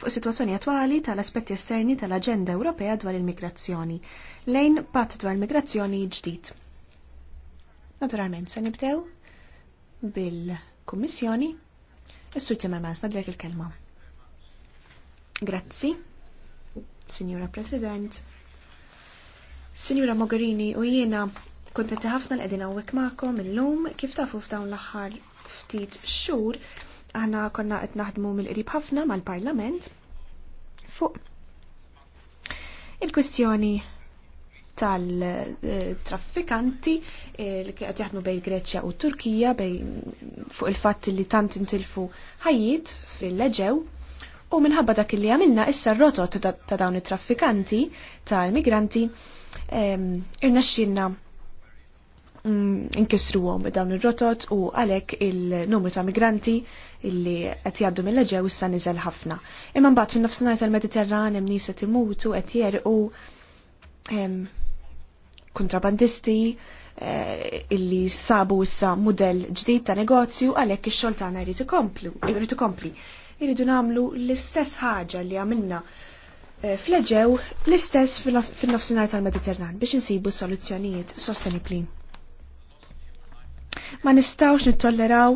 fuq situazzjoni attwali tal-aspetti esterni tal-Aġenda Ewropea dwar il-migrazzjoni lejn patt dwar migrazzjoni ġdid. Naturalment, se nibdew bil-Kummissjoni. Issu Timmermans, nadlek il-kelma. Grazzi, Signora President, Signora Mogherini u jiena kontenti ħafna l-edina u għek il-lum kif tafu f'dawn l-axħar ftit xur Aħna konna qed naħdmu mill-qrib ħafna mal-Parlament fuq il-kwistjoni tal-traffikanti eh, li qed jaħdmu bejn Greċja u Turkija bejn fuq il-fatt li tant intilfu ħajjit fil-leġew U minħabba dak li għamilna issa r-rotot ta' dawn it-traffikanti tal-migranti irnexxinna Mm, inkisruhom dawn ir-rotot u għalhekk il-numru ta' migranti illi qed jgħaddu mill-Eġew issa niżel ħafna. Imma mbagħad fin-nofsinhar tal-Mediterran hemm nies qed imutu qed jerqu kontrabandisti eh, illi sabu issa mudell ġdid ta' negozju għalhekk ix-xogħol tagħna jrid ikomplu, jrid ikompli. Jridu nagħmlu l-istess ħaġa li għamilna eh, fl-Eġew l-istess fin-nofsinhar tal-Mediterran biex insibu soluzzjonijiet sostenibbli. Ma nistawx nittolleraw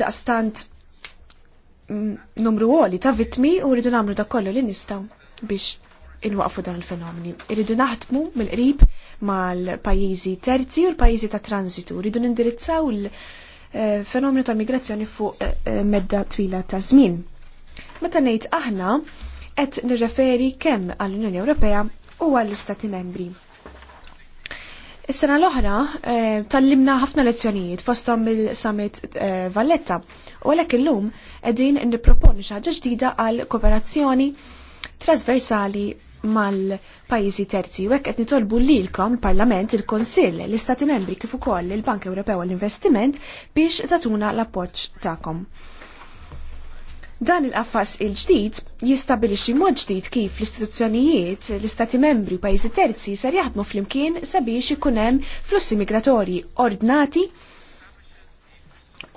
daqstant mm, numru għoli ta' vitmi u rridu namlu da' kollu li nistaw biex inwaqfu dan il-fenomeni. Rridu naħdmu mill-qrib mal-pajizi terzi u l-pajizi ta' transitu. rridu nindirizzaw il-fenomenu eh, ta' migrazzjoni fuq eh, eh, medda twila ta' żmien. Meta ngħid aħna qed nirreferi kemm għall-Unjoni Ewropea u għall-Istati Membri. Is-sena l-oħra eh, tallimna ħafna lezzjonijiet fostom mill-summit eh, Valletta u għalhekk illum qegħdin nipproponi xi ħaġa ġdida għal kooperazzjoni trasversali mal-pajjiżi terzi u hekk qed nitolbu lilkom kom parlament il konsil l-Istati Membri kif ukoll il-Bank Ewropew għall-Investiment biex tatuna l-appoġġ tagħkom. Dan il qaffas il-ġdid jistabilixi mod ġdid kif l-istituzzjonijiet, l-istati membri u pajjiżi terzi sar jaħdmu flimkien sabiex ikun hemm flussi migratorji ordnati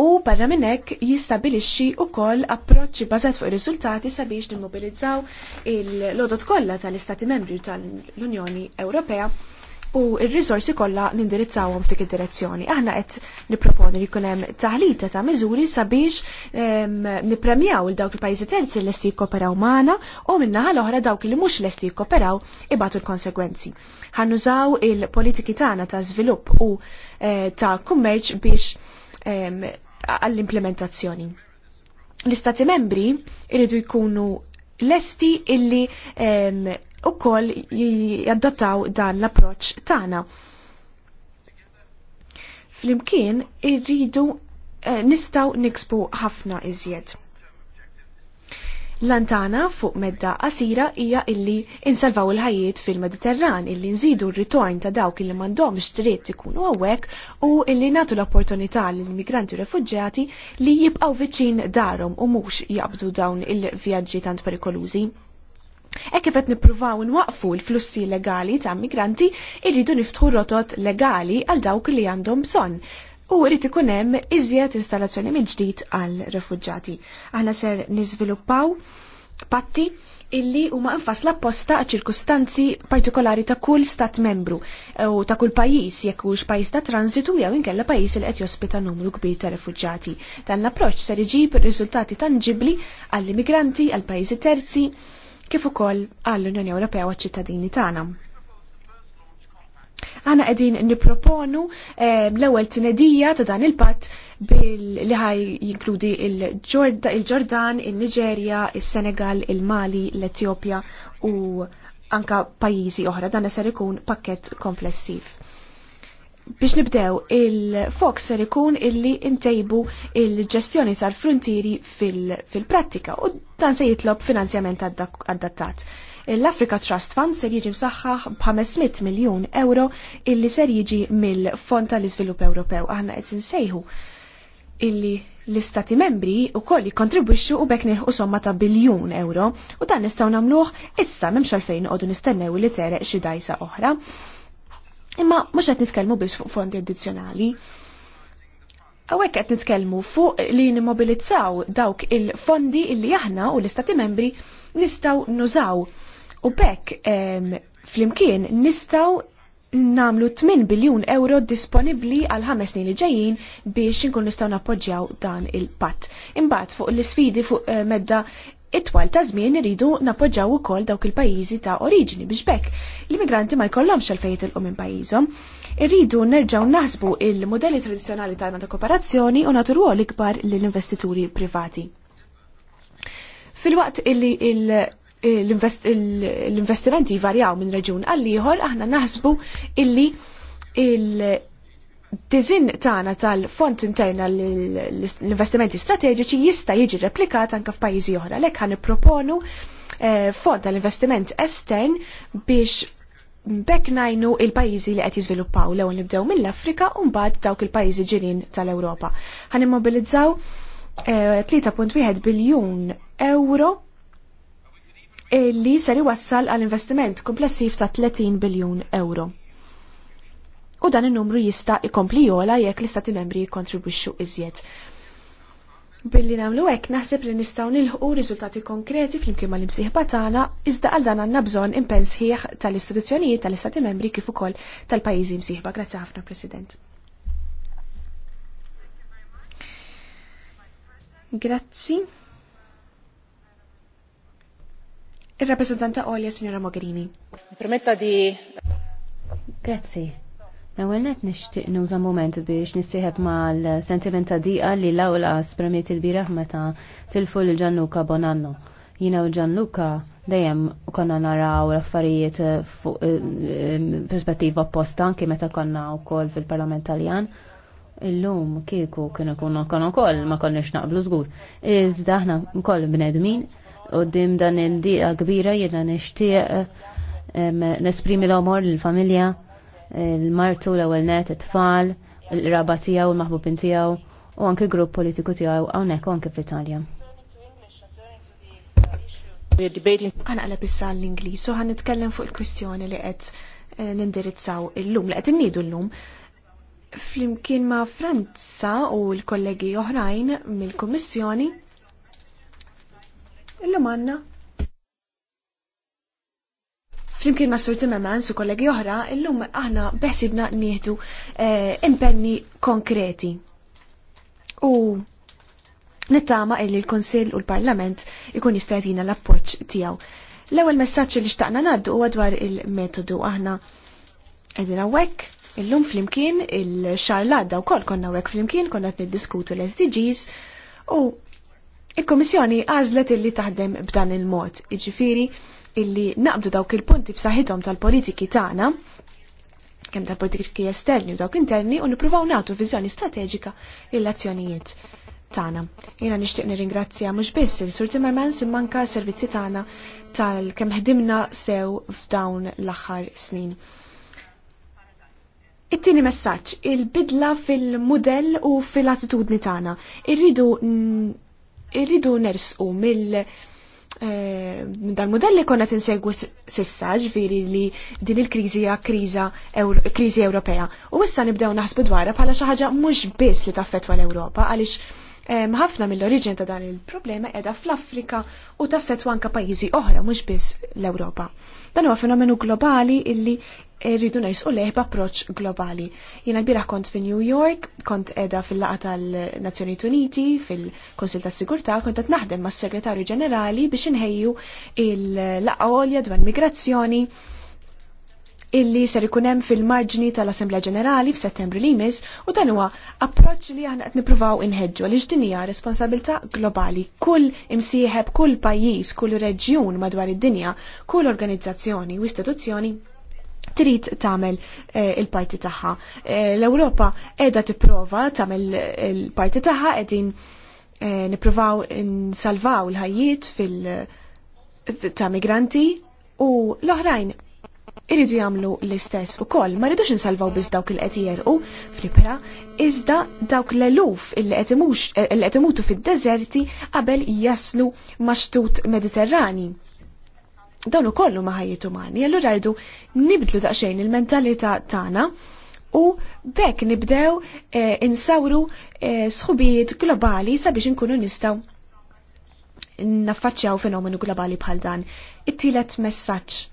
u barra minn hekk jistabilixxi wkoll approċċi bażat fuq ir-riżultati sabiex nimmobilizzaw il-lodot kollha tal-Istati Membri tal-Unjoni Ewropea u il-rizorsi kollha nindirizzawhom f'dik id-direzzjoni. Aħna qed nipproponi li jkun hemm taħlita ta' miżuri sabiex nippremjaw il dawk il-pajjiżi terzi lesti jikkoperaw magħna u minnaħa l-oħra dawk li mhux lesti jikkoperaw ibatu l-konsegwenzi. Ħannużaw il-politiki tagħna ta' żvilupp u eh, ta' kummerċ biex għall-implementazzjoni. L-Istati membri jridu jkunu lesti illi u koll jaddottaw dan l-approċ tana. Flimkien irridu eh, nistaw niksbu ħafna iżjed. Lantana fuq medda qasira hija illi insalvaw il-ħajiet fil-Mediterran illi nżidu r-ritorn ta' dawk illi m'għandhomx dritt ikunu hawnhekk u illi nagħtu l-opportunità lill immigranti u refuġġjati li jibqgħu viċin darhom u mhux jaqbdu dawn il-vjaġġi tant perikolużi. E kif qed nippruvaw nwaqfu l-flussi legali ta' migranti, irridu niftħu rotot legali għal dawk li għandhom bżonn. U rrid ikun hemm iżjed installazzjoni minn ġdid għal refuġġati. Aħna ser niżviluppaw patti illi huma infasla apposta għal ċirkustanzi partikolari ta' kull stat membru e, u ta' kull pajjiż jekk hux pajjiż ta' transitu jew inkella pajjiż li qed jospita numru kbir ta' refuġġati. Dan l-approċċ ser iġib riżultati tanġibli għall-immigranti, għall pajjiżi terzi, kif ukoll għall-Unjoni Ewropea u ċittadini tagħna. Għana qegħdin nipproponu eh, l-ewwel tinedija ta' dan il-patt li ħaj jinkludi il-Ġordan, il-Niġerja, il-Senegal, il-Mali, l-Etjopja u anka pajjiżi oħra. Dan ser ikun pakket komplessiv biex nibdew il-fok ser ikun illi intejbu il-ġestjoni tal-frontieri fil-prattika u dan se jitlob finanzjament adattat. L-Africa Trust Fund ser jiġi msaħħaħ b'500 miljun euro illi ser jiġi mill-Fond tal-Iżvilupp Ewropew aħna qed insejħu illi l-istati membri u koll jikontribwixxu u bekk nilħu somma ta' biljun euro u dan nistgħu nagħmluh issa m'hemmx għalfejn qogħdu nistennew li tereq xi dajsa oħra. Imma mhux qed nitkellmu biss fuq fondi addizzjonali. Għawek qed nitkellmu fuq li nimmobilizzaw dawk il-fondi illi aħna u l-istati membri nistaw nużaw. U bekk flimkien nistaw namlu 8 biljun euro disponibli għal ħames snin li ġejjin biex nkun nistgħu nappoġġjaw dan il-patt. Imbagħad fuq l-isfidi fuq eh, medda it-twal ta' żmien iridu nappoġġaw ukoll dawk il-pajjiżi ta' oriġini biex bekk l-immigranti ma jkollhomx xalfejiet il-qom minn pajjiżhom. Irridu nerġgħu naħsbu il-modelli tradizzjonali tagħna ta' kooperazzjoni u nagħtu rwol ikbar lill-investituri privati. Fil-waqt illi l-investimenti varjaw minn reġun għall ieħor aħna naħsbu illi il- Tizin tagħna tal-font interna l-investimenti strateġiċi jista' jiġi replikat anke f'pajjiżi oħra. Lek ħan proponu eh, fond tal-investiment estern biex bekk najnu il-pajjiżi li qed jiżviluppaw l-ewwel nibdew mill-Afrika u mbagħad dawk il-pajjiżi ġirin tal-Ewropa. Ħan immobilizzaw 3.1 eh, biljun euro li ser iwassal għall investiment komplessiv ta' 30 biljun euro u dan in-numru jista' ikompli jola jekk l-istati membri jikkontribwixxu iżjed. Billi nagħmlu hekk naħseb li nistgħu nilħqu riżultati konkreti flimkien mal-imsieħba tagħna iżda għal dan għandna bżonn impenn tal-istituzzjonijiet tal-istati membri kif ukoll tal-pajjiżi msieħba. Grazzi ħafna President. Grazzi. Il-rappresentanta Olja, signora Mogherini. Permetta di... Grazie. L-ewwel net nixtieq nuża mument biex nissieħeb mal-sentiment ta' diqa li l-awla spremiet il-biraħ meta tilfu lil Gianluca Bonanno. Jina u Gianluca dejjem konna naraw l-affarijiet fuq eh, eh, perspettiva opposta anki meta konna wkoll fil-Parlament Taljan illum kieku kienu kunu konu kol ma konniex naqblu żgur. Iżda aħna nkoll bnedmin u dim dan il-diqa kbira jiena nishtiq eh, nesprimi l-omor l-familja il-martu l-ewwel net, it-tfal, il-raba tiegħu, il-maħbubin tiegħu u anke grupp politiku tiegħu hawnhekk anke fl-Italja. għala bissa l-Ingliż u ħan nitkellem fuq il-kwistjoni li qed eh, nindirizzaw illum li qed l llum. Flimkien ma' Franza u l-kollegi oħrajn mill-Kummissjoni illum għandna Flimkien ma' Sur Timmermans u kollegi oħra, illum aħna beħsibna nieħdu eh, impenni konkreti. U nittama illi l-Konsil u l-Parlament ikun jistajtina l-appoċ tijaw. L-ewel messaċ li xtaqna naddu u għadwar il-metodu aħna edin għawek, Illum flimkien il-xar ladda u kol konna wek flimkien konna t-diskutu l-SDGs u il-Komissjoni għazlet illi taħdem b'dan il-mod. Iġifiri, illi naqbdu dawk il-punti b'saħħithom tal-politiki tagħna kemm tal-politiki esterni u dawk interni u nippruvaw nagħtu viżjoni strateġika lill-azzjonijiet tagħna. Jiena nixtieq nirringrazzja mhux biss il-Sur Timmermans imma anke s-servizzi tagħna tal-kemm ħdimna sew f'dawn l-aħħar snin. It-tieni messaġġ, il-bidla fil-mudell u fil-attitudni tagħna. Irridu irridu nersqu mill- Eh, dal-modelli konna tinsegwu sissa ġviri li din il-krizija krizi Ewropea. U issa nibdew naħsbu dwarha bħala xi ħaġa mhux biss li taffetwa l-Ewropa għaliex ħafna mill-oriġin ta' dan il-problema edha fl-Afrika u taffetwa anka pajjiżi oħra mhux biss l-Ewropa. Dan huwa fenomenu globali illi rridu najsqu leħ b'approċċ globali. Jiena l birax kont fi New York, kont edha fil-laqa tal-Nazzjonijiet Uniti, fil-Konsil tas-Sigurtà, kont qed naħdem mas-Segretarju Ġenerali biex inħejju il-laqa għolja dwar migrazzjoni illi ser ikun hemm fil-marġni tal-Assemblea Ġenerali f'Settembru li jmiss u dan huwa approċċ li aħna qed nippruvaw inħeġġu għaliex din hija responsabilità globali. Kull imsieħeb, kull pajjiż, kull reġjun madwar id-dinja, kull organizzazzjoni u istituzzjoni trid tagħmel eh, il-parti tagħha. Eh, L-Ewropa qiegħda tipprova tagħmel eh, il-parti tagħha qegħdin nippruvaw nsalvaw l-ħajjiet fil- ta' migranti u l-oħrajn iridu jagħmlu l-istess ukoll, ma rridux insalvaw biss dawk il-qed jerqu fl-ibra, iżda dawk l-eluf il-qed imutu fid-deżerti qabel jaslu maxtut Mediterrani. Dawn ukoll huma ħajjiet umani, allura rridu nibdlu daqsxejn il-mentalità tagħna u bekk nibdew eh, insawru eh, sħubijiet globali sabiex inkunu nistgħu naffaċċjaw fenomenu globali bħal dan. It-tielet messaġġ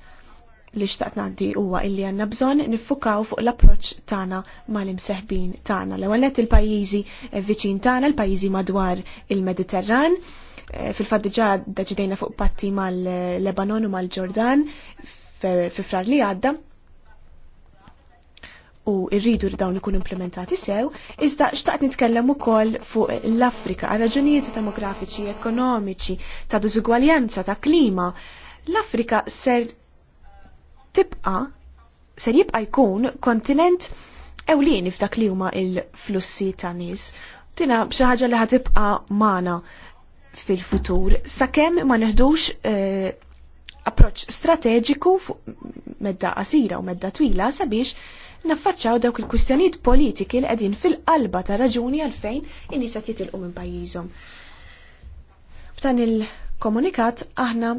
li xtaqt naddi huwa illi għanna bżon niffukaw fuq l-approċ tana mal-imseħbin tana. l għallet il-pajizi eh, viċin tana, il pajizi madwar il-Mediterran, eh, fil-fat diġa daċidejna fuq patti mal-Lebanon u mal-Ġordan fi frar li għadda u irridu li dawn ikun implementati sew, iżda xtaqt nitkellem ukoll fuq l-Afrika, għal raġunijiet demografiċi, ekonomiċi, ta' dużugwaljanza, ta' klima. L-Afrika ser tibqa ser jibqa jkun kontinent ewlieni f'dak li huma il-flussi ta' nies. Tina xi ħaġa li ħatibqa magħna fil-futur sakemm ma neħdux eh, approċċ strateġiku medda qasira u medda twila sabiex naffaċċaw dawk il-kustjonijiet politiki li qegħdin fil-qalba ta' raġuni għalfejn in-nies qed jitilqu minn pajjiżhom. F'dan il-komunikat aħna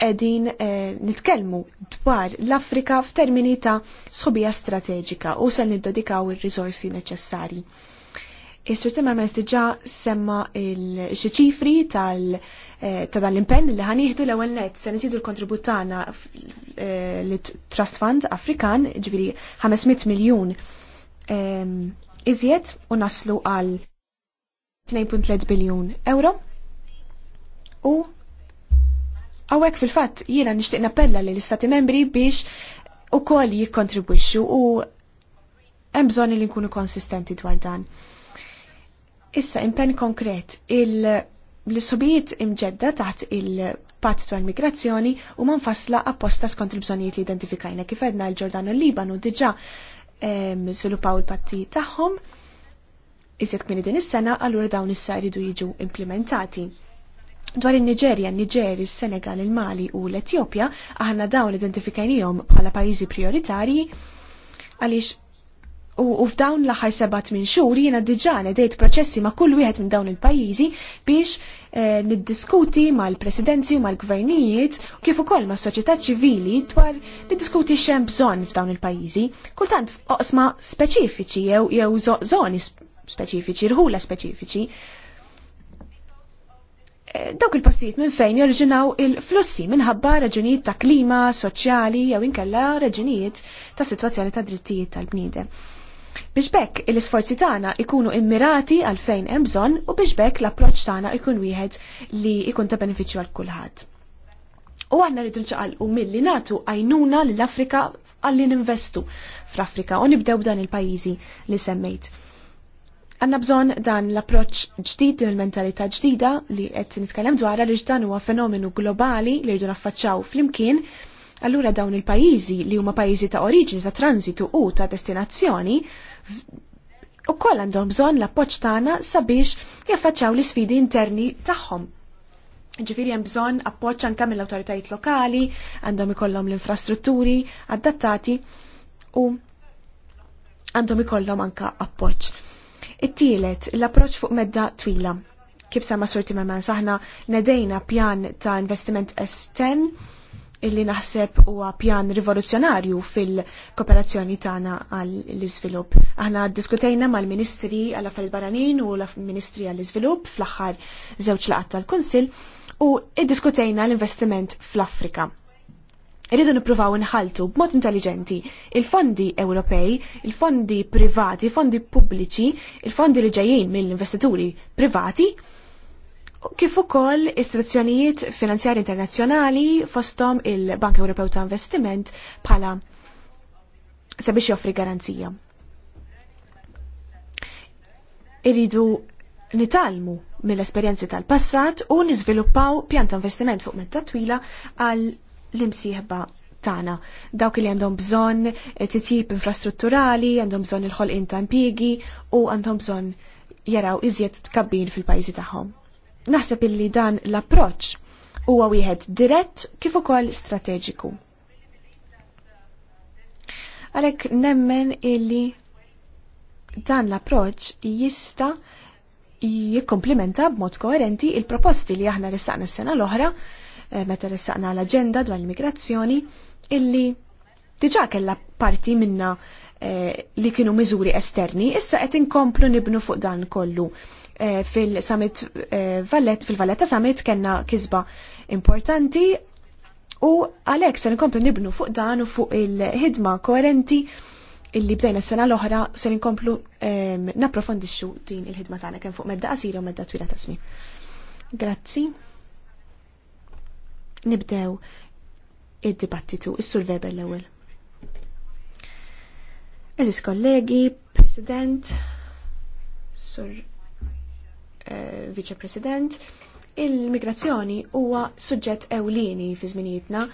edin e, nitkelmu dwar l-Afrika f'termini ta' sħobija strateġika u se niddedikaw ir rizorsi neċessari. Is-Sur eh, Timmermans diġà semma xi ċifri tal eh, ta' dan l-impenn li ħanieħdu l-ewwel net se nisidu l-kontribut tagħna l-Trust Fund Afrikan, ġifieri 500 miljun ehm, iżjed u naslu għal 2.3 biljun euro u Għawek fil-fat jiena nishtiq nappella li l-istati membri biex u koll jikkontribwixxu u hemm bżonn li nkunu konsistenti dwar dan. Issa impenn konkret il l-subijiet imġedda taħt il-pat dwar migrazzjoni u man fasla apposta skont il-bżonijiet li identifikajna kif edna l-Ġordan u l-Libanu diġa sviluppaw il-patti tagħhom iżjed kmini din is-sena allura dawn issa jridu jiġu implementati. Dwar il-Niġerja, Niger, il-Senegal, il-Mali u l-Etjopja, aħna dawn identifikajnijom bħala pajizi prioritarji għaliex u f'dawn l-aħħar sebat minn xhur jiena diġà ngħidejt proċessi ma' kull wieħed minn dawn il-pajjiżi biex eh, niddiskuti mal-presidenzi u mal-gvernijiet u kif ukoll ma' soċjetà ċivili dwar niddiskuti xem bżonn f'dawn il-pajjiżi, kultant f'oqsma speċifiċi jew jew żoni speċifiċi, rħula speċifiċi, dawk il-postijiet minn fejn jorġinaw il-flussi minħabba raġunijiet ta' klima, soċjali jew inkella raġunijiet ta' sitwazzjoni ta' drittijiet tal-bniedem. Biex bekk l-isforzi tagħna ikunu immirati għal fejn hemm bżonn u biex bekk l-approċċ tagħna ikun wieħed li ikun ta' benefiċċju għal kulħadd. U għanna rridu nċaqalqu milli natu għajnuna l-Afrika għallin investu fl-Afrika u nibdew dan il-pajjiżi li semmejt. Għanna bżon dan l-approċ ġdid, il-mentalità ġdida li qed nitkellem dwar għaliex dan huwa fenomenu globali li rridu naffaċċaw flimkien, allura dawn il-pajjiżi li huma pajjiżi ta' oriġini, ta' transitu u ta' destinazzjoni koll għandhom bżonn l-appoġġ tagħna sabiex jaffaċċaw l-isfidi interni tagħhom. Ġifiri hemm bżonn appoġġ anke mill-awtoritajiet lokali, għandhom ikollhom l-infrastrutturi adattati u għandhom ikollhom anke appoġġ It-tielet, l-approċ fuq medda twila. Kif sama Sur Timmermans, aħna nedejna pjan ta' investiment S10 illi naħseb huwa pjan rivoluzzjonarju fil-kooperazzjoni tagħna għall-iżvilupp. Aħna ddiskutejna mal-Ministri għal affarijiet barranin u l-Ministri għall-Iżvilupp fl-aħħar żewġ laqgħat tal-Kunsill u iddiskutejna l-investiment fl-Afrika. Irridu nippruvaw inħaltu b'mod intelligenti il-fondi Ewropej, il-fondi privati, fondi pubbliċi, il-fondi li ġejjin mill-investituri privati, kif ukoll istituzzjonijiet finanzjari internazzjonali fostom il-Bank Ewropew ta' Investiment bħala sabiex joffri garanzija. Iridu nitalmu mill-esperjenzi tal-passat u niżviluppaw pjan ta' investiment fuq metta twila għal l-imsieħba tagħna. Dawk li għandhom bżonn titjib infrastrutturali, għandhom bżonn il-ħolqien ta' impigi u għandhom bżonn jaraw iżjed tkabbin fil-pajjiżi tagħhom. Naħseb illi dan l-approċċ huwa wieħed dirett kif ukoll strateġiku. Għalhekk nemmen illi dan l-approċċ jista' jikkomplimenta b'mod koerenti il-proposti li aħna ristaqna s-sena l-oħra Eh, meta ressaqna l-agenda dwar l-immigrazzjoni illi diġa kella parti minna eh, li kienu miżuri esterni, issa qed inkomplu nibnu fuq dan kollu. Eh, fil-summit Vallet, fil-Valletta Summit kena kisba importanti u għalhekk se nkomplu nibnu fuq dan u fuq il-ħidma koerenti illi bdejna s-sena l-oħra se nkomplu ehm, naprofondixxu din il-ħidma tagħna kemm fuq medda qasira u medda twila tasmi. Grazzi nibdew id-dibattitu. Is-Sur Weber l-ewwel. Eżis kollegi, President, Sur eh, Vice President, il-migrazzjoni huwa suġġett ewlieni fi żminijietna.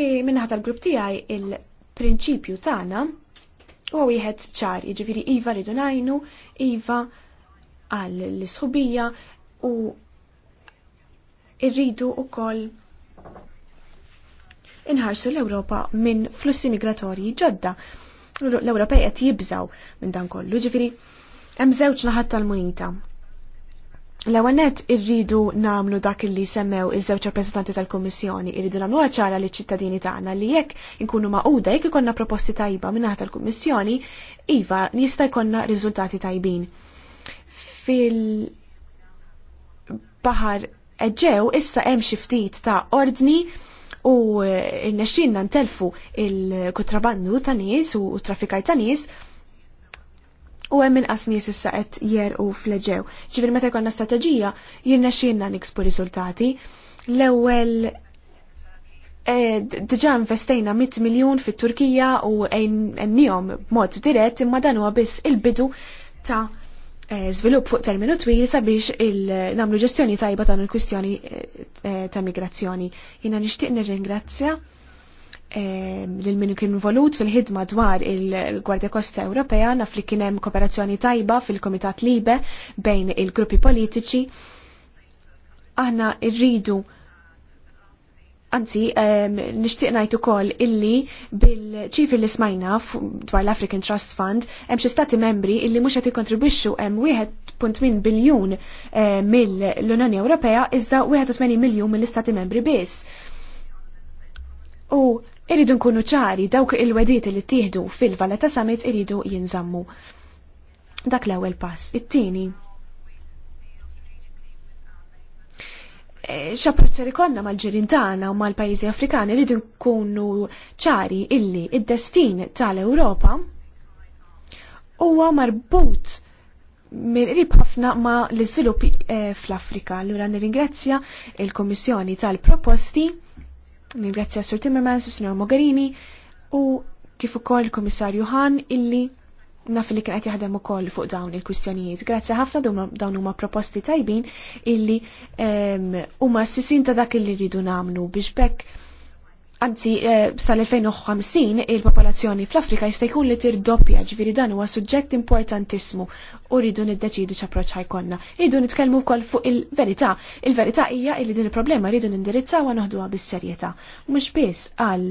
E minnaħat tal-grupp tiegħi il-prinċipju tagħna huwa wieħed ċar, jiġifieri iva ridu ngħinu, iva għall l-isħubija u irridu wkoll inħarsu l-Ewropa minn flussi migratorji ġodda. L-Ewropej qed jibżaw minn dan kollu, ġifiri, hemm żewġ naħat tal-munita. L-ewwel nett irridu nagħmlu dak li semmew iż-żewġ rappreżentanti tal-Kummissjoni, irridu nagħmlu ċara li ċittadini tagħna li jekk inkunu maquda jekk ikollna proposti tajba minn naħat tal-Kummissjoni, iva jista' jkollna riżultati tajbin. Fil-baħar ġew issa hemm xi ftit ta' ordni u n-nexxinna eh, ntelfu il-kutrabandu ta' nies u traffikaj ta' nies u hemm inqas nies issa qed jerqu fl eġew Ġifier meta jkollna strateġija jirnexxinna niksbu riżultati. L-ewwel eh, diġà investejna 100 miljun fit-Turkija u għennihom b'mod dirett imma dan huwa biss il-bidu ta' żvilupp eh, fuq terminu twil sabiex il-namlu ġestjoni tajba ta' il-kwistjoni eh, eh, ta' migrazzjoni. Jina nixtieq nirringrazzja lil min kien involut fil-ħidma dwar il-Gwardja Kosta Ewropea naf li kien hemm kooperazzjoni tajba fil-Komitat Libe bejn il-gruppi politiċi. Aħna rridu Anzi, nishtiq najtu kol illi bil-ċifri li smajna dwar l-African Trust Fund, hemm xi stati membri illi mhux qed ikkontribwixxu hemm 1.8 biljun mill-Unjoni Ewropea iżda 81 miljun mill-istati membri biss. U irridu nkunu ċari dawk il-wediti li ttieħdu fil valeta Summit iridu jinżammu. Dak l-ewwel pass. It-tieni Eh, xapproċċar ikonna mal-ġirin tagħna u mal-pajjiżi Afrikani rridu nkunu ċari illi id-destin tal-Ewropa huwa marbut mill rib ħafna ma' l-iżvilupp eh, fl-Afrika. Allura nirringrazzja il-Kommissjoni tal-proposti, nirringrazzja Sur Timmermans, Sur Mogherini u kif ukoll il-Kummissarju Han illi naf li kien qed jaħdem ukoll fuq dawn il-kwistjonijiet. Grazzi ħafna dawn huma proposti tajbin illi huma s-sisin ta' dak li rridu nagħmlu biex bekk Anzi, eh, sal-2050 il-popolazzjoni fl-Afrika jista' jkun li tirdoppja, ġifieri dan huwa suġġett importantissimu u rridu niddeċidu x'approċċ ħajkonna. Rridu nitkellmu wkoll fuq il-verità. Il-verità hija li din il-problema rridu nindirizzaw u naħduha bis-serjetà. Mhux biss għal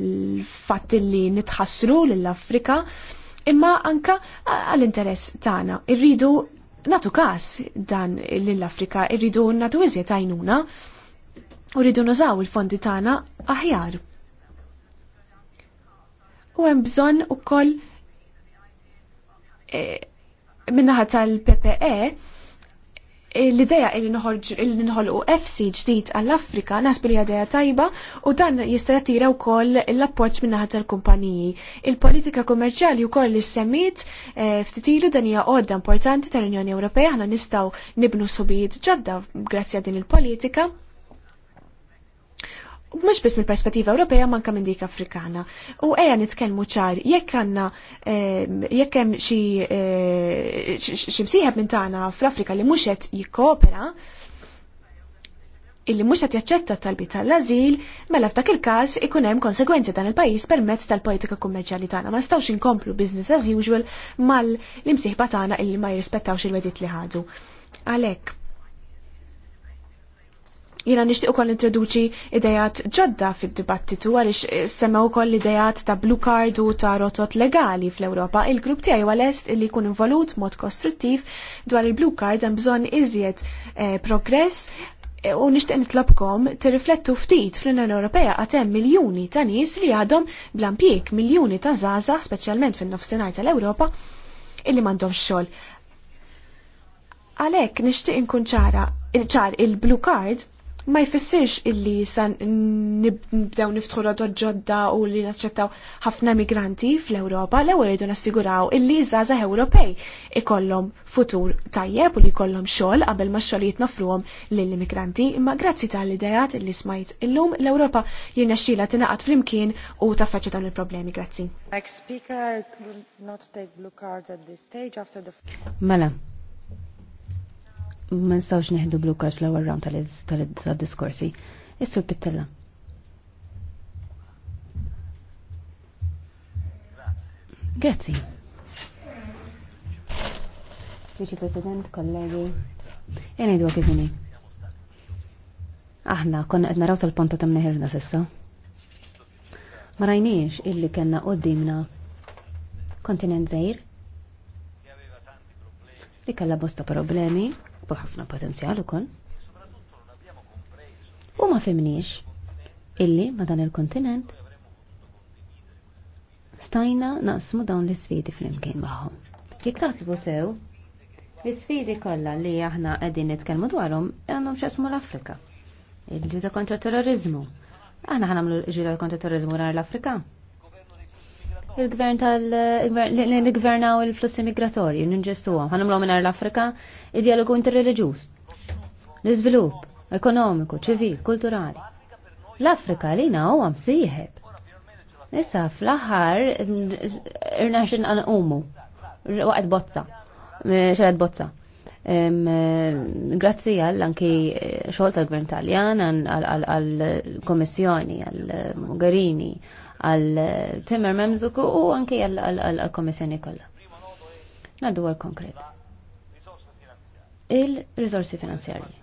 fatt li nitħassru lill-Afrika, imma anka għall-interess tagħna. Irridu natu każ dan lill-Afrika, irridu natu iżjed għajnuna u rridu nużaw il-fondi tagħna aħjar. U hemm bżonn ukoll eh, e, minnaħa tal-PPE l-ideja illi nħolqu FC ġdid għall-Afrika nasbu li għadeja tajba u dan jista' jattira wkoll l-appoġġ minn naħa tal-kumpaniji. Il-politika kummerċjali wkoll l semmit eh, ftit ilu dan hija għodda importanti tal-Unjoni Ewropea aħna nistgħu nibnu subijiet ġodda grazzi għal din il-politika mux biss mill-perspettiva Ewropea manka minn dik Afrikana. U eja nitkellmu ċar, jekk għanna, ehm, jekk hemm eh, xi msieħeb minn tagħna fl-Afrika li mhux qed jikkoopera, illi mhux qed jaċċetta talbi tal-ażil, mela f'dak il-każ ikun hemm konsegwenzi dan il-pajjiż permezz tal-politika kummerċjali tagħna. Ma stawx inkomplu business as usual mal-imsieħba tagħna illi ma jirrispettawx il-wedit li ħadu. Għalhekk, jina nishtiq ukoll introduċi idejat ġodda fid-dibattitu għaliex eh, semmew ukoll idejat ta' blue card u ta' rotot legali fl-Ewropa. Il-grupp tiegħi huwa lest li jkun involut mod kostruttiv dwar il-blue card hemm bżonn iżjed eh, progress eh, u nixtieq nitlobkom tirriflettu ftit fl-Unjoni Ewropea għatem miljuni ta' nies li għadhom blampik miljuni ta' zaza, speċjalment fin-nofsinhar tal-Ewropa illi m'għandhomx xogħol. Għalhekk nixtieq inkun ċara ċar il-blue card ma jfissirx illi san nibdew niftħu rodod ġodda u li naċċettaw ħafna migranti fl-Ewropa, l-ewwel jridu nassiguraw illi żgħażagħ Ewropej ikollhom futur tajjeb u li jkollhom xogħol qabel ma xogħol jitnofruhom lill-immigranti, imma grazzi tal-idejat li smajt illum l-Ewropa jirnexxila tingħaqad flimkien u taffaċċja dawn il-problemi. Grazzi. Mela, ma nistawx neħdu blukax l ewwel round tal-diskorsi. Is-sur Pittella. Grazzi. Viċi President, kollegi, jena id kifini. Aħna, konna qed naraw tal-ponta ta' mneħirna sissa. Ma rajniex illi kena dimna kontinent zejr li bosta problemi jiksbu ħafna potenzjal ukoll. U ma femniex illi ma dan il-kontinent stajna naqsmu dawn l isfidi fl-imkien magħhom. Jekk taħsbu sew, l isfidi kollha li aħna qegħdin nitkellmu dwarhom għandhom x'esmu l-Afrika. Il-ġuda kontra terrorizmu. Aħna ħanamlu l-ġuda kontra terrorizmu nhar l-Afrika il-gvern tal-gvernaw il-flussi migratorji, ninġestuwa, għanimlu għanum l-Afrika, id-dialogu interreligjuż, l-izvilup, ekonomiku, ċivil, kulturali. L-Afrika li na huwa siħeb. Issa fl-aħħar naxin għan umu, waqt bozza, xelet bozza. Grazzi għall anki xogħol tal-Gvern Taljan, għall komissjoni għall-Mogherini, għal Memzuku u anke għal komissjoni kollha. Nadu għal konkret. Il-rizorsi finanzjarji.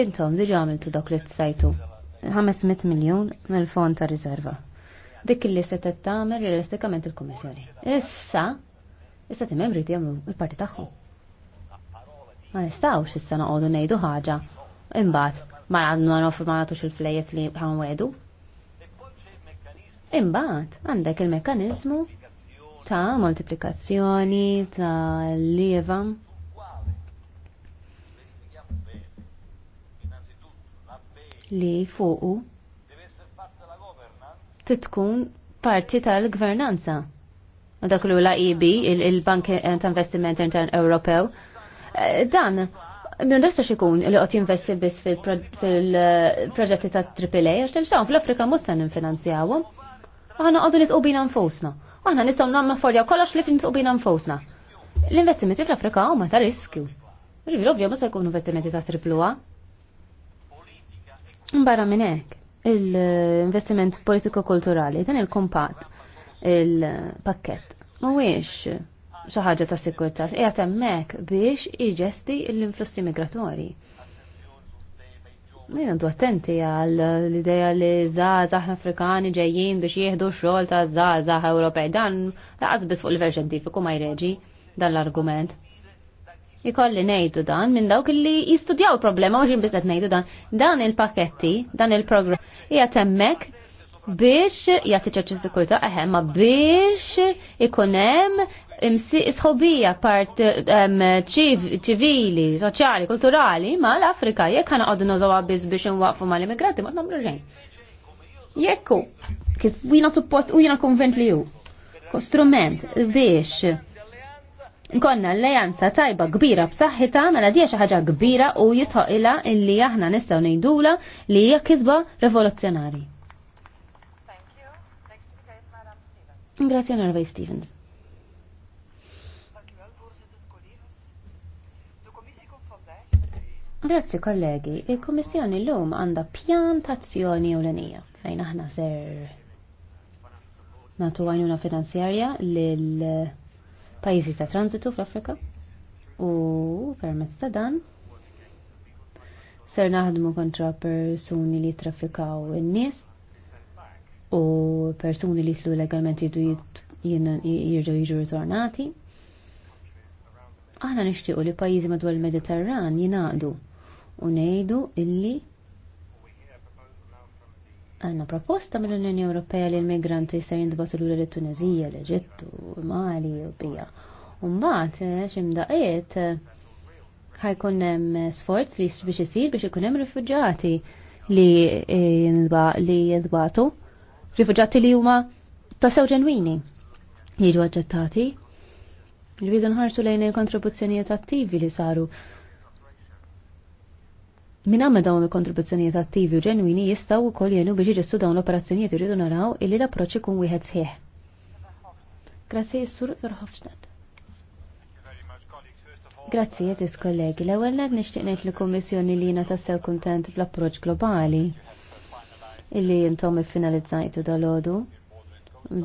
Intom diġa għamiltu dok li t-sajtu 500 miljon mill-fond ta' riserva. Dik li se tagħmel realistikament il-Kummissjoni. Issa, issa timem rrid jagħmlu il parti tagħhom. Ma nistawx issa noqogħdu ngħidu ħaġa imbagħad ma għadnu nofru ma għatux il flejes li għedu. Imbagħad għandek il-mekkaniżmu ta' moltiplikazzjoni ta' leva. li fuqu titkun parti tal-gvernanza. U dak la l-IB, il-Bank ta' Investiment Ewropew, eh, dan minn nistax ikun li qed jinvesti biss fil-proġetti eh, ta' AAA għax timxawhom fl-Afrika mhux se ninfinanzjawhom. Aħna għadu nitqu bina nfusna. Aħna nistgħu namma forja kollox li nitqu nfusna. L-investimenti fl-Afrika huma ta' riskju. Ġifieri ovvja ma se jkunu investimenti ta' tripluha. Mbarra minn hekk, l-investiment politiko-kulturali, dan il-kumpat, il-pakket, mhuwiex xi ħaġa ta' sikurtas, qiegħed hemmhekk biex iġesti l-influssi migratorji Jien għandu attenti għal l-ideja li zazah Afrikani ġejjin biex jieħdu xogħol ta' zazah Ewropej. Dan laqas biss fuq livell xjentifiku ma jreġi dan l-argument. Ikolli ngħidu dan minn dawk li jistudjaw il-problema u ġin biss qed ngħidu dan. Dan il-paketti, dan il-programm hija temmek biex jagħti ċerċi sikurta eħe ma biex ikun hemm imsi isħobija part ċivili, soċjali, kulturali ma l-Afrika jekk għana għoddu nożawa għabiz biex nwaqfu ma l-immigranti ma namlu ġejn. Jekku, kif jina suppost u jina konvent li ju. Strument biex Nkonna l-lejanza tajba kbira b'saħħitha mela dija xi ħaġa kbira u jisħoq ilha illi aħna nistgħu ngħidula li hija kisba rivoluzzjonari. Grazie onorevole Stevens. Grazzi kollegi, il-Kummissjoni l-lum għanda pjan tazzjoni u l-enija fejn aħna ser natu għajnuna finanzjarja l-pajizi ta' transitu fl-Afrika u permezz ta' dan ser naħdmu kontra persuni li trafikaw in-nies u persuni li tlu legalment jidu jirġu jiġu ritornati aħna nixtiequ li pajjiżi madwar il-Mediterran jinaqdu u ngħidu illi għanna proposta mill-Unjoni Ewropea li l-migranti jindbatu l lura l-Tunezija, l-Eġittu, Mali u bija. Umbagħad eh, x'imdaqiet eh, ħajkun hemm sforz li biex isir biex ikun hemm rifuġġati li eh, li jintbatu. li huma ta' sew ġenwini jiġu aġġettati. Rridu nħarsu lejn il-kontribuzzjonijiet attivi li saru Min għamma dawn il-kontribuzzjonijiet attivi u ġenwini jistaw u kol jenu biex iġessu dawn l-operazzjonijiet irridu naraw illi l-approċ ikun wieħed sħiħ. Grazzi jissur Verhofstadt. Grazzi jtis kollegi, l-ewel nad nishtiqnet l-Komissjoni li jina tassew kontent bl-approċ globali illi jintom il-finalizzajtu dal-ħodu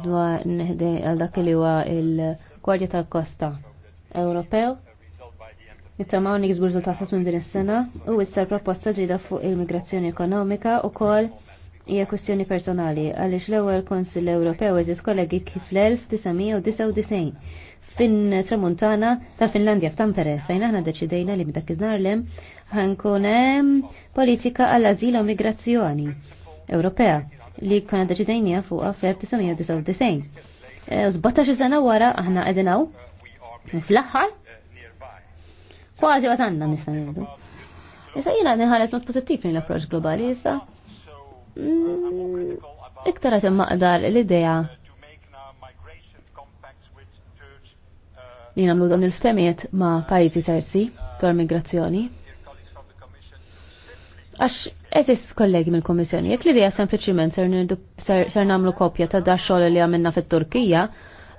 dwar għal dak li huwa il-Gwardja tal-Kosta Ewropew nittamaw nikzbu rizultatat minn din is-sena u issa l-proposta ġida fuq il-migrazzjoni ekonomika u kol hija kwistjoni personali għaliex l-ewwel Konsil Ewropew eżis kollegi kif l-1999 fin-Tramuntana tal-Finlandja f'Tampere fejn aħna deċidejna li b'dak iż-żarlem ħankun hemm politika għall-ażil u migrazzjoni Ewropea li konna deċidejnija fuqha fl-1999. 17 sena wara aħna qegħdin fl-aħħar Kważi għat għanna nista' ngħidu. Issa jiena nħares mod pożittiv minn l-approċċ globali issa. Mm, iktar qed immaqdar l-idea li nagħmlu dawn il-ftemiet ma' pajjiżi terzi dwar migrazzjoni. Għax eżis kollegi mill kommissjoni jekk l-idea sempliċement ser nagħmlu kopja ta' da xogħol li għamilna fit-Turkija,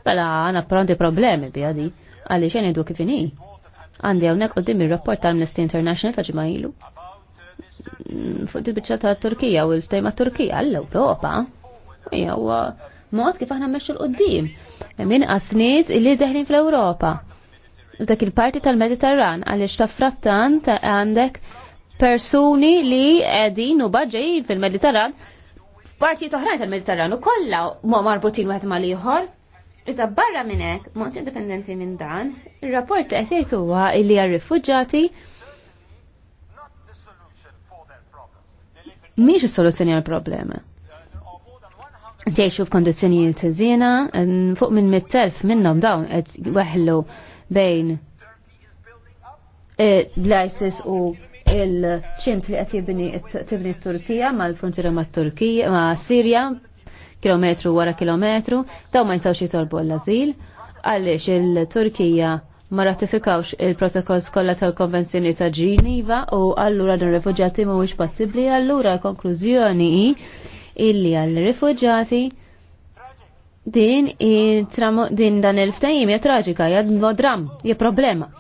mela għana pronti problemi bi għadi, għalli xejn idu kif inhi Għandi hawnhekk qudiem ir-rapport tal-Amnesty International ta' ġimgħa ilu. Fuq il-biċċa ta' Turkija u l-tema Turkija għall-Ewropa. Hija mod kif aħna mmexxu l-qudiem. Min qasnis illi deħlin fl-Ewropa. Dak il-parti tal-Mediterran għaliex ta' frattan ta' għandek persuni li qegħdin u baġġejjin fil-Mediterran parti toħrajn tal-Mediterranu kollha marbutin wieħed mal ieħor Iza barra minnek, mont independenti minn dan, ir-rapport qed jgħid huwa li għal-rifugġati mhix is-soluzzjoni għall-problema. Tejxu f'kondizzjonijiet żiena, fuq minn mit-telf minnhom dawn qed weħlu bejn e, l-ISIS u il-ċint li qed tibni t-Turkija mal-frontiera mat-Turkija ma' Sirja kilometru wara kilometru, daw ma jinsawx jitolbu l-azil, għaliex il-Turkija ma ratifikawx il-protokoll skolla tal-Konvenzjoni ta' Ġiniva u allura din ma mhuwiex possibbli, allura konklużjoni hi illi għall rifugġati din din dan il-ftehim hija traġika, hija dram, problema.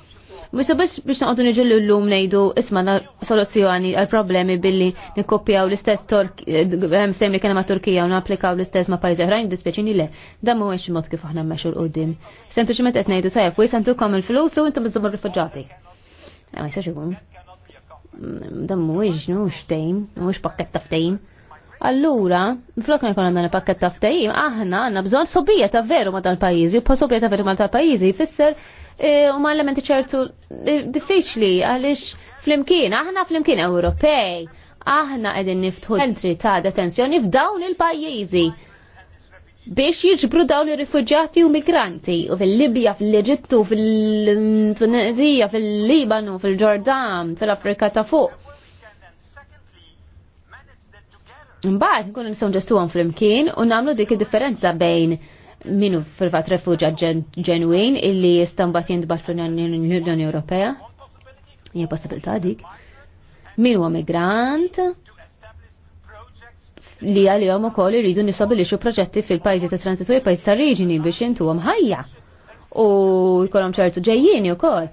Misa biex biex naqdu nġillu l-lum nejdu isma soluzzjoni għal-problemi billi nikkopjaw l-istess Turk, li kena ma' Turkija u naplikaw l-istess ma' pajzi ħrajn dispieċini le, da mu għiex mod kif aħna meċu l-qoddim. Sempliciment qed ngħidu tajjeb, jisantu għandukom il-flus u intom bizzabur rifuġġati. Eh, ma jistax ikun. Mm, da mhuwiex mhux ftehim, mhux pakkett ta' ftehim. Allura, flok ma jkun għandna il ta' ftehim, aħna għandna bżonn sobija ta' veru ma' tal-pajjiżi, u sobija ta' veru ma' tal-pajjiżi jfisser Eh, u ma' elementi ċertu eh, diffiċli għaliex flimkien, aħna flimkien Ewropej, aħna qegħdin niftħu ċentri ta' detenzjoni f'dawn il-pajjiżi biex jiġbru dawn ir rifugġati u migranti u fil-Libja, fil-Eġittu, fil-Tunezija, fil-Libanu, fil-Ġordan, fil-Afrika ta' fuq. Mbagħad nkunu nistgħu fl flimkien u nagħmlu dik id-differenza bejn minu fil-fat refuġa ġenwin illi jistambat jindbat l-Unjoni Ewropea. Hija possibilta dik. Min huwa migrant li għalihom ukoll iridu nisabilixxu proġetti fil-pajjiżi ta' transitu u pajjiż ta' riġini biex intuhom ħajja u jkollhom ċertu u wkoll.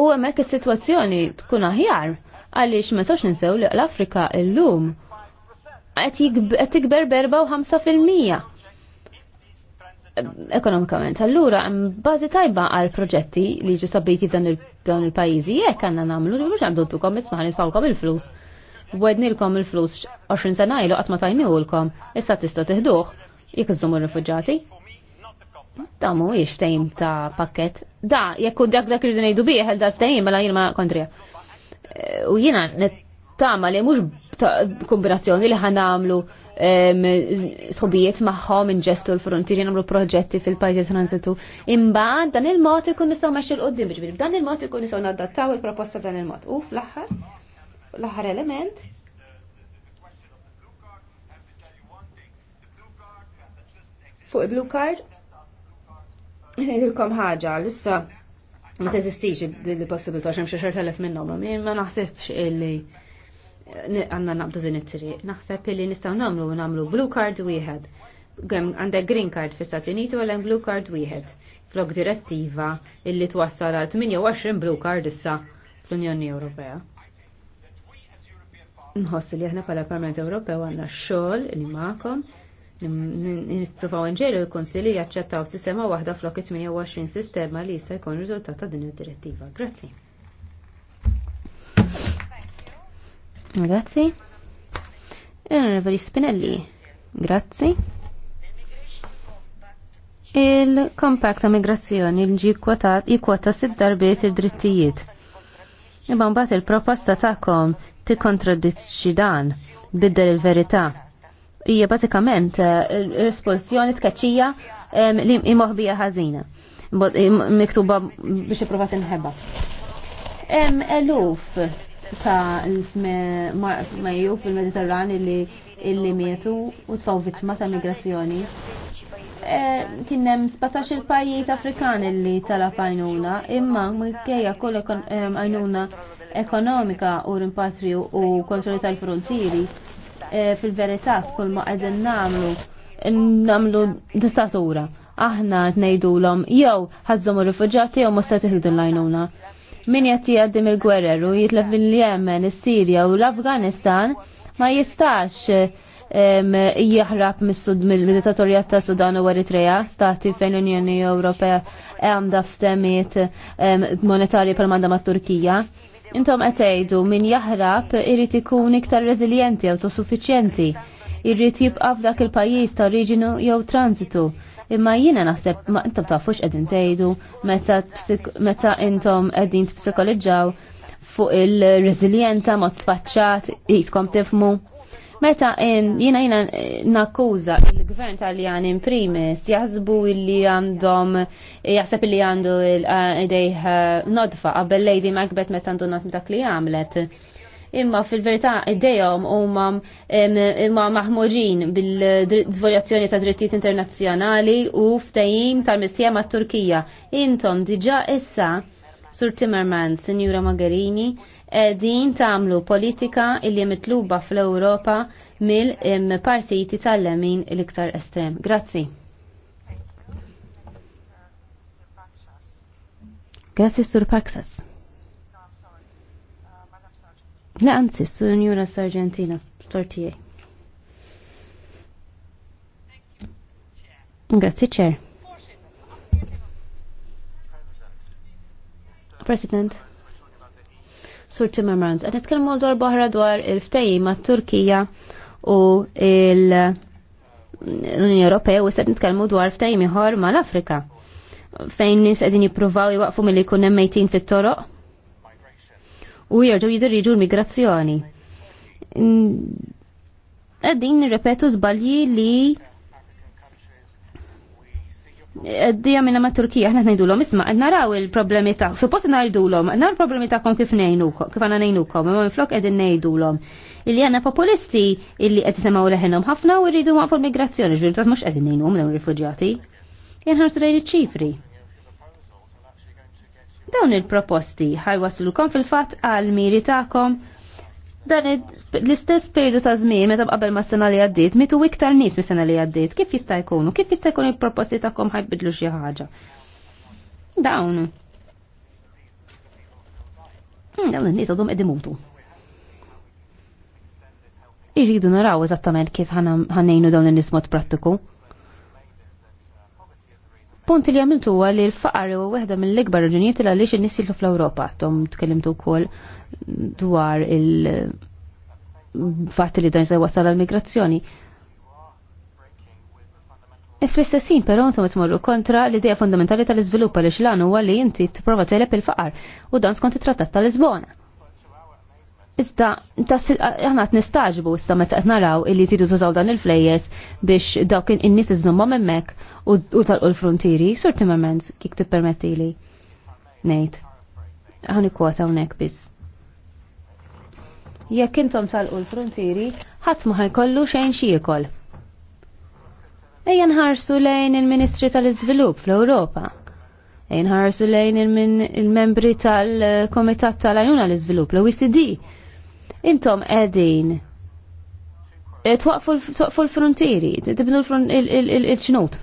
U hemmhekk il-situazzjoni tkun aħjar għaliex ma sox ninsew li l-Afrika llum qed tikber berba u ħamsa fil-mija ekonomikament. Allura, bazi tajba għal proġetti li ġu sabbiti dan il-pajizi, jek għanna namlu, mux għamlu tukom, ismaħni nfawkom il-flus. Wednilkom il-flus 20 sena ilu ma tajniwilkom, issa tista tiħduħ, jikżumu rifugġati. Da mu ix tejm ta' pakket. Da, jekk dak dak irridu nejdu bieħel dal-tejm, mela ma kontrija. U jina, tama li mhux kombinazzjoni li ħan għamlu sobijiet magħhom inġestu l frontiri nagħmlu proġetti fil-pajjiż transitu. Imbagħad dan il-mod ikun nistaw mexxi l biex ġifieri dan il-mod ikun nistaw naddattaw il-proposta dan il-mod. Uf l aħħar l-aħħar element fuq il-blue card Nidilkom ħaġa, issa ma teżistix li l-possibilta xi xert minnom, minnhom, ma naħsibx il-li għanna nabdu din it-triq. Naħseb li nistgħu nagħmlu nagħmlu blue card wieħed. Għandek green card fi stati Uniti u għandek blue card wieħed. Flok direttiva illi twassal għal 28 blue card issa fl-Unjoni Ewropea. Nħoss li aħna bħala Parlament Ewropew għandna xogħol li magħkom nifprofaw nġelu l-Konsili jaċċettaw sistema waħda flok 28 sistema li jista' jkun riżultat ta' din id-direttiva. Grazzi. Grazzi. Il-Reveri Spinelli. Grazzi. Il-kompakt ta' migrazzjoni l-ġi jikwata sid darbiet il-drittijiet. Imma mbagħad il-proposta tagħkom tikkontradixxi dan biddel il-verità. Hija bażikament eh, rispożjoni tkaċċija li imoħbija ħazina. Eh, miktuba biex ippruvat inħebba. Hemm eluf ta' majju fil-Mediterran illi illi mietu u tfaw vittma ta' migrazzjoni. E, Kien hemm 17 pajjiż Afrikan illi talab għajnuna, imma minkejja kull għajnuna ekonomika u rimpatriju u kontrolli tal-frontieri e, fil-verità kull ma qegħdin nagħmlu namlu dittatura. Aħna tnejdu l-om, jew ħazzom il-rifugġati jew musta tiħdu l għajnuna Min qed għaddim il-gwerer u jitlef il jemen is-Sirja u l-Afganistan ma jistax jaħrab mid-dittatorjat ta' Sudan u Eritrea, stati fejn l-Unjoni Ewropea għamda f'temiet monetarji pal manda ma' Turkija. Intom qed min jaħrab irrit ikun iktar reżiljenti, autosuffiċjenti, irrit jibqa' dak il-pajjiż ta' riġinu jew transitu imma jiena naħseb ma intom tafux qegħdin tgħidu meta intom qegħdin tpsikoloġġaw fuq il-reżiljenza mod sfaċċat jitkom tifmu. Meta jiena jiena nakkuża il-gvern Taljan in primis jaħsbu li għandhom jaħseb li għandu uh, idejh uh, nodfa qabel Lady Macbeth meta għandu dak li għamlet imma fil-verità id dejom huma ma maħmuġin bil dżvoljazzjoni ta' drittijiet internazzjonali u ftehim tal-missija mat Turkija. Intom diġà issa Sur Timmerman, Signora Magherini, din tagħmlu politika illi mitluba fl-Ewropa mill-partiti tal-lemin l-iktar estrem. Grazzi. Grazie, Sur Paxas. Le anzi, Sunjura Sargentina, tortijaj. Grazie Chair. President. Sur Timmermans, għed għal dwar boħra dwar il-ftejji ma' Turkija u l-Unjoni Ewropea u s-sed nitkellmu dwar ftejji miħor ma' l-Afrika. Fejn nis għedin jipruvaw jwaqfu mill-li kunem mejtin fit-toroq u jirġaw jidiriġu l-migrazzjoni. Għaddin nirrepetu zbalji li għaddija minna ma' Turkija, għanna najdu l-om, isma, raw il-problemi ta' suppost najdu l-om, il-problemi ta' kom kif nejnukom, kif għanna nejnukom, ma' flok għedin najdu Illi għanna populisti illi għed semaw leħenom ħafna u rridu ma' migrazzjoni ġvirtat mux għedin nejnum l-om rifugjati. Jenħarsu lejn iċ-ċifri. Dawn il-proposti ħajwaslukom fil-fatt għal miri tagħkom dan l-istess periodu ta' żmien meta qabel ma' sena li għaddiet, mitu iktar nies mis sena li għaddiet, kif jista' jkunu? Kif jista' jkun il-proposti tagħkom ħajbidlu xi ħaġa? Dawn. Hmm, dawn in-nies għadhom qegħdin mutu. Irridu naraw eżattament kif ħanejnu dawn il nies mod prattiku. Punt li għamiltu huwa li l-faqar huwa waħda mill-ikbar raġunijiet li għaliex in fl-Ewropa. Tom tkellimtu wkoll dwar il-fatt li dan se wasal għal migrazzjoni e Fl-istessin però intom tmorru kontra l ideja fundamentali tal-iżvilupp għaliex l huwa li inti tipprova telep il-faqar u dan skont it-trattat tal-Lisbona. Iżda, aħna qed nistaġbu issa meta qed naraw illi jtidu tużaw dan il-flejjes biex dawk in-nies iżżommha hemmhekk u talqu l-frontieri, sur Timmermans kik tippermettili. Ngħid. Ħan ikkwota hawnhekk biss. Jekk intom talqu l fruntieri ħadd ma ħajkollu xejn xi jikol. Ejja nħarsu lejn il-Ministri tal-Iżvilupp fl-Ewropa. Ejja nħarsu lejn il-membri tal-Komitat tal-Ajuna l-Iżvilupp, l-OECD intom qegħdin eh, twaqfu l-frontieri, tibnu l-ċnut.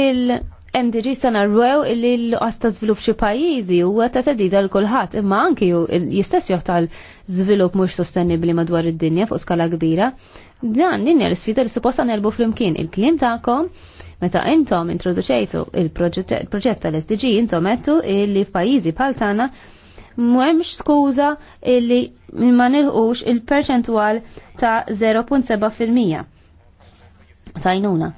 Il-MDG sana rwew illi l-qasta żvilupp xi pajjiżi huwa ta' tedida l kulħadd imma anki jistess joħtal żvilupp mhux sostenibbli madwar id-dinja fuq skala kbira. Dan dinja l-sfida li supposta nerbu flimkien il-kliem tagħkom meta intom introduċejtu il-proġett tal-SDG intom għettu illi f'pajjiżi bħal tagħna Mwemx skuża illi ma nilħux il-perċentwal ta' 0.7%. Tajnuna.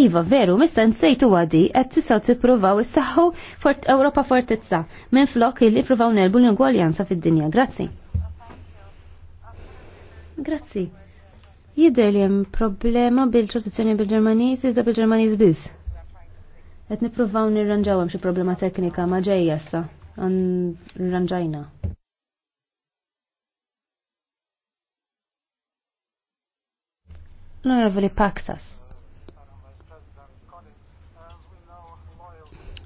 Iva, veru, mista nsejtu għadi, għed tisaw t-provaw s-saxħu fort Europa fortezza, minn flok illi provaw nelbu l-ingwaljanza fid-dinja. Grazzi. Grazzi. Jider li jem problema bil-tradizjoni bil ġermaniz jizda bil ġermaniz biz. Għed niprovaw nirranġaw xi problema teknika ma ġej jessa ranġajna. L-Onorevoli Paxas.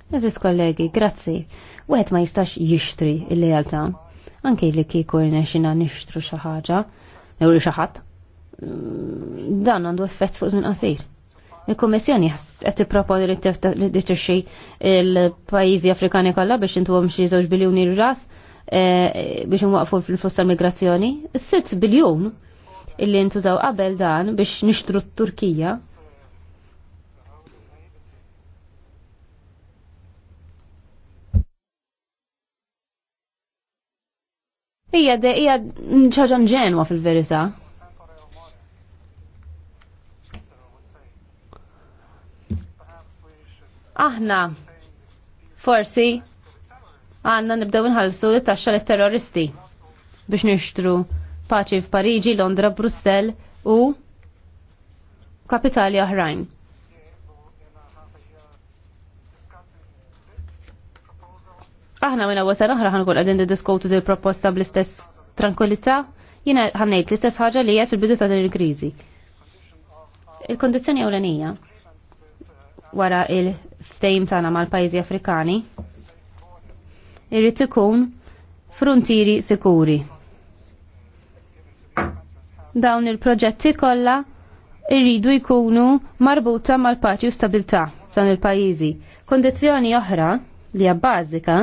Għaziz kollegi, grazzi. Wieħed ma jistax jixtri il lejalta Anke li kieku jnexina nixtru xi ħaġa, jew li xi ħadd. Mm, dan għandu effett fuq żmien qasir. Il-Kommissjoni qed tipproponi li tixxi il-pajjiżi Afrikani kollha biex intuhom xi biljoni biljuni ras eh, biex n-waqfu fil-fluss tal-migrazzjoni. Sitt biljun illi ntużaw qabel dan biex nixtru t-Turkija. Ija, ija ċaġan ġenwa fil-verita. Aħna forsi għanna nibdew nħallsu it-taxxa lit terroristi biex nixtru paċi f'Pariġi, Londra, Brussell u kapitali oħrajn. Aħna minna wasa naħra ħankun għadin diskutu dil proposta bl-istess tranquillità, jina ħannejt l-istess ħaġa li jgħet fil-bidu ta' din il-krizi. Il-kondizjoni ewlenija wara il ftejm tagħna mal-pajjiżi Afrikani irrid ikun frontieri sikuri. Dawn il-proġetti kollha irridu jkunu marbuta mal-paċi u stabilità f'dan il-pajjiżi. Kondizzjoni oħra li hija bażika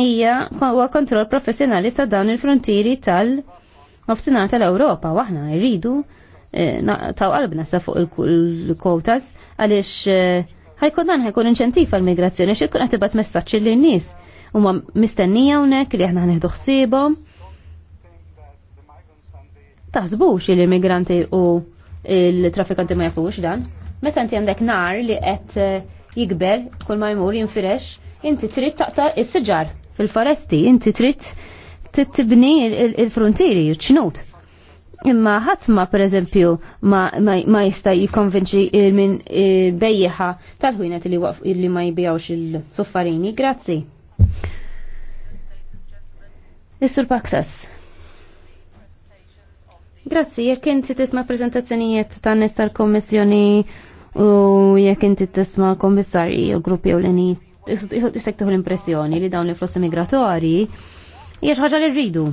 hija huwa kontroll professjonali ta' dawn il-frontieri tal-nofsinhar tal-Ewropa waħna rridu Eh, taw qalbna sa fuq il-kwotas għaliex eh, ħajkun dan ħajkun inċentiv għal-migrazzjoni x'ikun jkun qed tibgħat messaġġ lin-nies huma mistennija hawnhekk li aħna ħnieħdu ħsiebhom. Taħsbux il-immigranti u il-traffikanti ma jafux dan. Meta inti għandek nar li qed eh, jikber kull ma jmur jinfirex, inti trid taqta' is-siġar fil-foresti, inti trid tibni il-frontieri, il-ċnut. Imma ħatma per eżempju ma, ma, ma jista jikonvinċi minn bejjeħa tal-ħwienet li, li ma jibijawx il-suffarini. Grazzi. Is-sur Paksas. Grazzi, jekk inti tisma' prezentazzjonijiet tan nies tal-Kommissjoni u jekk inti tisma' kommissarji u gruppi ewleni, tisek l-impressjoni li dawn l-flussi migratorji hija xi ħaġa li rridu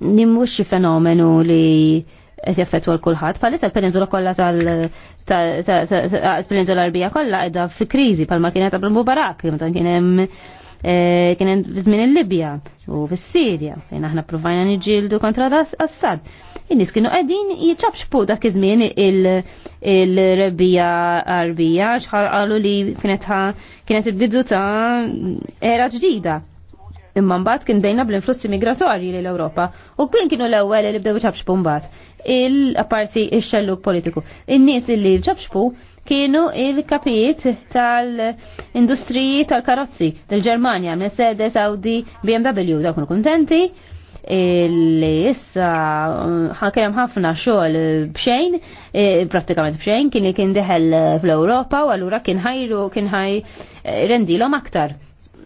nimmux xi fenomenu li qed jaffettwa l kulħadd. Palissa l-Peninsula kollha tal-Peninsula Arbija kollha qiegħda fi kriżi palma kienet qabel Mubarak, meta kien hemm eh, kien hemm żmien il-Libja u fis-Sirja fejn aħna provajna niġġieldu kontra Assad. In-nies kienu qegħdin jiċabx fuq dak iż-żmien il-rebbija arbija x'ħarqalu li kienet kienet il-bidu ta' era ġdida imma mbagħad kien dejna bl-influssi migratorji lil Ewropa u kien kienu l-ewwel li bdew ċabxbu mbagħad il-parti ix-xelluk politiku. In-nies illi ċabxbu kienu il-kapijiet tal-industriji tal-karozzi tal-Ġermanja, Mercedes, Audi, BMW, daw kunu kuntenti li issa ħakem ħafna xogħol bxejn, e, prattikament bxejn, kien li kien deħel fl-Ewropa u allura kien ħajru kien ħaj e, rendilhom aktar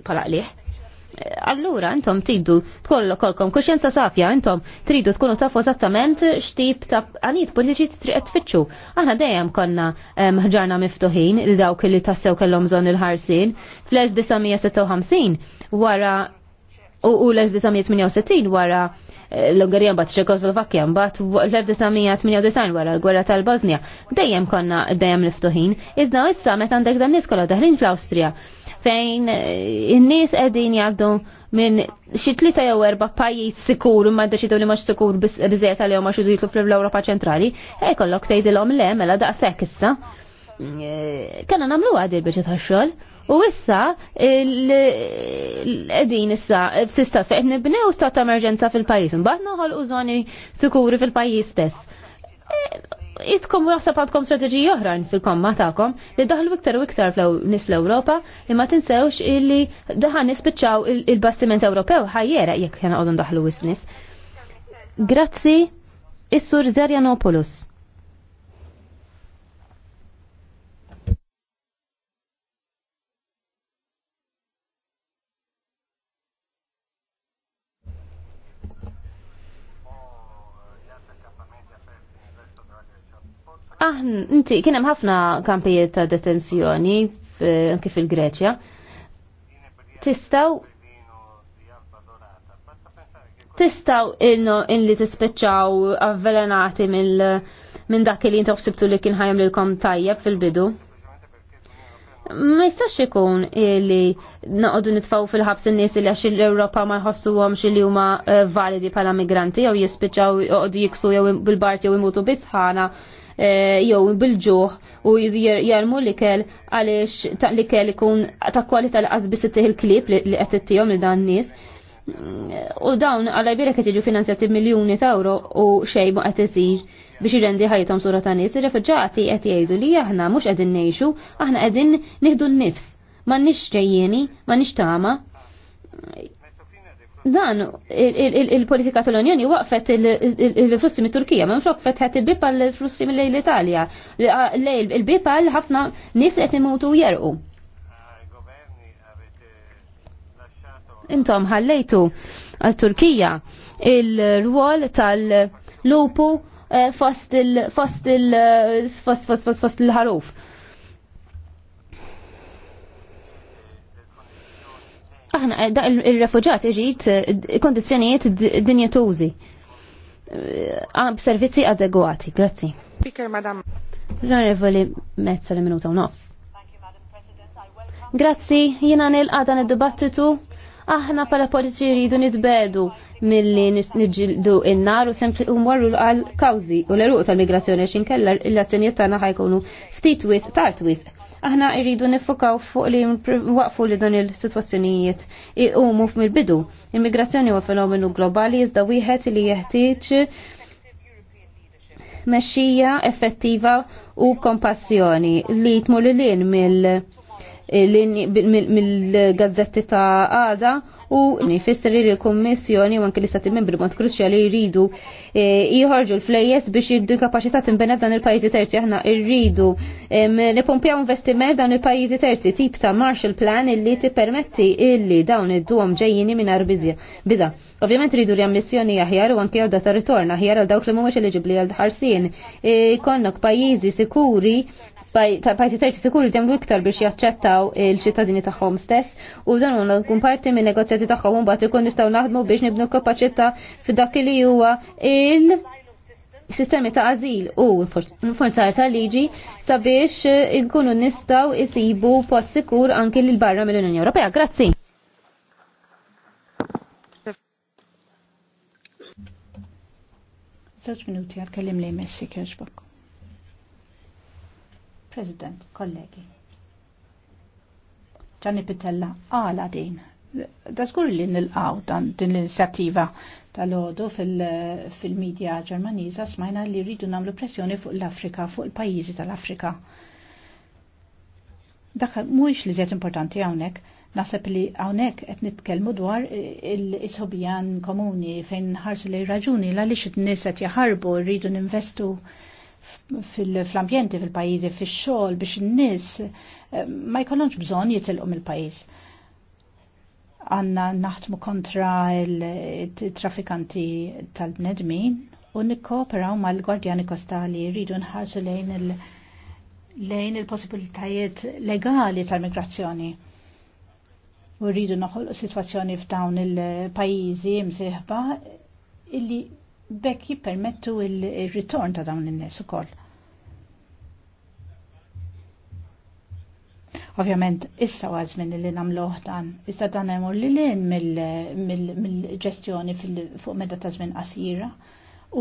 bħala qlieħ allura intom tiddu tkollu kolkom kuxjenza safja, intom tridu tkunu tafu eżattament x'tip ta' għanijiet politiċi triqet tfittxu. Aħna dejjem konna ħġarna miftuħin il dawk li tassew kellhom bżonn il-ħarsin fl-1956 wara u l-1968 wara eh, l-Ungarija mbagħad ċekoslovakkja mbagħad l-1998 wara l-gwerra tal bosnia Dejjem konna dejjem miftuħin, iżda issa meta għandek dan nies daħlin fl-Awstrija fejn eh, in-nies qegħdin jgħaddu minn xi tlieta jew erba' pajjiż sikur imma ddeċidu li mhux sikur biżejjed għalihom għax xi jitlu fl-Ewropa ċentrali, ejkollok tgħidilhom le mela daqshekk issa. Eh, Kanna nagħmlu għadi l-biċċa tax-xogħol. U issa l-edin issa eh, fista fejn nibnew stat emerġenza fil-pajis. mbagħad noħol użoni sikuri fil-pajis stess. Eh, jitkom jaħseb għadkom strateġiji oħrajn fil-komma tagħkom li daħlu iktar u iktar nis fl-Ewropa imma tinsewx illi daħan nispiċċaw il-bastiment Ewropew ħajjera jekk jena għodun daħlu wisnis. Grazzi, Is-Sur Zerjanopoulos. Ah, inti, kienem ħafna kampijiet ta' detenzjoni anke fil-Greċja. Tistaw tistaw illi tispeċċaw avvelenati minn dak li jintaw sibtu li kien ħajem lilkom tajjeb fil-bidu. Ma jistax ikun illi naqdu nitfaw fil-ħabs n-nies li għax l-Europa ma jħossu għom li huma eh, validi pala migranti jew jispiċaw joqdu jiksu jew bil-bart jew imutu bisħana Eh, jew bil-ġuħ u jarmu l-ikel għaliex ta' li kell ikun ta' kwalità li qasbis ittih il-klib li qed ittihom li dan nies. U dawn għal birek qed finanzjati miljuni ta' euro u xej mu qed isir biex jirrendi ħajtom sura ta' nies, ir-refuġati qed jgħidu li aħna mhux qegħdin ngħixu, aħna qegħdin nieħdu n-nifs. M'għandniex ġejjieni, nix tama dan il-politika tal-Unjoni waqfet il-flussi mit turkija ma flok fetħet il-bib għal-flussi mill l-Italja. Il-bib għal-ħafna nis qed imutu jerqu. Intom ħallejtu għal-Turkija il-rwol tal-lupu eh, fost il-ħaruf. aħna eh, da il-refuġat irrid eh, kondizjonijiet dinjetużi eh, b'servizzi adegwati. Grazzi. Speaker, madam. L-onorevoli mezza li minuta u nofs. Grazzi, jina nil għadan id-dibattitu aħna pala politiċi rridu nitbedu mill-li nġildu il-nar u sempli u morru għal kawzi u l-eruq tal-migrazzjoni xinkella l-azzjoniet tagħna ħajkunu ftit wis tart wis aħna irridu nifokaw fuq li waqfu li dan il-situazzjonijiet muf mill-bidu. Immigrazzjoni huwa fenomenu globali iżda wieħed li jeħtieġ mexxija effettiva u kompassjoni li tmur lil mill- mill-gazzetti ta' għada u nifisser li l-Kommissjoni u anke l-Istati Membri mod kruċjali jridu eh, jħorġu l-flejjes biex jibdu kapacità tinbenef dan il pajzi terzi aħna jridu nipompjaw investiment dawn il-pajjiżi terzi tip ta' Marshall Plan illi tippermetti illi dawn id-duhom ġejjini mingħajr biża. Ovvjament ridu riammissjoni aħjar u anke għodda ta' ritorna jahjar għal dawk li mhumiex eliġibbli għal ħarsien. Eh, konnok pajjiżi sikuri pajjiżi terzi sikur li iktar biex jaċċettaw il-ċittadini tagħhom stess u dan huwa tkun parti minn negozjati tagħhom bat ikun nistgħu naħdmu biex nibnu kapaċità f'dak li huwa il- sistemi ta' azil u forzar ta' liġi sabiex inkunu nistaw isibu post sikur anke l barra mill-Unjoni Ewropea. Grazzi. Zaċ minuti għal-kellim li jmessi kħeġbak. President, kollegi. Ġanni Pitella għala din. Da skur li nil-għaw din l-inizjattiva tal-ħodu fil-medja fil ġermaniza smajna li rridu namlu pressjoni fuq l-Afrika, fuq il-pajizi tal-Afrika. Dak mhuwiex li żjed importanti hawnhekk, naħseb li hawnhekk qed nitkellmu dwar il-isħobijan komuni fejn ħarsu li raġuni għaliex li nies qed jaħarbu rridu ninvestu fil-ambjenti fil-pajizi, fil-xol, biex n-nis eh, ma jkollonx bżon jitilqu mill-pajiz. Għanna naħtmu kontra il-trafikanti tal-bnedmin u nikkooperaw mal-gwardjani kostali rridu nħarsu lejn il- lejn il-possibilitajiet legali tal-migrazzjoni. U rridu noħolqu situazzjoni f'dawn il-pajjiżi msieħba illi bekk jippermettu il-ritorn ta' dawn in-nies ukoll. Ovvjament, issa għazmin li namluħ dan, issa dan għemur li l-in mill-ġestjoni fuq medda ta' żmien qasira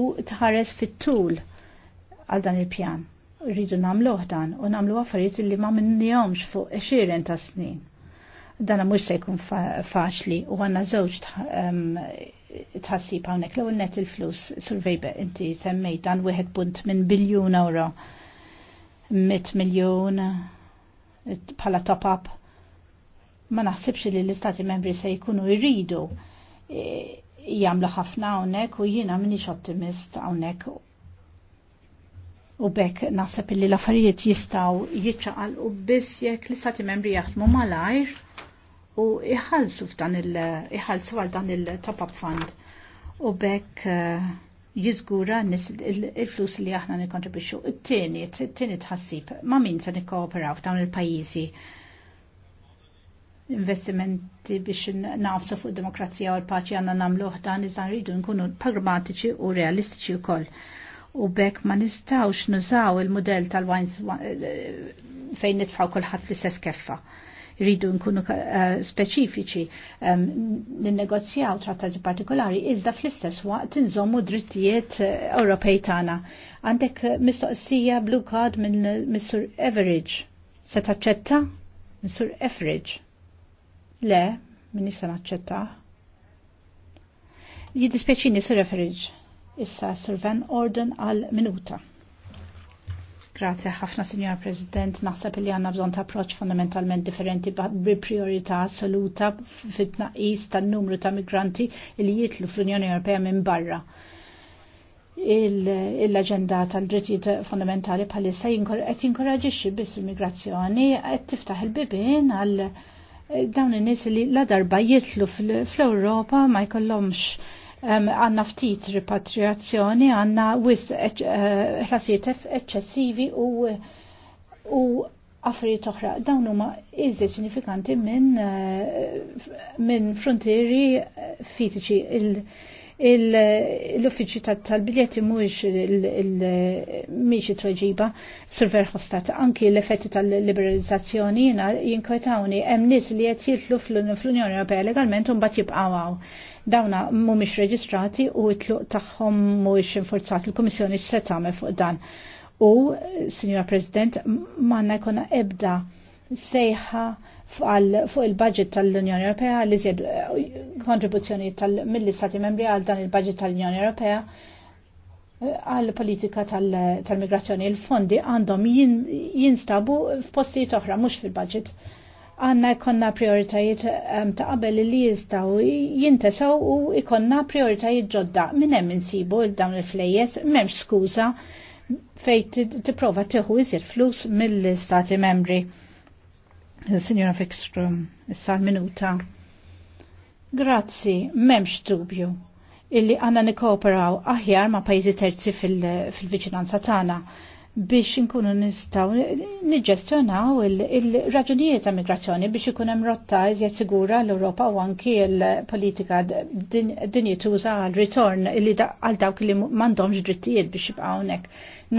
u tħares fit-tul għal dan il-pjan. Rridu namluħ dan u namlu affarijiet li ma minnihomx fuq xiren ta' snin. Dan mhux se jkun faċli u għandna żewġ tħassib hawnhekk l-ewwel net il-flus survejbe inti semmejt dan wieħed punt minn biljun euro. 100 miljun eh, bħala top up. Ma naħsibx li l-istati membri se jkunu jridu eh, jamlu ħafna hawnhekk u jiena m'iniex ottimist hawnhekk u bekk naħseb li l-affarijiet jistaw jitxaqal u biss jekk l-istati membri jaħdmu malajr u iħalsu f'dan il-iħalsu għal dan il-top-up fund u bekk uh, jizgura il-flus li aħna nikontribuxxu. It-tieni, it-tieni tħassib, ma' min se nikkooperaw f'dawn il-pajjiżi investimenti biex nafsu fuq demokrazija u l-paċi għanna namlu dan iżan rridu nkunu pragmatiċi u realistiċi wkoll. U bekk ma nistawx nużaw il-modell tal-wines eh, eh, fejn nitfaw kulħadd fl-istess keffa rridu nkunu eh, speċifiċi ninnegozjaw ehm, trattati partikolari, iżda fl-istess waqt nżommu drittijiet eh, Ewropej tagħna. Għandek eh, mistoqsija blue card minn Mr. Everidge. Se taċċetta? Mr. Everidge. Le, minn issa naċċetta. Jidispeċini Sir Everidge. Issa Sir Van Orden għal minuta. Grazie ħafna, Signor President. Naħseb li għanna bżon ta' approċ fundamentalment differenti bi priorità assoluta fit tnaqqis tan-numru ta' migranti li jitlu fl-Unjoni Ewropea minn barra. Il-agenda tal-drittijiet fundamentali bħalissa qed jinkoraġixxi biss immigrazzjoni qed tiftaħ il-bibien għal dawn in-nies li la darba jitlu fl-Ewropa ma jkollhomx għanna ftit ripatriazzjoni, għanna wis eh, ħlasijiet eċċessivi u affarijiet oħra. Dawn huma iżi sinifikanti minn eh, min frontieri eh, fiziċi. L-uffiċi tal-biljetti mhux miex it-tweġiba surver ħostat. Anki l-effetti tal-liberalizzazzjoni jinkwetawni hemm nies li qed jitlu fl-Unjoni Ewropea legalment u mbagħad jibqgħu dawna mhumiex reġistrati u t-tluq tagħhom mhuwiex infurzat il-Kummissjoni x'se tagħmel fuq dan. U, Signora President, manna jkollna ebda sejħa fuq il-budget tal-Unjoni Ewropea li zjed uh, kontribuzzjoni mill stati membri għal dan il-budget tal-Unjoni Ewropea għal politika tal-migrazzjoni. Il-fondi għandhom jinstabu f'postijiet oħra, mhux fil-budget għanna jkonna prioritajiet ehm, ta' qabel li jistaw jintesaw u jkonna prioritajiet ġodda minn hemm insibu dawn il-flejjes m'hemmx skuża fej tipprova tieħu iżjed flus mill-istati membri. Signora Fikstrum, issa minuta. Grazzi, m'hemmx dubju illi għanna nikoperaw aħjar ma' pajzi terzi fil-viċinanza fil tagħna biex nkunu nistaw niġġestjonaw il-raġunijiet ta' migrazzjoni biex ikun hemm rotta iżjed sigura l-Ewropa u anki l-politika din jituża għal ritorn li għal dawk li m'għandhomx drittijiet biex jibqa' hawnhekk.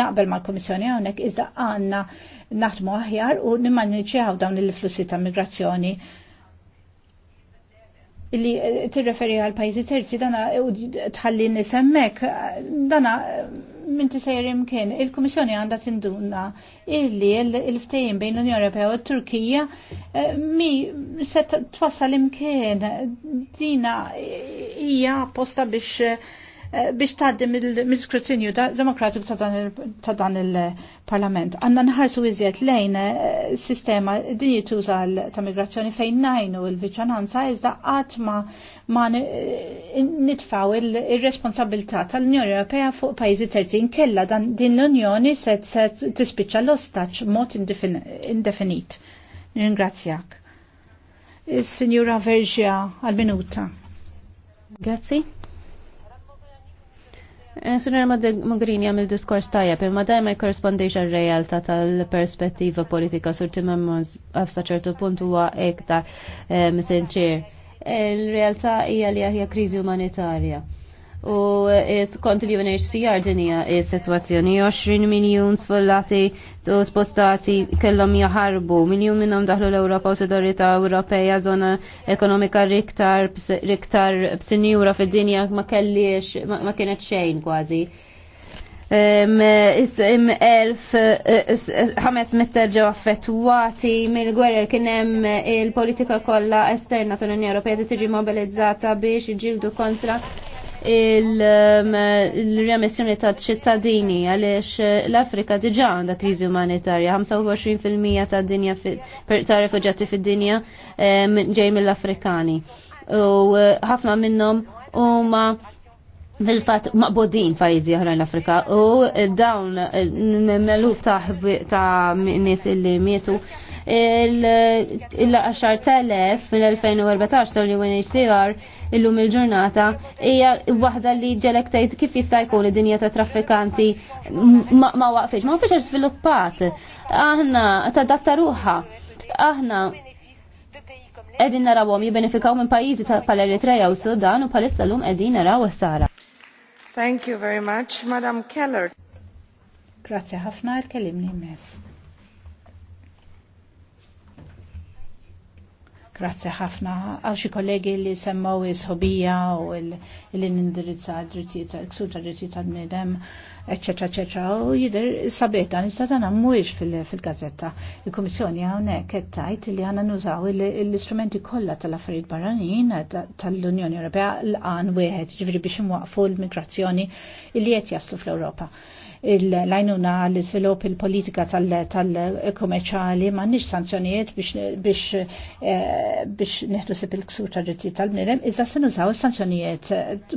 Naqbel mal-Kummissjoni hawnhekk iżda għandna naħdmu aħjar u nimmanniġġjaw dawn il-flussi ta' migrazzjoni li eh, tirreferi għal pajjiżi terzi dana eh, tħalli nisemmek dana eh, minn tisajr imkien, il-Komissjoni għandha tinduna illi il-ftejjin bejn l-Unjoni Ewropea u t-Turkija eh, mi se twassal imkien dina hija posta biex eh, Eh, biex tgħaddi mill-skrutinju demokratiku ta' dan il-Parlament. Għanna nħarsu iżjed lejn eh, sistema din jituża ta' migrazzjoni fejn najnu l-viċananza iżda qatt ma eh, nitfaw il-responsabilità tal-Unjoni Ewropea fuq pajjiżi terzi kella dan din l-Unjoni se tispiċċa l-ostaċ mod indefinit. Ringrazzjak. Signora Vergia għal-minuta. Grazie. Eh, Sunar għam għamil diskors tajab, imma dajma jkorrespondix għal-realtà tal-perspettiva politika sur timmemmuż għafsa ċertu punt huwa iktar eh, sinċir. Il-realtà eh, hija li hija kriżi umanitarja u eh, skont l-UNHCR hija is-sitwazzjoni eh, 20 miljun sfollati u spostati kellhom jaħarbu miljun minnhom daħlu l-Ewropa u Sidorità Ewropeja żona ekonomika riktar riktar b'sinjura fid-dinja ma kellix ma kienet xejn kważi. Is-elf eh, ħames 1500 ġew affettwati mill-gwerra kien hemm il-politika kollha esterna tal-Unjoni Ewropea li tiġi mobilizzata biex jiġildu kontra il remissjoni ta' ċittadini għaliex eh, l-Afrika diġa għandha kriżi umanitarja. 25% ta' dinja ta' refuġati fid-dinja eh, ġej mill-Afrikani. U eh, ħafna minnhom huma fil-fat maqbodin fajzi oħrajn l-Afrika u dawn meluf ta' nies illi mietu il-10,000 fil-2014 tal-UNHCR illum il-ġurnata hija waħda li ġelek tgħid kif jista' jkun id-dinja ta' traffikanti ma waqfix, ma waqfix żviluppat. Aħna ta' datta ruħha. Aħna qegħdin narawhom jibbenefikaw minn pajjiżi bħal Eritrea u Sudan u bħalissa llum qegħdin naraw ħsara. Thank you very much, Madam Keller. Grazie ħafna, kelimni mess. Grazzi ħafna. Għal xi kollegi li semmaw is-ħobija u l-indirizza drittijiet tal-ksur ta' drittijiet tal-bniedem, eċċetera, eċċetera. U jidher sabiet dan nista' tagħna mhuwiex fil-gazzetta. Il-Kummissjoni hawnhekk qed tgħid li għandna nużaw l-istrumenti kollha tal-affarijiet barranin tal-Unjoni Ewropea l-qan wieħed, jiġri biex imwaqfu l-migrazzjoni li qed jaslu fl-Ewropa l-għajnuna għall-izvilup il-politika tal-komerċali ma nix sanzjonijiet biex eh, neħdu sib il-ksur tal-ritti tal-bnidem, iżda se nużaw sanzjonijiet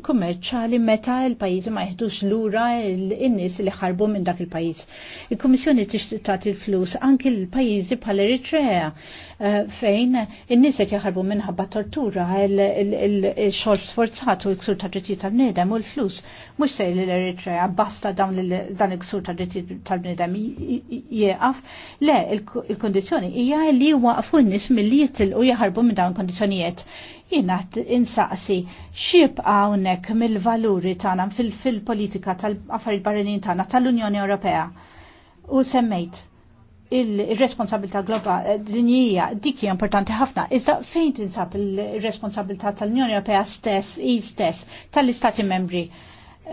komerċali meta il-pajizi ma jħdux l-ura il innis li ħarbu minn dak il-pajiz. Il-Komissjoni t tat il-flus anki l-pajizi pal eritrea Eh, fejn in-nies qed jaħarbu minħabba tortura il-xogħol sforzat u l-ksur ta' drittijiet tal-bniedem u l-flus mhux se l-Eritrea basta dan il-ksur ta' drittijiet tal-bniedem jieqaf. Le, il-kondizzjoni hija li waqfu n-nies milli jitilqu jaħarbu minn dawn kondizzjonijiet jina insaqsi xieb hawnhekk mill-valuri tagħna fil-politika tal affarid barranin tagħna tal-Unjoni Ewropea. U semmejt il-responsabilità globali eh, dinjija dik hija importanti ħafna. Iżda fejn tinsab il-responsabilità tal-Unjoni Ewropea stess, i stess, tal-Istati membri?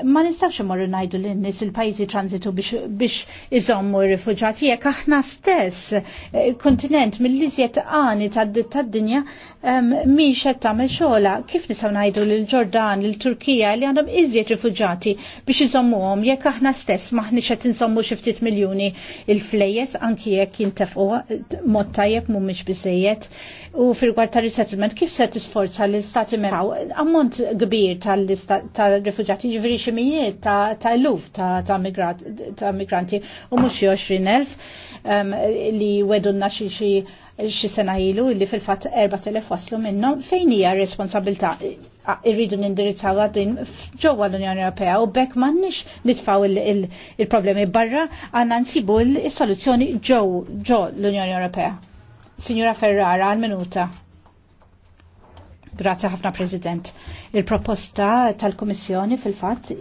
Ma nistax imorru ngħidu lin nies il-pajjiżi transitu biex iżommu r-rifuġati jekk aħna stess eh, kontinent mill-iżjed għani tad-dinja min qed tagħmel xogħla, kif nisaw ngħidu lil Ġordan, lil Turkija li għandhom iżjed rifuġati biex iżommuhom jekk aħna stess maħniex qed insommu xi ftit miljuni il-flejjes anki jekk jintefqu mod tajjeb mhumiex biżejjed. U fil-gwar ta' resettlement kif se tisforza l-istati meraw ammont kbir tal rifugġati ġifieri ximijiet mijiet ta' eluf ta' migranti u mhux xi 20,000 li wedunna xi xi xi sena ilu illi fil-fatt 4000 waslu minnhom fejn hija responsabilità irridu nindirizzaw din ġewwa l-Unjoni Ewropea u bekk m'għandniex nitfaw il-problemi barra għandna nsibu l-soluzzjoni ġew ġo l-Unjoni Ewropea. Signora Ferrara, għal minuta. Grazie ħafna President. Il-proposta tal-Komissjoni fil-fatt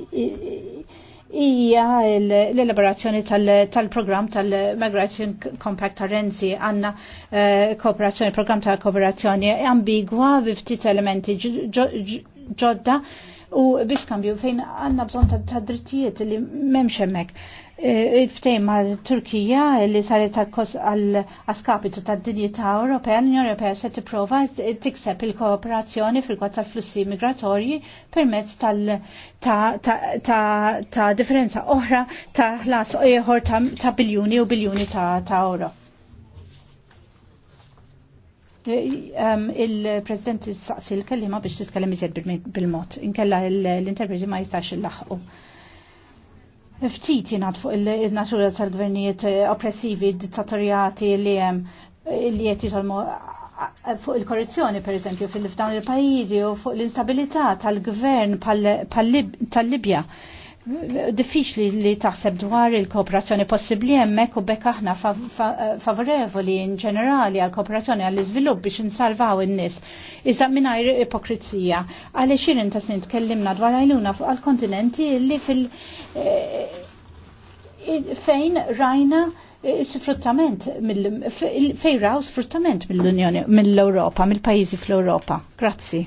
hija l-elaborazzjoni tal-programm tal-Migration Compact ta' Renzi għanna eh, kooperazzjoni, programm ta' kooperazzjoni ambigwa bi ftit elementi ġodda u biskambju fejn għanna bżon ta' drittijiet li memxemmek. hemmhekk il-ftejma Turkija li saret għal-askapitu ta' dinjità Ewropea, l-Unjoni Ewropea se tipprova tikseb il-kooperazzjoni fil tal flussi migratorji permezz ta' differenza oħra ta' ħlas ieħor ta' biljuni u biljuni ta' euro. E, Il-President saqsi l-kellima biex titkellem iżjed bil-mod, inkella l-interpreti ma jistax il-laħqu ftit jingħad fuq il-natura tal-gvernijiet eh, oppressivi, dittatorjati li hemm eh, li qed jitolmu eh, fuq il-korruzzjoni per eżempju fil-fdawn il-pajjiżi u fuq l-instabilità tal-gvern tal-Libja. tal gvern tal libja diffiċli li taħseb dwar il-kooperazzjoni possibbli hemmhekk u bekk aħna eh, favorevoli in ġenerali għal kooperazzjoni għall iżvilupp biex insalvaw in-nies. Iżda mingħajr ipokrizija. Għaliex xirin ta' snin tkellimna dwar għajnuna fuq għal-kontinenti li fil- eh, fejn rajna eh, sfruttament fejn raw sfruttament mill-Unjoni mill-Ewropa, mill-pajjiżi fl-Ewropa. Grazzi.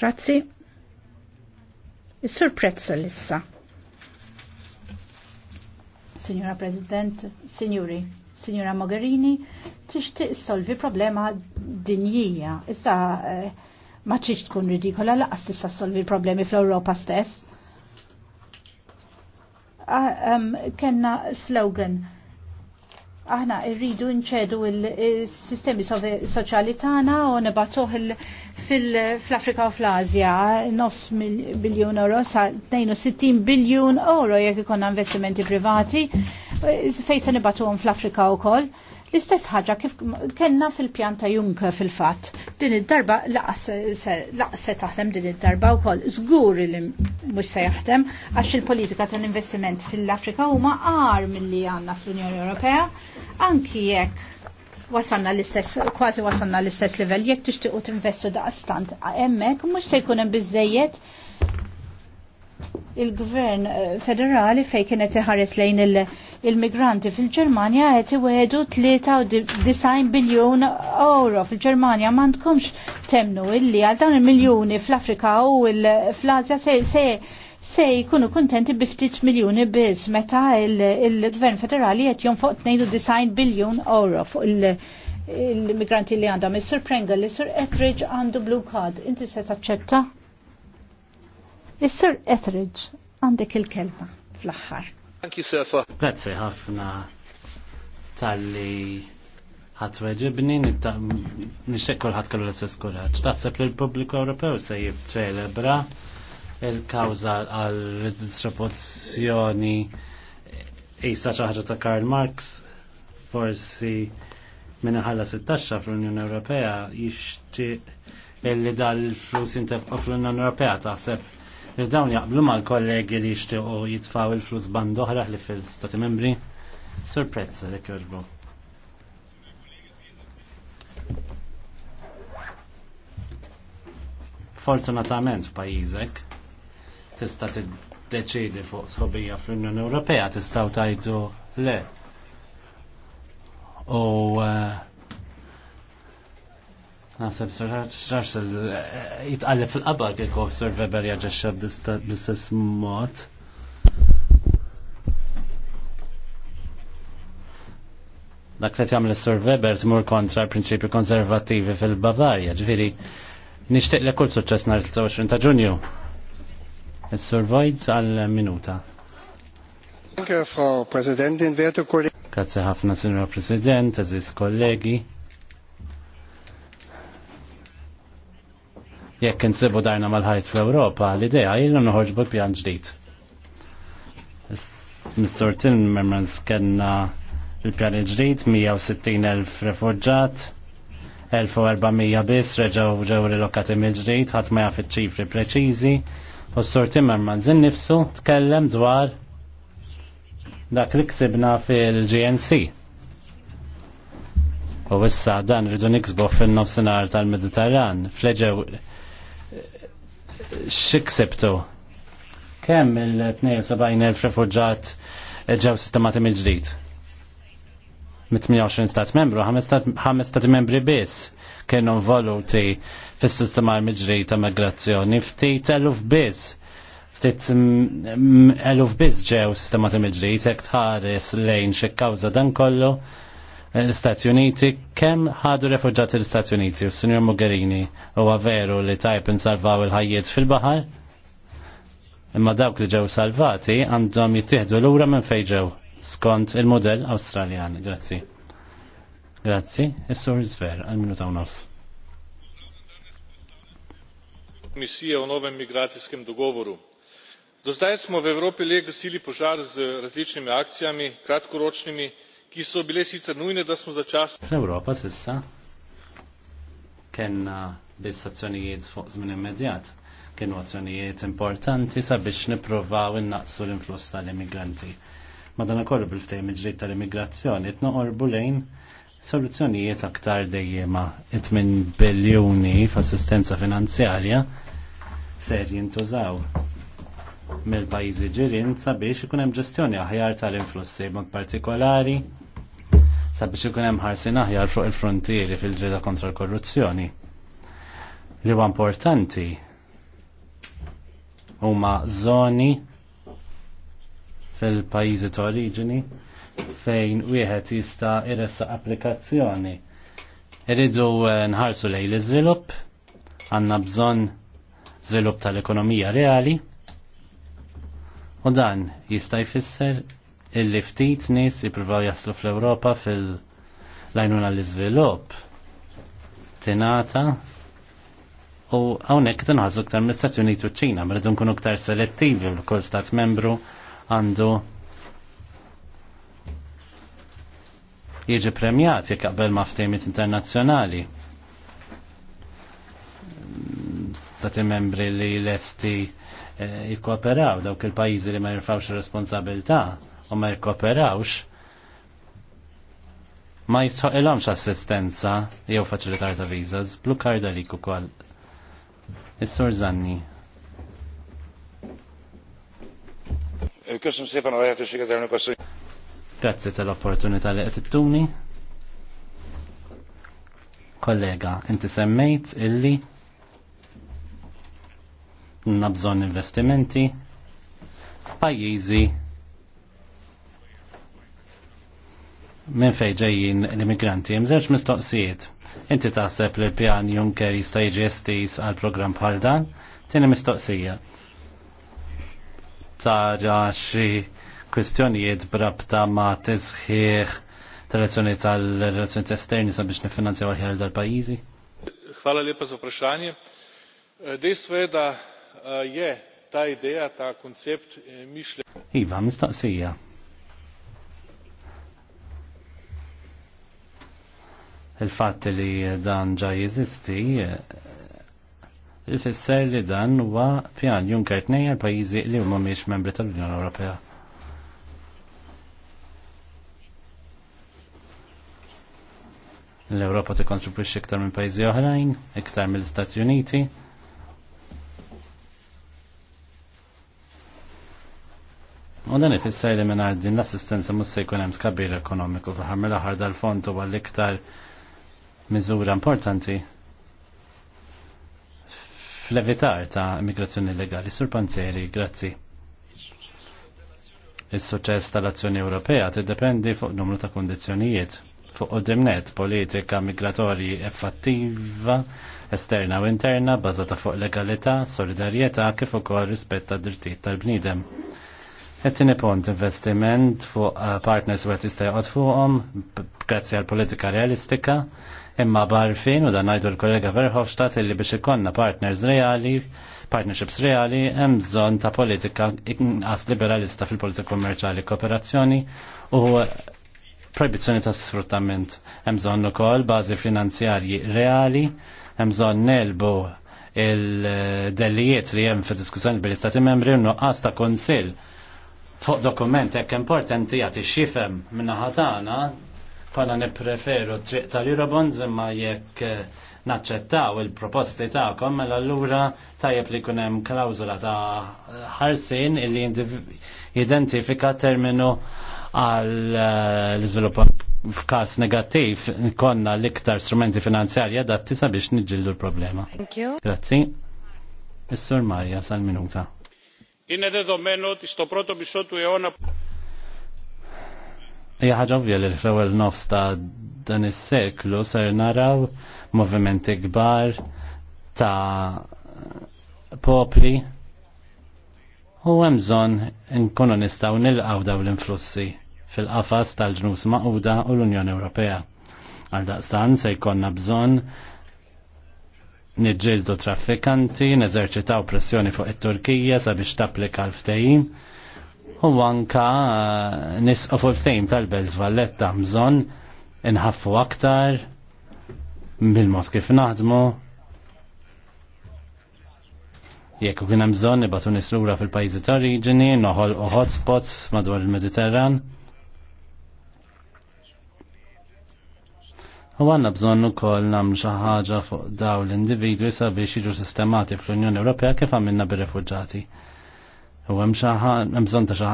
Grazzi. Is-Sur Signora President, Signori, Signora Mogherini, tixtieq solvi problema dinjija. Issa eh, ma tix tkun ridikola laqas tista' solvi problemi fl-Ewropa stess. Kenna slogan aħna irridu nċedu il-sistemi soċjali tagħna u nibatuh il-, il fil-Afrika u fl-Azja, nofs biljun euro sa 62 biljun euro jekk ikonna investimenti privati, eh, fejn se nibatu fl-Afrika u kol. L-istess ħaġa kif kellna fil-pjanta Junker fil-fatt. Din id-darba laqse taħdem din id-darba wkoll Zgur li mhux se jaħdem għax il-politika tal-investiment fil-Afrika huma mill milli għandna fl-Unjoni Ewropea anki jekk wasanna l-istess, kważi wasanna l-istess level, jekk tixtiqu tinvestu daqstant hemmhekk mhux se jkun hemm il-gvern eh, federali fejn kienet iħares lejn il-migranti il migranti fil ġermanja qed iwedu 93 biljun euro fil ġermania m'għandkomx temnu illi għal dawn il-miljuni fl-Afrika u fl azja se, se se jkunu kontenti bi ftit miljuni biss meta il-Gvern Federali qed jonfoq 92 biljun euro fuq il-migranti li għandhom. Is-Sur Prengle, is-Sur Etheridge għandu blue card, inti se taċċetta? Is-Sur Etheridge għandek il-kelma fl-aħħar. Thank you, sir. Grazie ħafna tal-li reġibni, nixxekk kolħat kallu l sess kuraġġ. Taħseb li l-pubbliku Ewropew se jibċelebra il-kawza għal redistribuzzjoni isa ċaħġa ta' Karl Marx forsi minna ħalla 16 fl-Unjoni Ewropea jishti illi dal flus jintef fl-Unjoni Ewropea taħseb li dawn jaqblu mal kollegi li u jitfaw il-flus band oħra li fil-Stati membri Surprezza li kjoġbu. Fortunatament f'pajjiżek tista' tiddeċidi fuq sħobija fl-Unjoni Ewropea tistgħu tajdu le. U eh, naħseb sarrax eh, jitqalleb fil-qabar kif Sir Weber jaġġexxa bl-istess mod. dak li tagħmel is-Sur Weber tmur kontra l-prinċipju konservattivi fil-Bavarja, ġifieri nixtieq li kull suċċess nhar 23 ta' Ġunju. Is-Sur għal minuta. Danke, Frau Präsidentin, werte Kollegen. Grazie ħafna, Signora President, aziz kollegi. Jekk insibu darna mal-ħajt fl-Ewropa, l-idea jilna noħorġbu pjan ġdid. Mr. Timmermans kena il-pjan ġdid 160.000 refugġat, 1400 bis reġaw ġew rilokati mill-ġdid, ħadd ma jaf iċ-ċifri preċiżi, U s-sur Timmermans innifsu tkellem dwar dak li ksibna fil-GNC. U issa dan rridu niksbu fin-nofsinhar tal-Mediterran, fleġew xiksibtu. Kemm il-72,000 refugġat ġew sistemati mill-ġdid? mit 28 stat membru, 5 stat membri biss kienu voluti fis-sistema miġrej ta' migrazzjoni ftit eluf biss. Ftit eluf biss ġew sistema ta' miġrej tek tħares lejn xi kawża dan kollu l-Istati Uniti kemm ħadu refuġġati l-Istati Uniti u Sinjor Mogherini huwa veru li tajb insalvaw il-ħajjiet fil-baħar imma dawk li ġew salvati għandhom jittieħdu lura minn fejn ġew skont il-modell Awstraljan. Grazzi. Grazzi, is-sur Zver, għal-minuta u nofs komisije o novem migracijskem dogovoru. do zdaj smo v evropi le gasili požar z različnimi akcijami kratkoročnimi ki so bile sicer nujne da smo začasno. kienu azzjonijiet importanti sabiex nippruvaw innaqsu l-influss tal-immigranti. Madanakollu bil-ftehim ġrid tal-immigrazzjoni qed noqorbu lejn soluzzjonijiet aktar dejjema 8 biljuni f'assistenza finanzjarja ser jintużaw mill-pajjiżi ġirien sabiex ikun hemm ġestjoni aħjar tal-influssi mod partikolari sabiex ikun hemm ħarsin aħjar fuq il-frontieri fil-ġrida kontra l-korruzzjoni. Li huwa importanti huma żoni fil-pajjiżi ta' oriġini fejn wieħed jista' jressa applikazzjoni. Irridu eh, nħarsu lej l-iżvilupp, għandna bżonn żvilupp tal-ekonomija reali, u dan jista' jfisser illi ftit nies jippruvaw jaslu fl-Ewropa fil-lajnuna l-iżvilupp tingħata u hawnhekk tinħassu aktar mill-Stati Uniti u ċina mridu nkunu aktar selettivi l-kull stat membru għandu jiġi premjat jekk qabel ma' ftehimiet internazzjonali. Stati membri li lesti eh, jikkooperaw dawk il-pajjiżi li ma jirfawx responsabilità u ma jikkooperawx ma jisħoqilhomx assistenza jew faċilitar ta' visas, blu karda li ukoll. Is-Sur Zanni. Eh, Kusum szépen a lehetőséget, elnök Grazie tal-opportunità li qed ittuni. Kollega, inti semmejt illi bżonn investimenti f'pajjiżi minn fejn ġejjin l-immigranti. Hemm żewġ mistoqsijiet. Inti taħseb li l-pjan Juncker jista' jiġi estis għal programm bħal dan? Tieni mistoqsija. Tara xi kwestjonijiet brabta ma' tisħiħ tal tal-relazzjoni esterni sabiex nifinanzjaw għahjar dal-pajjiżi? Hvala lepa za vprašanje. E, dejstvo je, da e, je ta ideja, ta koncept e, mišljen. Iva, mistaqsija. il fat li dan ġa jeżisti ifisser li dan huwa pjan Juncker tnejja l-pajjiżi li huma mhix membri tal-Unjoni Ewropea. l-Europa tikkontribwixxi iktar minn pajjiżi oħrajn, iktar mill-Istati Uniti. U dan ifisser li mingħajr din l-assistenza mhux se jkun hemm skabir ekonomiku fl mill-aħħar dal-fond huwa l-iktar miżura importanti fl-evitar ta' immigrazzjoni illegali. Sur Panzeri, grazzi. Is-suċċess tal-azzjoni Ewropea tiddependi fuq numru ta' kundizzjonijiet fuq dimnet politika migratorji effattiva esterna u interna bazata fuq legalità, solidarjetà kif ukoll rispett tad drittijiet tal-bniedem. Qed punt investiment fuq eh, partners wet jista' joqgħod fuqhom grazzi għal politika realistika imma barfin u dan ngħidu l-kollega Verhofstadt illi biex ikonna partners reali, partnerships reali, hemm bżonn ta' politika inqas liberalista fil-politika kummerċjali kooperazzjoni u proibizzjoni ta' sfruttament. Hemm bżonn ukoll bażi finanzjarji reali, hemm bżonn nelbu il delijiet li hemm fi diskussjoni bil-Istati membri u nuqqas ta' konsil fuq dokument hekk importanti jagħti xifhem min-naħa tagħna kolla nippreferu triq tal-Eurobonds imma jekk eh, naċċettaw il-proposti tagħkom mela allura tajjeb li jkun hemm klawżola ta' ħarsin illi jidentifika terminu għal eh, l-izvilupp f'kas negattiv konna l-iktar strumenti finanzjarji adatti sabiex nġildu l-problema. Grazzi. Is-Sur Marja sal-minuta. Είναι δεδομένο t στο proto μισό του αιώνα Ija ħaġa ovvja li l ewwel nofs ta' dan is-seklu ser naraw movimenti kbar ta' popli u hemm bżonn nistaw nil nilqgħu dawn l-influssi fil-qafas tal-ġnus maquda u l-Unjoni Ewropea. Għal daqstan se jkonna bżon nidġildu traffikanti, neżerċitaw pressjoni fuq it-Turkija sabiex tapplika l-ftejim u anka eh, nisqu fuq il-ftejim tal-Belt Valletta bżon inħaffu aktar bil-mod kif naħdmu jekk u kien hemm bżonn nibatu nislura fil-pajjiżi ta' oriġini, noħol u hotspots madwar il-Mediterran. U għanna bżonnu kol namlu xaħġa fuq daw l-individwi sabiex jiġu sistemati fl-Unjoni Ewropea kif għamilna bir-refugġati. U hemm hemm bżonn ta'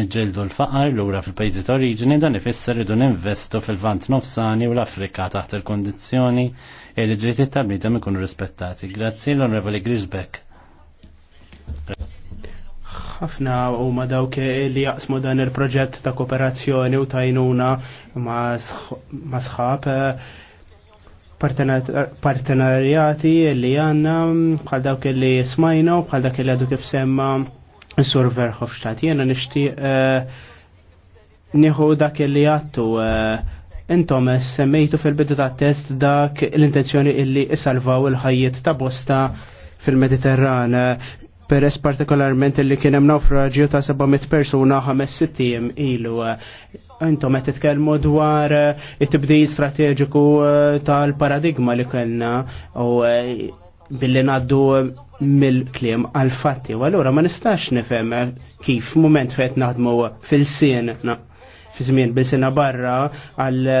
nġildu l-faqar lura fil-pajjiżi ta' oriġini dan ifisser idu ninvestu fil-vant nofsani u l-Afrika taħt il kondizjoni e li ġrieti ta' bniedem ikun rispettati. Grazzi l-Onorevoli Grisbeck ħafna huma dawk li jaqsmu dan il-proġett ta' kooperazzjoni u tajnuna ma' sħab partenarjati li għanna bħal dawk li smajna u bħal dawk li għadu kif semma Sur Verhofstadt. Jena nishti eh, nieħu dak li għattu eh, intom semmejtu fil-bidu ta' test dak l-intenzjoni illi isalvaw il ħajjiet ta' bosta fil-Mediterran peress partikolarment li kien hemm naufraġġju ta' 700 persuna ħames sittim ilu. Intom qed titkellmu dwar eh, it-tibdil strateġiku eh, tal-paradigma li kellna u eh, billi ngħaddu mill-kliem għal fatti. U allura ma nistax nifhem kif mument fejn naħdmu fil-sien fi żmien bil-sena barra għal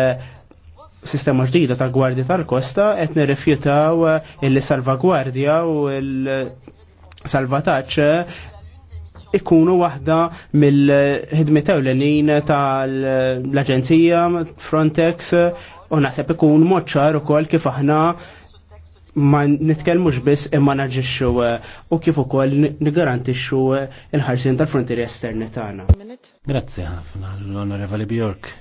sistema ġdida ta' gwardja tal-kosta qed nirrifjutaw il-salvagwardja u l salvataċ ikunu waħda mill ħidmi tewlenin l tal-Aġenzija Frontex u naħseb ikun moċċar u kol kif aħna ma nitkelmux biss imma naġixxu u kif ukoll nigarantixxu il ħarsien tal-frontieri esterni tagħna. Grazzi ħafna l-Onorevoli Bjork.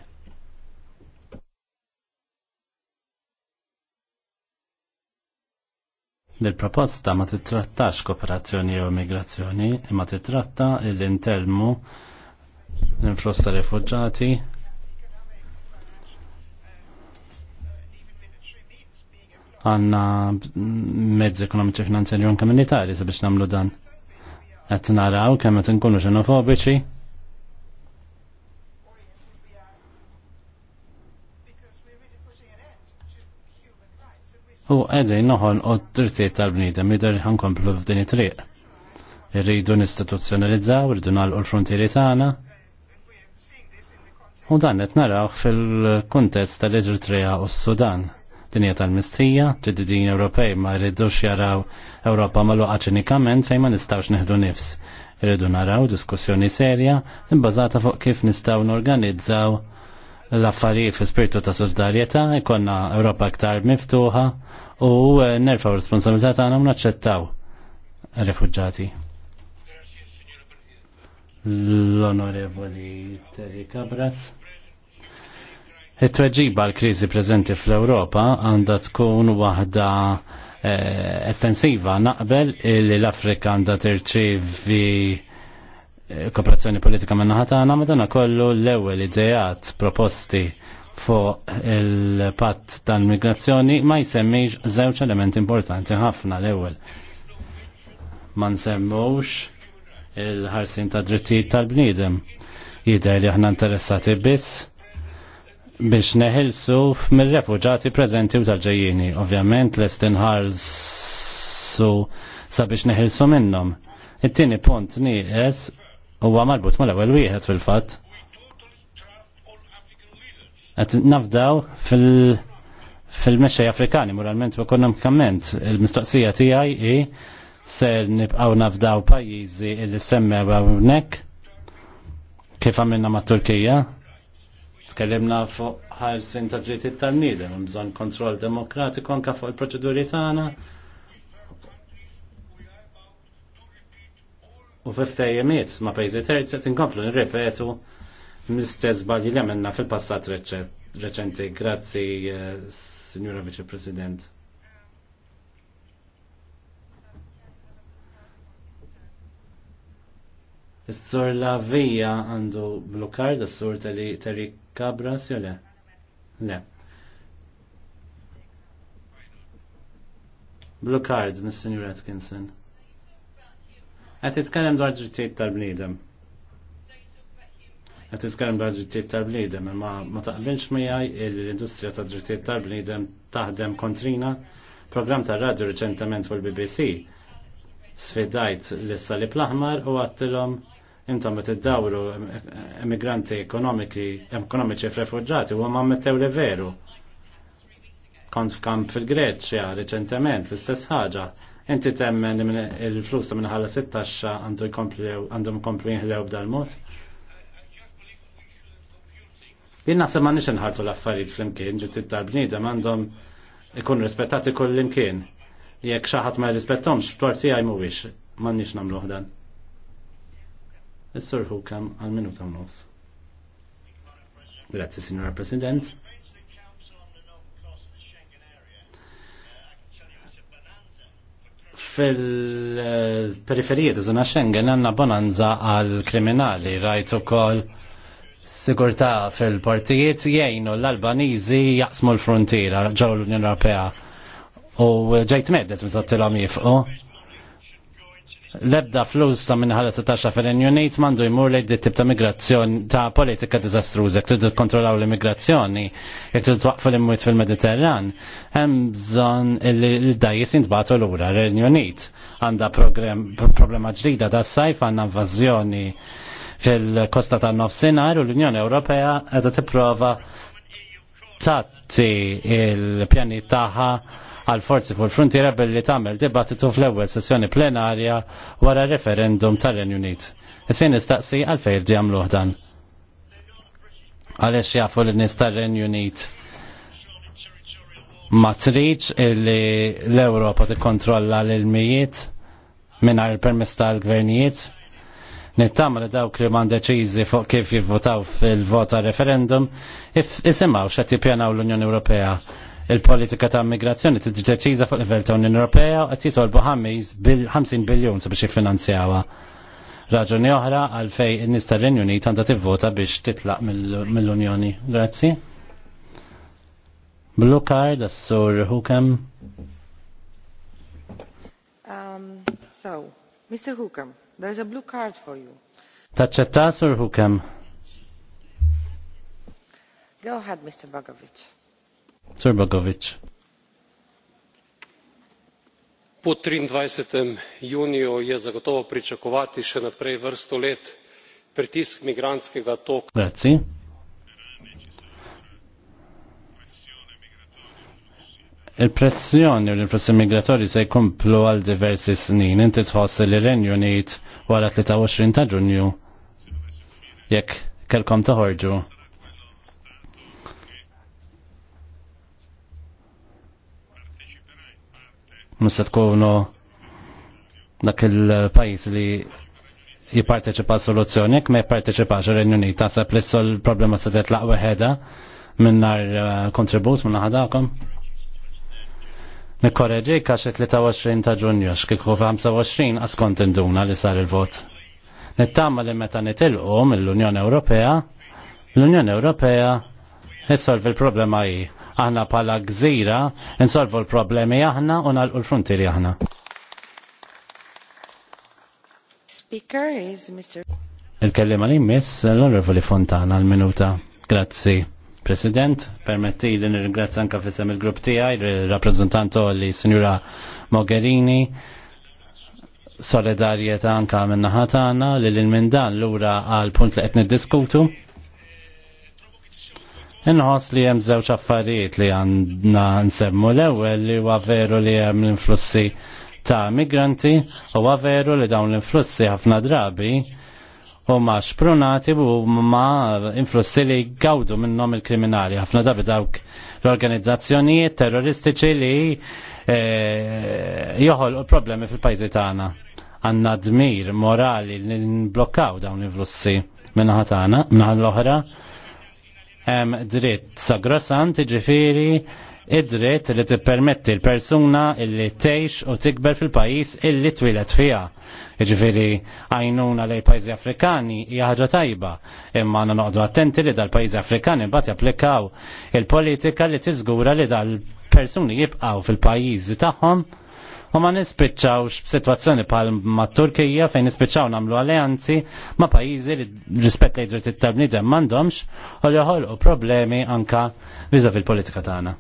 l proposta ma titrattax kooperazzjoni u immigrazzjoni, imma titratta l intermu l-influss ta' rifugġati għanna mezzi ekonomiċi finanzjari u komunitari militari sabiex namlu dan. Qed naraw kemm qed inkunu xenofobiċi u għedin noħol u t-tirtiet tal-bnidem jider ħankomplu f'din it-triq. Irridu nistituzzjonalizzaw, irridu nalqu l-frontieri tagħna. U dan qed narawh fil-kuntest tal-Eritrea u s-Sudan. Dinja tal-mistrija, t-tiddin Ewropej ma rridux jaraw Ewropa magħluqa ċinikament fejn ma nistgħux neħdu nifs. Irridu naraw diskussjoni serja imbażata fuq kif nistgħu norganizzaw l-affarijiet fi spiritu ta' solidarjetà, ikonna Ewropa aktar miftuħa u eh, nerfaw responsabilità tagħna u naċċettaw refuġġati. L-Onorevoli Terry Cabras. It-tweġiba l-kriżi preżenti fl-Ewropa għandha tkun waħda eh, estensiva naqbel li l-Afrika għandha tirċivi kooperazzjoni politika minna ħatana, tagħna, dana kollu l-ewel idejat proposti fuq il-patt tal-migrazzjoni ma jsemmiġ żewġ elementi importanti ħafna l-ewel. Ma nsemmux il-ħarsin ta' drittijiet tal-bniedem. Jider li aħna interessati biss biex neħilsu mill-refuġati preżenti u tal-ġejjini. Ovvjament l-istinħarsu sabiex neħilsu minnom. It-tieni punt nieqes huwa marbut mal-ewwel wieħed fil-fatt. Qed nafdaw fil- fil-mexxej Afrikani moralment u ekonomikament il-mistoqsija tiegħi hi ser nibqgħu nafdaw pajjiżi li semmew hawnhekk kif għamilna ma' Turkija. Tkellimna fuq ħarsin ta' drittijiet tal-niedem, bżonn kontroll demokratiku anke fuq il-proċeduri tagħna u f'ftejjemiet ma' pejzi terzi qed inkomplu nirrepetu mistess balji li għamilna fil-passat reċenti. Grazzi, eh, Signora Vice President. Is-sur Lavija għandu blokkard is-sur Teri Cabras jew le? Le. Blokkard mis-Sinjur Atkinson. Għet titkellem dwar drittijiet tal-bniedem. Għet dwar drittijiet tal-bniedem, imma ma taqbilx miegħi l-industrija ta' drittijiet tal-bniedem taħdem kontrina. Program ta' radio reċentament fuq il-BBC sfidajt l-issa li plaħmar u għattilhom intom qed dawru emigranti ekonomiċi f-refugġati u ma mettew li veru kont f'kamp fil-Greċja reċentament l-istess ħaġa. Inti temmen il-flus ta' minnħalla 16 għandhom komplu jinħlew b'dal-mod? Jien naħseb ma nix nħartu l-affarijiet fl-imkien, ġiet tal-bniedem għandhom ikun rispettati kull imkien. Jekk xi ħadd ma jirrispettomx, torti għaj mhuwiex, m'għandniex nagħmluh dan. Is-Sur kam għal minuta u Grazzi, Signora President. fil-periferijiet iżuna Schengen għanna bonanza għal-kriminali, rajt ukoll sigurtà fil-partijiet jgħinu l-Albaniżi jaqsmu l-frontiera ġew l-Unjoni Ewropea. U ġejt meddet minn sattilhom jifqu lebda flus ta' minnħala 16 fil-Union Unit mandu jmur li d tip ta' migrazzjoni ta' politika dizastruża, jek tridu kontrollaw l-immigrazzjoni, jek tridu twaqfu l-imwiet fil-Mediterran, hemm bżonn il-dajis jintbatu lura l-Union Unit. Għanda problema ġdida ta' sajf għandna invażjoni fil-kosta ta' nofsinhar u l-Unjoni Ewropea qiegħda tipprova tatti il-pjani tagħha għal forzi fuq il-frontiera billi tagħmel dibattitu fl-ewwel sessjoni plenarja wara referendum tal-Renju Unit. Issa nistaqsi għalfejn irdi jagħmluh dan. Għaliex jafu l-nies tar-Renju Unit ma triċ illi l-Europa tikkontrolla l-ilmijiet mingħajr permess tal-gvernijiet. Nittama li dawk li man deċizi fuq kif jivvotaw fil-vota referendum, isimaw xa tipjanaw l-Unjoni Ewropea il-politika ta' migrazzjoni deċiza fuq livell ta' Unjoni Ewropea qed jitolbu bil-50 biljun sabiex jiffinanzjawha. Raġuni oħra għalfej in-nies tal renju tanda għandha tivvota biex titlaq mill-Unjoni. Grazzi. Blue card as-sur Hukam. Um, so, Mr. Hukam, there is a blue card for you. Taċċetta, Sur Hukam. Go ahead, Mr. Bogovic. Sir Bogovic. Po 23. juniju je zagotovo pričakovati še naprej vrsto let pritisk migrantskega toka. Grazie. Il-pressjoni u l-influssi migratorji se jkomplu għal diversi snin. Inti tħoss li Renju Unit wara 23 ta' Ġunju jekk kelkom taħorġu musa tkunu dak il-pajis li jipparteċipa soluzzjoni, jekk ma jipparteċipax ir-Renju Unit, taħseb li sol problema se titlaq weħeda minn nar uh, kontribut minn ħadakom. Nikkoreġi għax 23 ta' ġunju, x'kieku 25 għaskont induna li sar il-vot. Nittama li meta nitilqu mill-Unjoni Ewropea, l-Unjoni Ewropea jissolvi l-problema hi aħna pala gżira insolvu l-problemi aħna u nalqu l-frontieri aħna. Speaker is Mr. Il-kellima li miss l-Onorevoli Fontana l-minuta. Grazzi. President, permetti li nirringrazzja anka fissem il-grupp tiegħi, il-rappresentanto li Sinjura Mogherini, solidarjetà anka minna ħatana li l minn dan l-ura għal punt li qed niddiskutu. Inħoss li hemm żewġ affarijiet li għandna nsemmu l-ewwel li huwa veru li hemm l-influssi ta' migranti huwa veru li dawn l-influssi ħafna drabi huma xprunati u ma influssi li gawdu minnhom il-kriminali ħafna drabi dawk l-organizzazzjonijiet terroristiċi li e, joħolqu problemi fil-pajjiżi tagħna. Għandna dmir morali li nblokkaw dawn l-influssi minnaħa tagħna, minnaħa l-oħra hemm dritt sagrosant ġifiri id-dritt li tippermetti l-persuna illi tgħix u tikber fil-pajjiż illi twilet fiha. Jiġifieri għajnuna lejn pajjiżi Afrikani hija ħaġa tajba, imma għandna noqdu attenti li dal-pajjiżi Afrikani mbagħad japplikaw il-politika li tiżgura li dal-persuni jibqgħu fil-pajjiżi tagħhom u ma nispiċċawx b'sitwazzjoni pal ma' Turkija fejn nispiċċaw namlu alleanzi ma' pajizi li rispett lejn dritt tal-bniedem m'għandhomx u li u problemi anka viża fil-politika tagħna.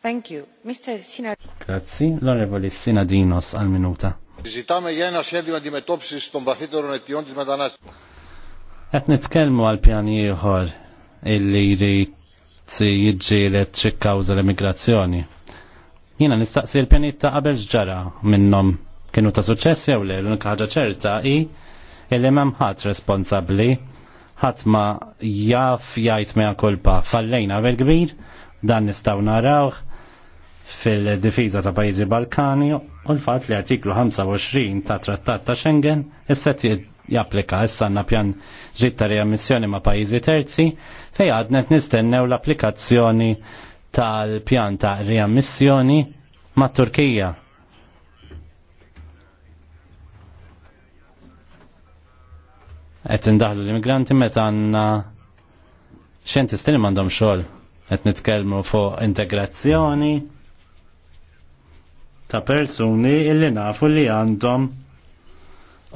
Thank you. Mr. Sinadinos. Grazzi. L-Onorevoli Sinadinos għal-minuta. Ζητάμε για ένα σχέδιο αντιμετώπισης των βαθύτερων αιτιών της μετανάστευσης. Qed nitkellmu għal pjan ieħor illi jrid jiġġieled xi kkawża l-immigrazzjoni. Jiena nistaqsi l-pjanit ta' qabel ġara minnhom kienu ta' suċċess jew le l-unika ħaġa ċerta hi li m'hemm ħadd responsabbli ħadd ma jaf jgħid mea kolpa fallejna għabel kbir dan nistgħu narawh fil-difiża ta' pajjiżi Balkani u l-fatt li artiklu 25 ta' Trattat ta' Schengen isset japplika issa għandna pjan ġitta missjoni ma' pajjiżi terzi fej għadnet nistennew l-applikazzjoni tal-pjanta riammissjoni mat Turkija. Qed indaħlu l-immigranti meta għandna xjentisti li m'għandhom xogħol qed nitkellmu fuq integrazzjoni ta' persuni illi nafu li għandhom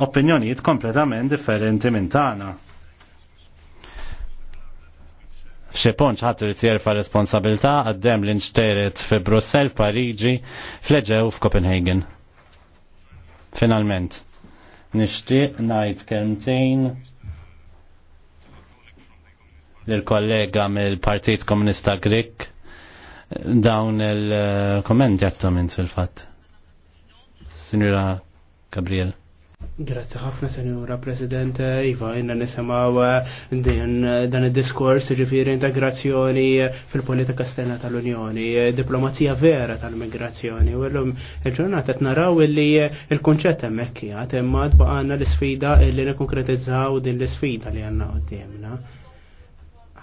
opinjonijiet kompletament differenti minn tagħna. F'Xeponċ ħadd irid jerfa' responsabilità għaddem li nxteret fi Brussell, f'Pariġi, f'Leġew f'Copenhagen. Finalment. Nixtieq ngħid kelmtejn l-kollega mill-Partit Komunista Grek dawn il-kommenti għattom fil-fatt. Signora Gabriel. Grazie ħafna, Senjora President. Iva, jenna nisimaw eh, eh, dan il-diskors ġifiri integrazzjoni eh, fil-politika stena tal-Unjoni, diplomazija vera tal-migrazzjoni. U l-lum il-ġurnata t-naraw illi il konċet emmek jgħat, imma l-sfida illi nikonkretizzaw din l-sfida li għanna għoddimna.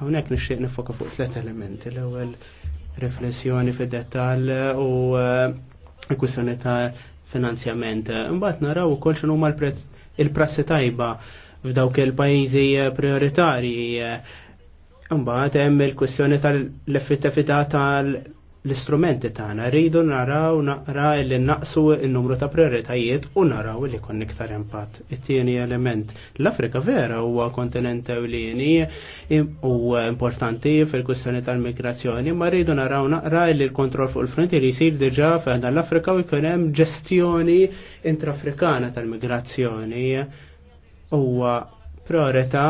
Għawnek nixtieq nifoka fuq tlet elementi. L-ewel riflessjoni fid-detal u kwistjoni ta' finanzjament. Imbagħad naraw ukoll x'inhu mal-prezz il prassi tajba f'dawk il-pajjiżi eh, prioritarji. Imbagħad eh, hemm il-kwistjoni tal-effettività tal-, -effettività tal l-istrumenti tagħna rridu naraw naqra li naqsu n-numru ta' prioritajiet u naraw li kon iktar impatt. It-tieni element l-Afrika vera huwa kontinent ewlieni u importanti fil-kwistjoni tal-migrazzjoni, ma rridu naraw naqra li l-kontroll fuq il-frontier jisir diġà fejn l-Afrika u jkun hemm ġestjoni intrafrikana tal-migrazzjoni huwa priorità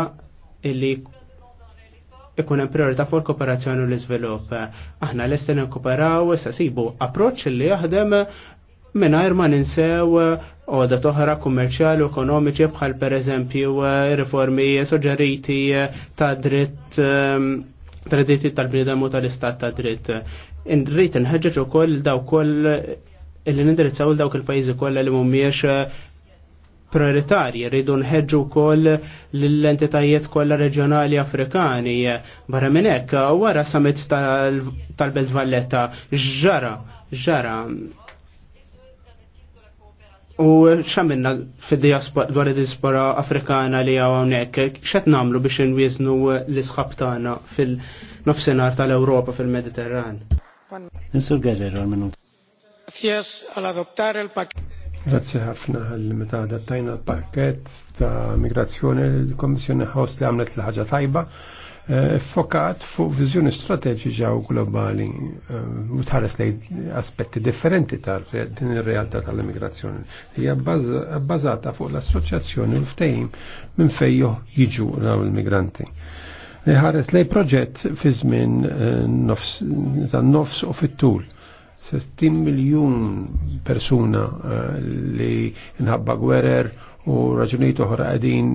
li ikun hemm priorità fuq kooperazzjoni u l-iżvilupp. Aħna lesti nikkuperaw issa sibu approċċ li jaħdem mingħajr ma ninsew għoda toħra kummerċjali u ekonomiċi bħal pereżempju eh, riformi soġġeriti eh, ta' dritt ehm, traditi tal-bniedem u tal-istat ta' dritt. Rrit nħeġġeġ ukoll daw koll illi nindirizzaw dawk il-pajjiżi kollha li mhumiex eh, prioritarji rridu nħeġġu wkoll l-entitajiet kollha reġjonali Afrikani barra minn hekk wara summit tal-Belt Valletta ġara ġara U xamilna fid-diaspora dwar id-diaspora Afrikana li għaw hawnhekk, x'qed nagħmlu biex inwiżnu l-isħab tagħna fil-nofsinhar tal-Ewropa fil-Mediterran. Insur Guerrero, Gracias al adoptar el paquete. Grazzi ħafna għal meta adattajna l-pakket ta' migrazzjoni l komissjoni House li għamlet l-ħaġa tajba eh, fokat fuq viżjoni strateġiġa u globali eh, u tħares lej aspetti differenti ta' din ir-realtà tal-immigrazzjoni. Hija bbażata fuq l-assoċjazzjoni u l-ftehim minn fejn jiġu l migranti ħares lej proġett fi żmien tan-nofs eh, u fit-tul 60 miljun persuna eh, li nħabba gwerer u raġunijiet oħra qegħdin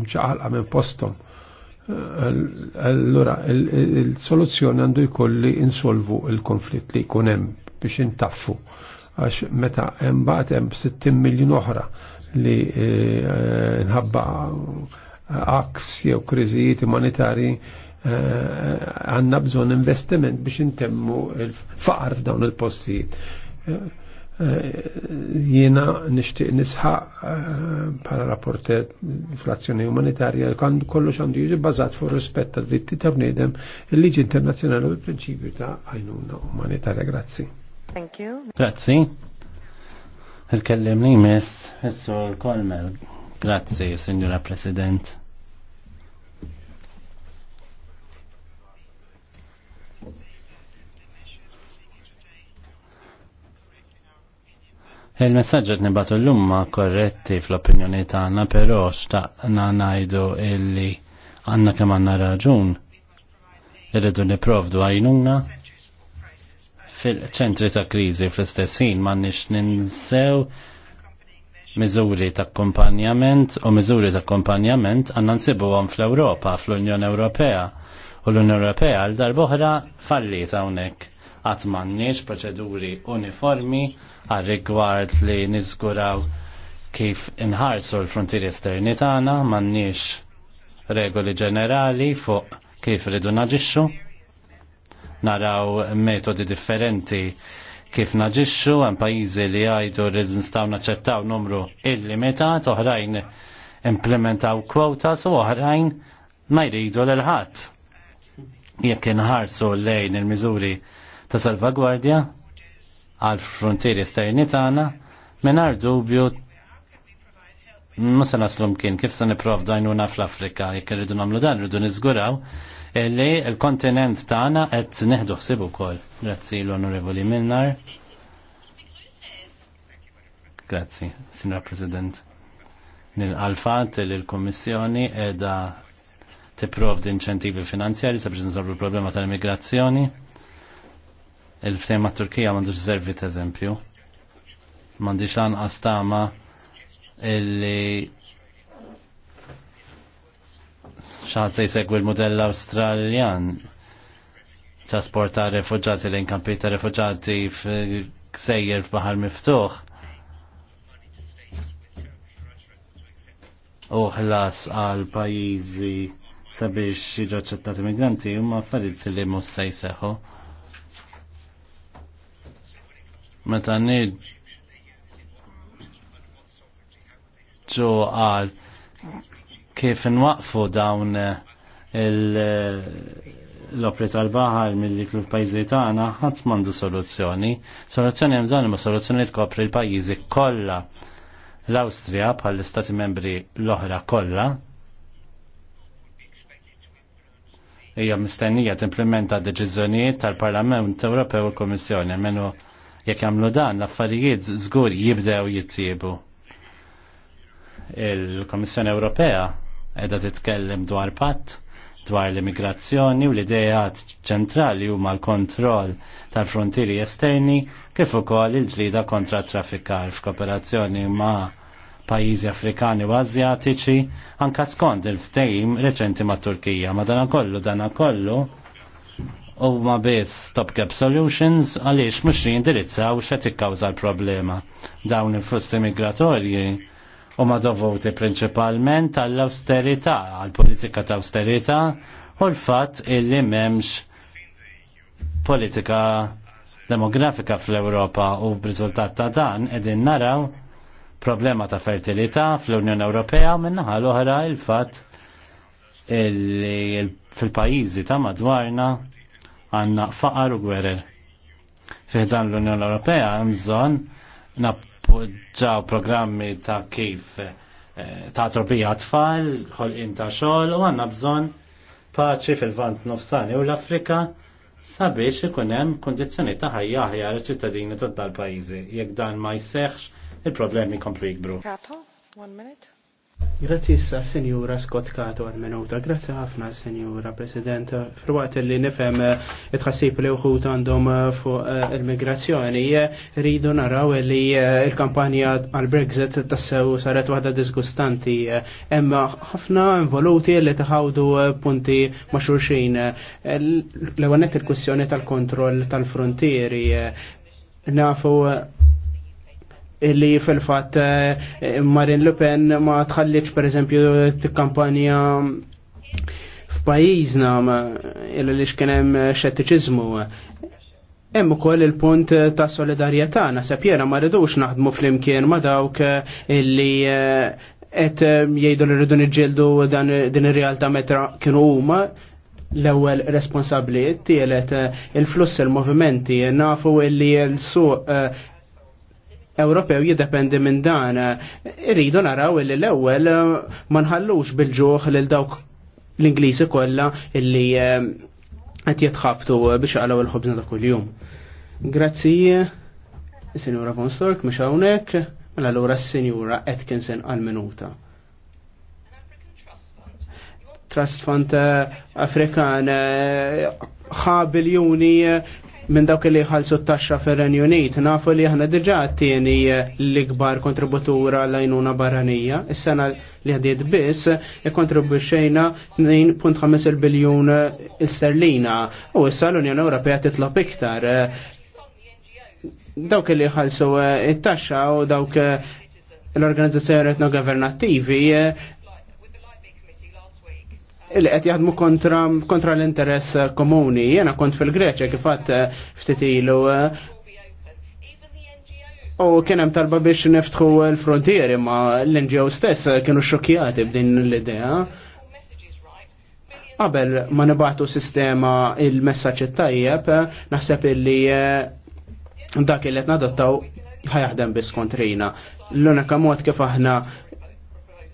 mċaqalqa minn postom. Eh, allura, il-soluzzjoni għandu jkolli insolvu il-konflitt li jkun hemm biex intaffu. Għax meta hemm baqgħet hemm 60 miljun oħra li eh, nħabba aks jew kriżijiet umanitarji Eh, għanna bżon investiment biex intemmu il-faqar f'dawn il posti eh, eh, Jiena nishtiq nisħa pala rapporter inflazzjoni umanitarja kan kollox għandu jiġi bazat fuq rispet ta' dritti ta' bniedem il-liġi internazzjonali u l-prinċipju ta' għajnuna umanitarja. Grazzi. Thank you. Grazzi. Il-kellim li il-sur Kolmel. Grazzi, Signora President. Il-messagġ qed nibatu llum ma korretti fl-opinjoni tagħna, però xtaqna ngħidu illi għandna kemm għandna raġun irridu niprovdu għajnuna fil-ċentri ta' kriżi fl-istess ħin m'għandniex ninsew miżuri ta' akkompanjament u miżuri ta' akkompanjament għandna nsibuhom fl-Ewropa, fl-Unjoni Ewropea. U l-Unjoni Ewropea għal darboħra fallit hawnhekk qatt m'għandniex proċeduri uniformi għal rigward li niżguraw kif inħarsu l-frontieri esterni tagħna m'għandniex regoli ġenerali fuq kif ridu naġixxu. Naraw metodi differenti kif naġixxu hemm pajjiżi li jgħidu rridu nistgħu naċċettaw numru illimitat, oħrajn implementaw kwotas u oħrajn ma jridu l ħadd Jekk inħarsu lejn il-miżuri ta' salvagwardja, għal frontieri esterni tagħna mingħajr dubju musa naslum kien kif se niprovdu għajnuna fl-Afrika jekk irridu nagħmlu dan irridu niżguraw illi l-kontinent tagħna qed neħdu ħsieb ukoll. Grazzi l-Onorevoli Minnar. Grazzi, Sinra President. Nil-għalfat li l kummissjoni qiegħda tipprovdi inċentivi finanzjari sabiex nsolvu l-problema tal-immigrazzjoni il-ftema Turkija mandu ġzervi ta' eżempju. Mandi xan għastama illi xaħat se jsegwi l-modell australjan trasporta refugġati l-inkampi ta' refugġati f'sejjer f'bahar miftuħ. uħlas għal pajizi sabiex jiġu ċettati migranti, imma farid li mhux se jseħħu. Meta nid ġo għal kif nwaqfu dawn eh, eh, l-opri tal-baħar mill-dik pajzi tagħna ħadd m'għandu soluzzjoni. Soluzzjoni hemm bżonn ma' soluzzjoni tkopri l-pajjiżi kollha. L-Awstrija bħal l-Istati membri l-oħra kollha hija mistennija timplementa deċiżjonijiet tal-Parlament Ewropew u l kommissjoni menu Jekk jagħmlu dan l-affarijiet żgur jibdew jittiebu. Il-Kommissjoni Ewropea qiegħda titkellem dwar patt dwar l-immigrazzjoni u l-idejat ċentrali huma l-kontroll tal-frontieri esterni kif ukoll il-ġlida kontra traffikar f'kooperazzjoni ma' pajjiżi Afrikani u Azjatiċi anka skont il-ftehim reċenti ma' Turkija. Madanakollu danakollu u ma biss Top Gap Solutions għaliex mux jindirizzaw xet ikkawza l-problema. Dawn il-flussi migratorji u ma dovuti principalment għall austerita għall-politika ta' austerita u l-fat illi memx politika demografika fl-Europa u b'riżultat ta' dan edin naraw problema ta' fertilità fl-Unjoni Ewropea minnaħa l-oħra il-fat il fil-pajizi ta' madwarna għanna faqar u gwerer. Fiħdan l-Unjoni Ewropea mżon nappoġġaw programmi ta' kif eh, ta' tropija tfal, ħolqin ta' xogħol u għandna bżonn paċi fil-vant nofsani u l-Afrika sabiex ikun hemm kondizzjoni ta' ħajja aħjar iċ-ċittadini ta' dal pajjiżi. Jekk dan ma jseħħx, il-problemi komplu jikbru. Grazzi issa, Senjura Scott Kato, għal-minuta. Grazzi ħafna, Senjura President. Fruqat li nifem eh, itħassib li uħut għandhom eh, fuq eh, il-migrazzjoni, rridu naraw li il-kampanja għal-Brexit tassew saret waħda disgustanti. Emma ħafna involuti li taħawdu punti ma' xulxin. L-għanet il-kussjoni tal-kontroll tal-frontieri. Nafu illi fil-fat eh, Marine Le Pen ma tħalliċ per eżempju t-kampanja f'pajizna illi li xkienem xettiċizmu. Hemm ukoll il-punt ta' solidarjetà naħseb jiena ma rridux naħdmu flimkien ma' dawk illi eh, qed eh, jgħidu li rridu niġġieldu dan din ir-realtà metra kienu huma l-ewwel responsabbli tielet il-fluss il-movimenti nafu illi l-suq Ewropew jiddependi minn dan. Irridu naraw illi l-ewwel eh, ma nħallux bil-ġuħ lil dawk l-Ingliżi kollha illi eh, qed jitħabtu biex jaqgħu il-ħobżna ta' kuljum. Grazzi, Sinjura Von Stork, mhux hawnhekk, mela allura s-Sinjura Atkinson għal-minuta. Trust Fund eh, Afrikan ħa biljuni minn dawk li ħalsu t-taxxa fir-Renju Unit, nafu li aħna diġà tieni eh, l-ikbar kontributura għajnuna barranija. Is-sena li għadiet biss eh, xejna 2.5 biljun eh, sterlina u issa l-Unjoni Ewropea titlob iktar. Dawk li ħalsu t-taxxa u dawk l-organizzazzjoni governattivi. Illi qed jaħdmu kontra, kontra l-interess komuni. Jena kont fil-Greċja kif għadd eh, ftit ilu eh, u kien hemm talba biex neftħu l-frontieri ma l-NGO stess kienu xokjati b'din l-idea. Qabel ma nibatu sistema il-messaġġ tajjeb, naħseb illi eh, dak il-qed nadottaw ħajaħdem bis kontrina. L-unika mod kif aħna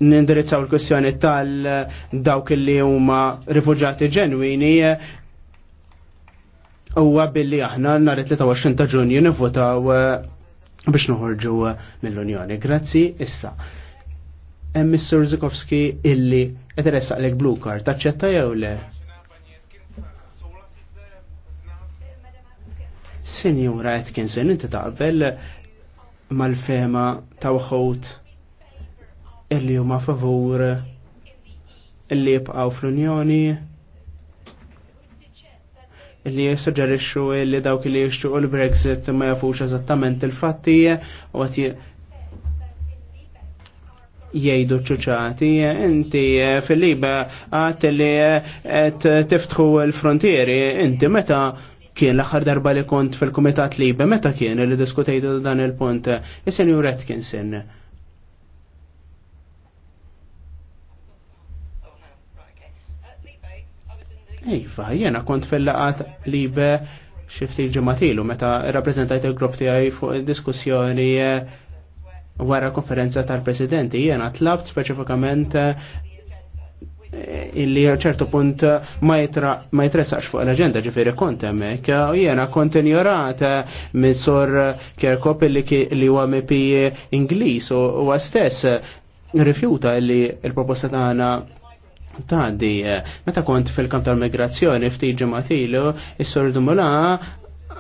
nindirizzaw il-kwestjoni tal dawk li huma rifuġati ġenwini huwa billi aħna nhar 23 ta' Ġunju nivvotaw eh, biex noħorġu eh, mill-Unjoni. Grazzi issa. Hemm Mr. Zikowski illi qed lek blue card, taċċetta jew le? Sinjura Atkinson, inti taqbel mal-fema ta' wħut illi huma favur illi jibqgħu fl-Unjoni Illi jissuġġerixxu li dawk li jixtiequ l-Brexit ma jafux eżattament il-fatti u għat jgħidu ċuċati, inti fil-liba għat li tiftħu l-frontieri, inti meta kien l-axar darba li kont fil-Komitat Liba, meta kien li diskutejtu dan il-punt, il-Senjur Atkinson. Ejfa, iva, jena kont fil-laqat libe xifti ġematilu meta rappresentajt il-grupp tiegħi fuq diskussjoni eh, wara konferenza tal-presidenti. Jena tlabt speċifikament eh, illi ċertu punt ma jitresax fuq l-agenda ġifiri kont emmek. U jena kont ignorat eh, minn sor Kerkop li huwa MP Ingliż u stess rifjuta illi il-proposta tagħna tgħaddi. Eh, meta kont fil-kamp tal-migrazzjoni ftit ġematilu, is-sur Dumula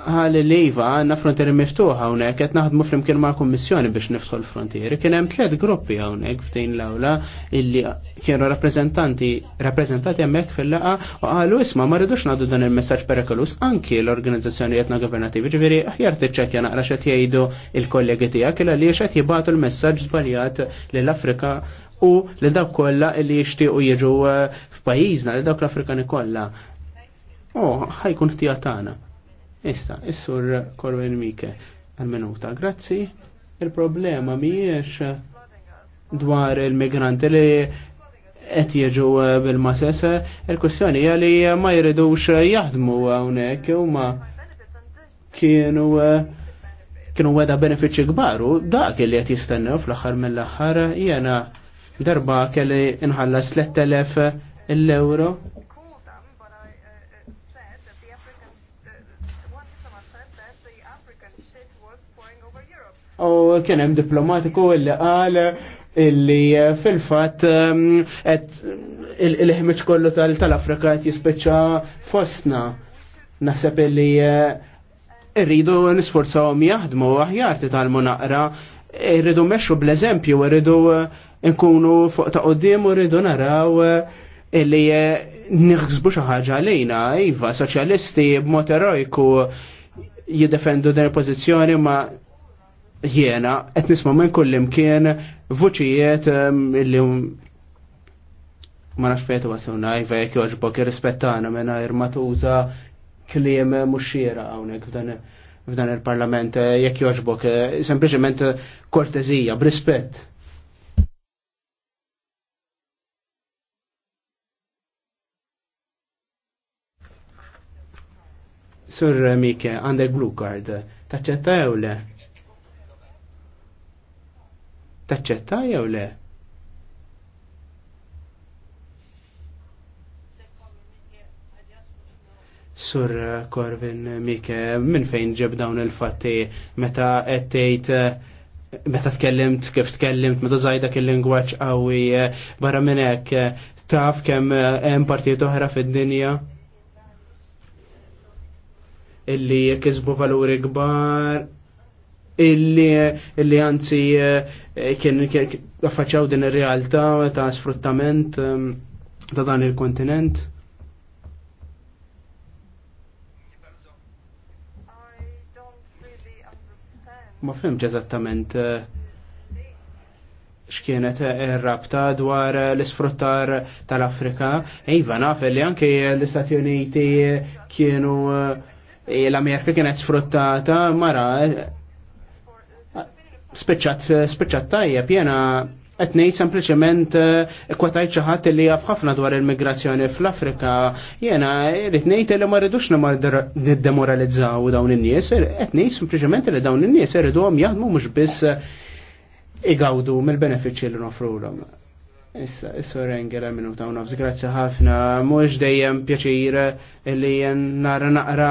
għal l-Iva għanna frontieri miftuħa għonek, għet naħdmu fl-imkien ma' kommissjoni biex niftħu l-frontieri. Kien hemm tliet gruppi għonek f'din l-awla illi kienu rappresentanti, rappresentati għemmek fil-laqa u għalu isma ma rridux naddu dan il-messagġ perikolus anki l-organizzazzjoni etna governativi ġviri ħjar t-ċekja naqra xet jgħidu il-kollegi tijak il li xet jibatu l-messagġ zbaljat l-Afrika u li dak kollha li jixtiequ jiġu eh, f'pajjiżna li dawk l-Afrikani kollha. Oh, ħajkun tagħna. Issa, issur Korwin Mike, għal-minuta. Grazzi. Il-problema miex dwar il-migranti li qed jiġu eh, bil-masesa, il-kwestjoni hija li ma jridux jaħdmu hawnhekk u ma kienu eh, kienu weda benefiċċi kbar u dak li qed jistennew fl-aħħar mill-aħħar jiena darba kelli inħallas 3000 l-euro. U kien hemm diplomatiku illi qal illi fil-fatt um, il-ħmiġ kollu tal-Afrika qed jispiċċa fostna. Naħseb illi uh, irridu nisforzawhom jaħdmu aħjar tal-munaqra, irridu mexxu bl-eżempju, irridu uh, nkunu fuq ta' qoddim u rridu naraw eh, illi eh, nħiħsbu xi ħaġa lejna, iva, soċjalisti b'mod erojku jiddefendu din il-pożizzjoni ma jiena qed nisma' minn kull imkien vuċijiet ehm, illi ma nafx fejtu għasuna, iva jek joġbok rispettana minna irmatuza kliem muxxiera hawnhekk f'dan il-parlament eh, jekk joġbok, sempliċement kortezija, b'rispett. Sur Mike, għandek blue card. Taċċetta jew le? Taċċetta jew le? Sur Corvin Mike, minn fejn ġeb dawn il-fatti meta qed meta tkellimt kif tkellimt meta żajdak il-lingwaġġ qawwi barra minn hekk taf kemm hemm partijiet oħra fid-dinja illi kisbu valuri kbar illi illi anzi eh, kien affaċċaw din ir-realtà ta' sfruttament ehm, ta' dan il-kontinent. Ma fimx eżattament eh, x'kienet ir-rabta dwar l-isfruttar tal-Afrika. Iva naf li anke l-Istati Uniti kienu eh, E l-Amerika kienet sfruttata mara speċat speċat tajjeb pjena qed ngħid sempliċement eh, kwatajt xi ħadd li jaf ħafna dwar il-migrazzjoni fl-Afrika. Jena qed ngħid li ma rridux niddemoralizzaw dawn in-nies, qed ngħid sempliċement li dawn in-nies iridhom jaħdmu mhux biss igawdu mill-benefiċċji li nofrulhom. Issa, issa rengela minu ta' unafz, grazzi ħafna, mux dejjem pjaċir li jen nara naqra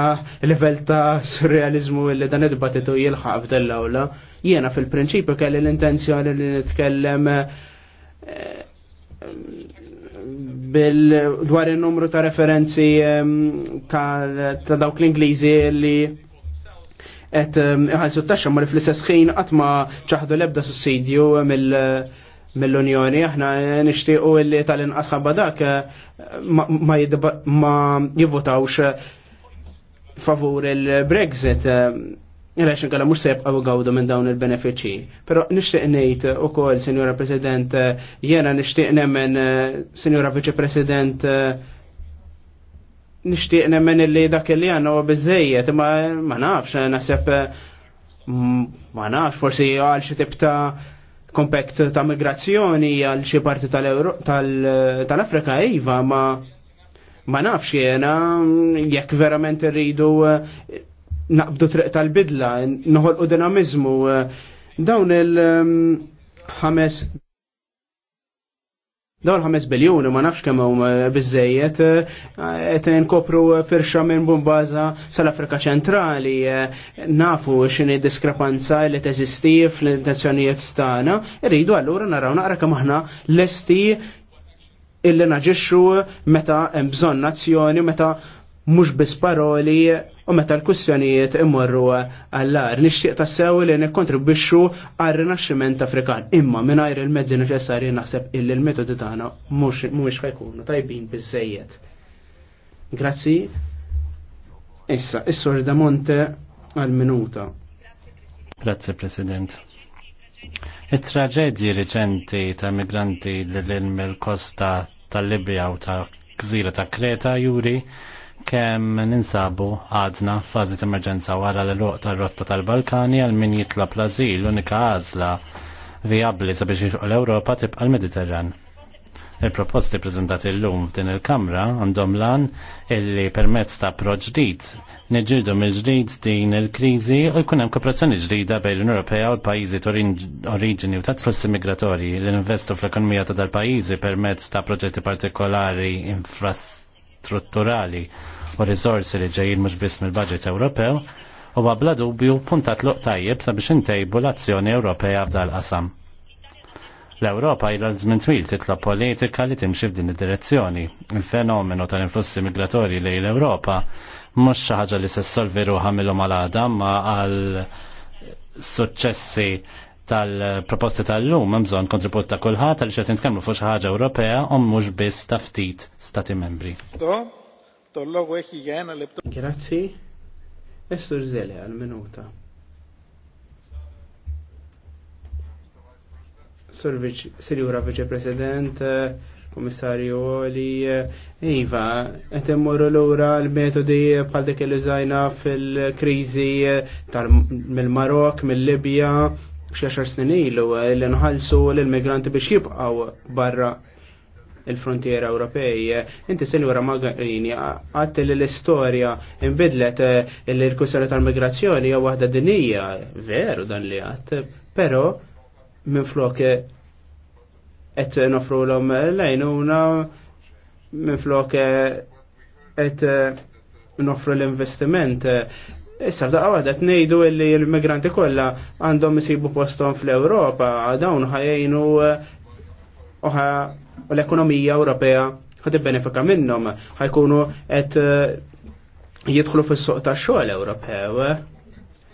level ta' surrealizmu li dan id-battitu jilħaf dell-awla. Jena fil-prinċipju kelli l-intenzjoni li nitkellem eh, bil dwar il-numru ta' referenzi eh, ta' dawk l-Ingliżi li et eh, ħalsu t-taxxa ma' fl-istess ħin għatma ċaħdu l-ebda sussidju mill- mill-Unjoni, aħna nishtiqu li tal-inqas dak eh, ma jivvotawx eh, favur il-Brexit. Eh, Għalax nkalla mux sejb għaw għawdu minn dawn il-benefiċi. Pero nishtiq nejt u kol, Senjora President, jena nishtiq nemmen, Senjora Vice President, nishtiq nemmen illi dak li għanna u bizzejiet, ma nafx, nasib, ma nafx, forsi għal xie tibta' kompekt ta' migrazzjoni għal xi parti tal-Afrika iva ma ma nafx jena jekk verament irridu eh, naqbdu triq tal-bidla, noħolqu dinamizmu eh, dawn il-ħames mm, Dawn 5 biljuni ma nafx kemm hawn biżejjed eh, qed inkopru firxa minn Bumbaza sal-Afrika Ċentrali eh, nafu x'inhi diskrepanza li teżisti fl-intenzjonijiet tagħna, irridu allura naraw naqra kemm aħna lesti illi naġixxu meta hemm bżonn nazzjoni, meta mhux biss paroli U meta l kustjonijiet immorru għallar, nixtieq tassew li nikkontribwixxu għar rinaxximent Afrikan. Imma mingħajr il-mezzi neċessarji naħseb illi l-metodi tagħna mhuwiex ħajkunu tajbin biżejjed. Grazzi. Issa, is-Sur Damonte għal-minuta. Grazzi President. It-traġedji riċenti ta' migranti l-ilm il-kosta tal-Libja u ta' gżira ta' Kreta juri kemm ninsabu għadna f'fażi ta' emerġenza wara l għeluq tar-rotta tal-Balkani għal min jitlob l-azil l-unika għażla vijabbli sabiex jilqu l-Ewropa tibqa' l-Mediterran. Il-proposti ppreżentati llum f'din il-Kamra għandhom lan illi permezz ta' proġdid ġdid niġġieldu mill-ġdid din il-kriżi u jkun hemm kooperazzjoni ġdida bejn l-Unjoni Ewropea u l-pajjiżi oriġini u ta' tflussi migratorji li investu fl-ekonomija ta' dal-pajjiżi permezz ta' proġetti partikolari infrastrutturali strutturali u rizorsi li ġejjin mhux biss mill-budget Ewropew u bla dubju puntat luq tajjeb sabiex intejbu l-azzjoni Ewropea f'dal qasam. L-Ewropa hija żmien twil titlob politika li timxi f'din id-direzzjoni. Il-fenomenu tal-influssi migratorji lejn l-Ewropa mhux xi ħaġa li se ssolvi ruħha mill għadam ma għal suċċessi tal-proposti tal-lum bżonn kontribut ta' kullħat, għaliex qed nitkellmu fuq xi ħaġa Ewropea u mhux biss taftit ftit stati membri. Grazzi. Essur Zele għal-minuta. Sirjura Vice President, Komissarju li Iva, qed immorru lura l-metodi bħal dik li żajna fil-kriżi mill-Marok, mill-Libja, xaxar s snin ilu eh, li nħalsu l-immigranti biex jibqaw barra il-frontiera Ewropej. Eh, inti s senjura Magarini, għatt li l-istoria imbidlet eh, l-kussjoni tal-migrazzjoni għu għahda dinija, veru dan li għatt, pero minn flok qed nofru l-om lejnuna minn flok qed nofru l-investiment Issa f'daqqa waħda tnejdu li l-immigranti kollha għandhom isibu postom fl-Ewropa, dawn ħajjinu eh, oħa l-ekonomija Ewropea ħad benefika minnhom, ħajkunu qed eh, jidħlu fis-suq tax-xogħol Ewropew. Eh.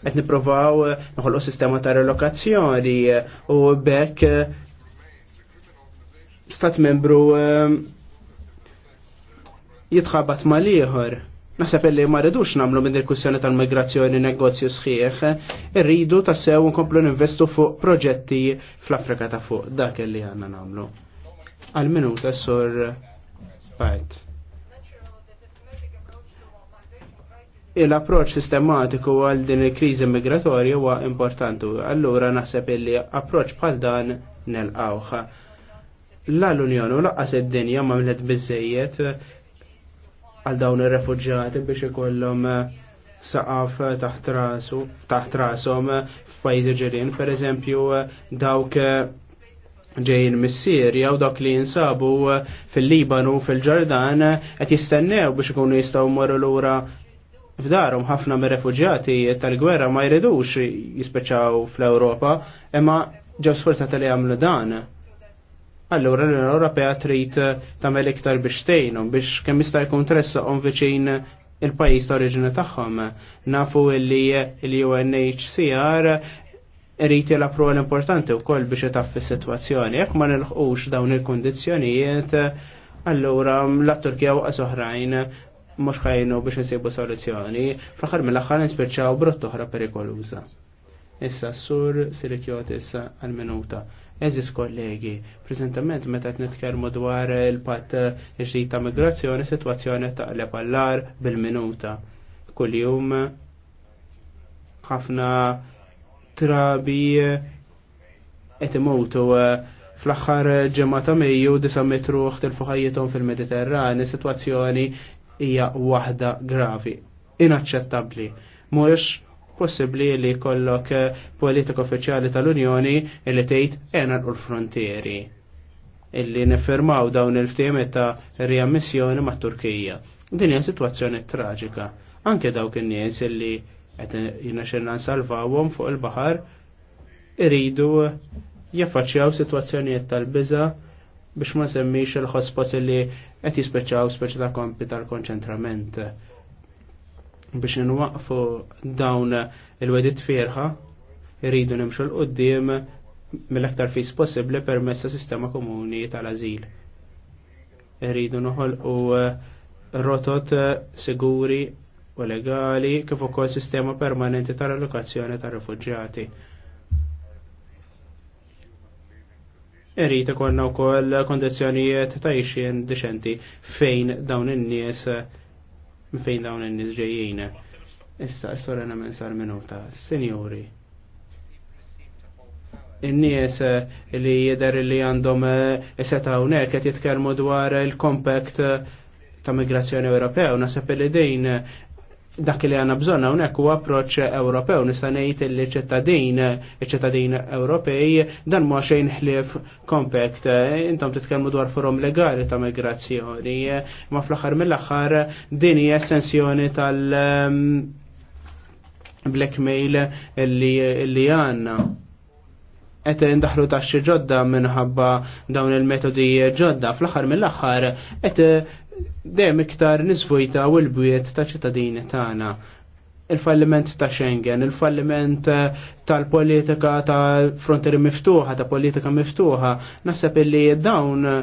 Qed nippruvaw noħolqu sistema ta' relokazzjoni u bekk stat membru jitħabat mal ieħor Nasab li ma rridux namlu minn il-kussjoni tal-migrazzjoni negozju sħiħ, irridu tassew nkomplu ninvestu fuq proġetti fl-Afrika ta' fuq dak li għanna namlu. Għal-minuta sur Fajt. il-approċ sistematiku għal din il-kriżi migratorja huwa importanti. Allura naħseb illi approċ bħal dan nelqawħa. La l-Unjoni u laqqas id-dinja ma mlet bizzejiet għal dawn ir-refuġjati biex ikollhom eh, saqaf eh, taħt taħt rasom eh, f'pajjiżi ġirien, pereżempju dawk ġejjin mis-Sirja u dak li jinsabu fil-Libanu fil-Ġordan qed jistennew biex ikunu jistgħu mmorru lura f'darhom ħafna mir-refuġjati tal-gwerra ma jridux jispiċċaw fl-Ewropa, imma ġew sforza tal-li għamlu dan. Allura l-Unjoni Ewropea trid eh, tagħmel iktar biex tgħinhom biex kemm jista' jkun tressaqhom viċin eh, il-pajjiż ta' oriġini tagħhom. Nafu li eh, l-UNHCR irid jilapru l-importanti wkoll biex itaffi s-sitwazzjoni. Jekk ma nilħqux dawn il-kundizzjonijiet, allura la Turkija waqas oħrajn mhux ħajnu biex insibu soluzzjoni. Fl-aħħar mill-aħħar nispiċċaw brutt oħra perikoluża. Issa s-sur Sirikjot issa għal-minuta. Eżis kollegi, prezentament meta qed nitkellmu dwar il-patt ix-xit ta' migrazzjoni, sitwazzjoni ta' lepallar bil-minuta. Kuljum ħafna trabi qed imutu eh, fl aħħar ġemma ta' Mejju disa metru il ħajjithom fil-Mediterran, is-sitwazzjoni hija waħda gravi, inaċċettabbli. Mhux possibbli li jkollok eh, politika uffiċjali tal-Unjoni li tgħid ena l-frontieri illi nifirmaw dawn il-ftehmet ta' riammissjoni ma' Turkija. Din hija sitwazzjoni traġika. Anke dawk in-nies illi qed jinaxxilna nsalvawhom fuq il-baħar iridu jaffaċċjaw sitwazzjonijiet tal-biża' biex ma semmix il-ħospot li qed jispeċċaw speċi ta' kompi tal-konċentrament biex nwaqfu dawn il-wedit fierħa rridu nimxu l-qoddim mill-aktar fis possibbli permezz ta' sistema komuni tal-azil. Irridu noħolqu eh, rotot eh, siguri u legali kif ukoll sistema permanenti tal-allokazzjoni ta' rifuġjati. Irrid ikollna wkoll kondizzjonijiet ta' ixjien diċenti fejn dawn in-nies fejn dawn in-nies ġejjin. Issa, s-sora nemmen sar minuta. Signori. in-nies eh, li jidher li għandhom eh, seta hawnhekk qed jitkellmu dwar il-compact eh, ta' migrazzjoni Ewropew, nasab li din dak li għana bżonna unek u approċ Ewropew nista' ngħid li ċittadin, ċittadin Ewropej, dan ma xejn ħlief Compact. Intom titkellmu dwar forum legali ta' migrazzjoni, ma fl aħħar mill aħħar din hija essenzjoni tal- um, blackmail li għanna. Et indaħlu taċċi ġodda minħabba dawn il-metodi ġodda, fl-axar mill-axar, et dem iktar nisvojta u l bujiet ta' ċittadini tagħna. Il-falliment ta' Schengen, il-falliment eh, tal-politika ta' fronteri miftuħa, ta' politika miftuħa, naħseb illi dawn eh,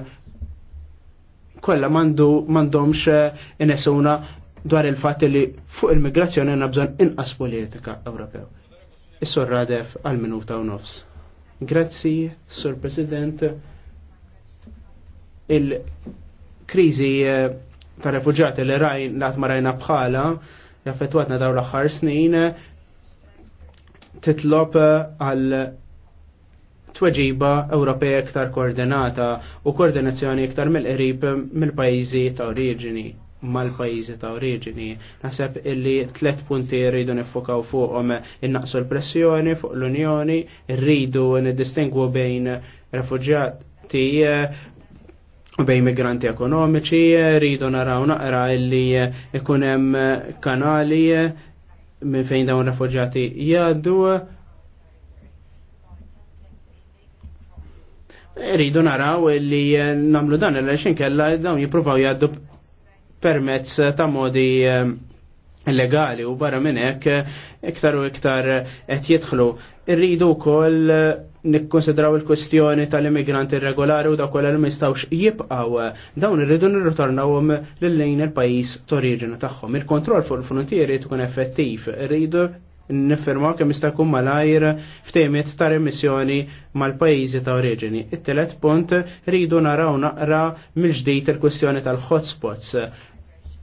kollha m'għandhomx eh, inesuna dwar il fat li fuq il-migrazzjoni għanna bżonn inqas politika Ewropew. Is-sur Radef għal-minuta u nofs. Grazzi, Sur President, il kriżi eh, ta' refugġati li rajn nat marajna bħala jaffetwatna daw l-axħar snin titlob eh, għal tweġiba Ewropea iktar koordinata u koordinazzjoni iktar mill-qrib eh, mill-pajjiżi ta' oriġini mal-pajjiżi ta' oriġini. Naseb illi tlet punti rridu nifokaw fuqhom innaqsu l-pressjoni fuq l-Unjoni, rridu nidistingwu bejn refuġjati bej migranti ekonomiċi, rridu naraw naqra illi ikun hemm kanali minn fejn dawn refuġjati jgħaddu. Rridu naraw illi namlu dan il xinkella dawn jippruvaw jgħaddu permezz ta' modi illegali eh, u barra minn hekk iktar u iktar qed jidħlu. Irridu wkoll nikkonsidraw il-kwestjoni tal-immigranti irregolari u dakolla li mistawx jibqaw dawn irridu nirritornawhom lil-lejn il-pajjiż t-oriġinu tagħhom. Il-kontroll fuq il-frontieri tkun effettiv, irridu niffirmaw kemm jista' jkun malajr f'temiet ta' remissjoni mal-pajjiżi ta' oriġini. It-telet punt rridu naraw naqra mill-ġdid il-kwestjoni tal-hotspots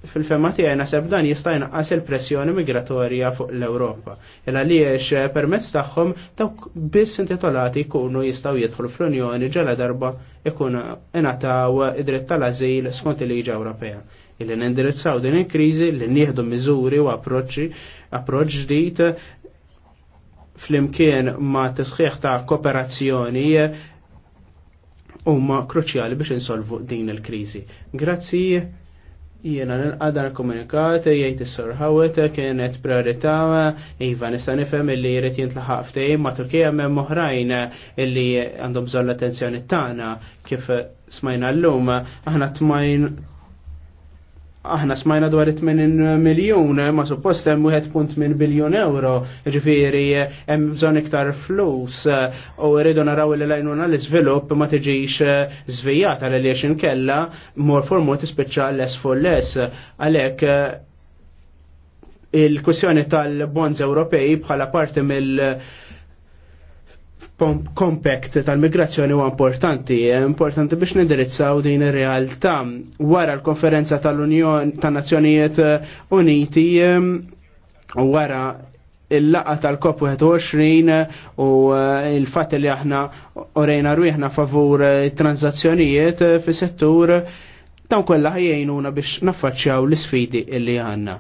fil fema tiegħi naseb dan jista' jnaqqas il-pressjoni migratorja fuq l-Ewropa. Illa li eh, permezz tagħhom taw biss intitolati jkunu jistgħu jidħlu fl-Unjoni ġala darba jkun ingħataw id-dritt tal-ażil skont il-liġi Ewropea. Illi nindirizzaw din il-kriżi li nieħdu miżuri u approċċi approċċ ġdid fl-imkien ma' tisħiħ ta' kooperazzjoni eh, huma kruċjali biex insolvu din il-kriżi. Grazzi Jiena nil-qadar komunikat, jgħid is-sor ħawet, kienet priorità, iva nista' nifhem illi jrid jintlaħaq ftehim ma' Turkija hemm oħrajn illi għandhom bżonn l-attenzjoni tagħna kif smajna llum, aħna tmajn Aħna smajna dwar 80 miljon, ma suppost hemm 1.8 biljun euro, ġifieri hemm bżonn iktar flus u rridu naraw li lajnuna l-iżvilupp ma tiġix eh, żvijata l għaliex inkella mor for mod tispiċċa less for less. Għalhekk eh, il kwissjoni tal-bonds Ewropej bħala parti mill- compact tal-migrazzjoni huwa importanti, importanti biex nindirizzaw din ir-realtà. Wara l-konferenza tal-Unjon tan-Nazzjonijiet eh, Uniti u eh, wara il-laqa tal-COP21 u eh, il-fat li aħna orejna rwiħna favur transazzjonijiet fis settur dawn kollha ħajjejnuna biex naffaċċjaw l-isfidi illi għandna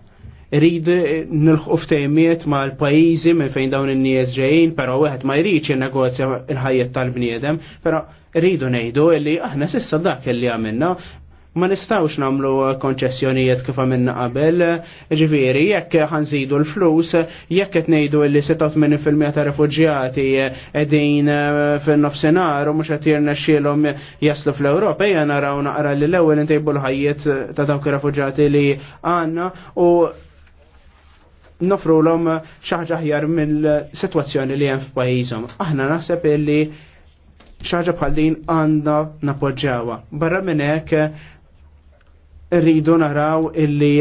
rid nilħu ftejmiet ma' l-pajizi minn fejn dawn in-nies ġejjin, però wieħed ma jridx jinnegozja l-ħajjet tal-bniedem, però rridu ngħidu li aħna sissa dak li għamilna ma nistawx namlu konċessjonijiet kif għamilna qabel, ġifiri, jekk ħanżidu l-flus, jekk qed ngħidu li 86% ta' refuġjati qegħdin eh, fin-nofsinhar u mhux qed jirnexxielhom jaslu fl-Ewropa, ejja naraw naqra li l-ewwel intejbu l-ħajjiet ta' dawk ir-refuġjati li għandna u nofru l-om xaħġa ħjar mill-situazzjoni li jenf pajizom. Aħna naħseb illi xaħġa bħal din għanda napoġġawa. Barra minnek rridu naraw illi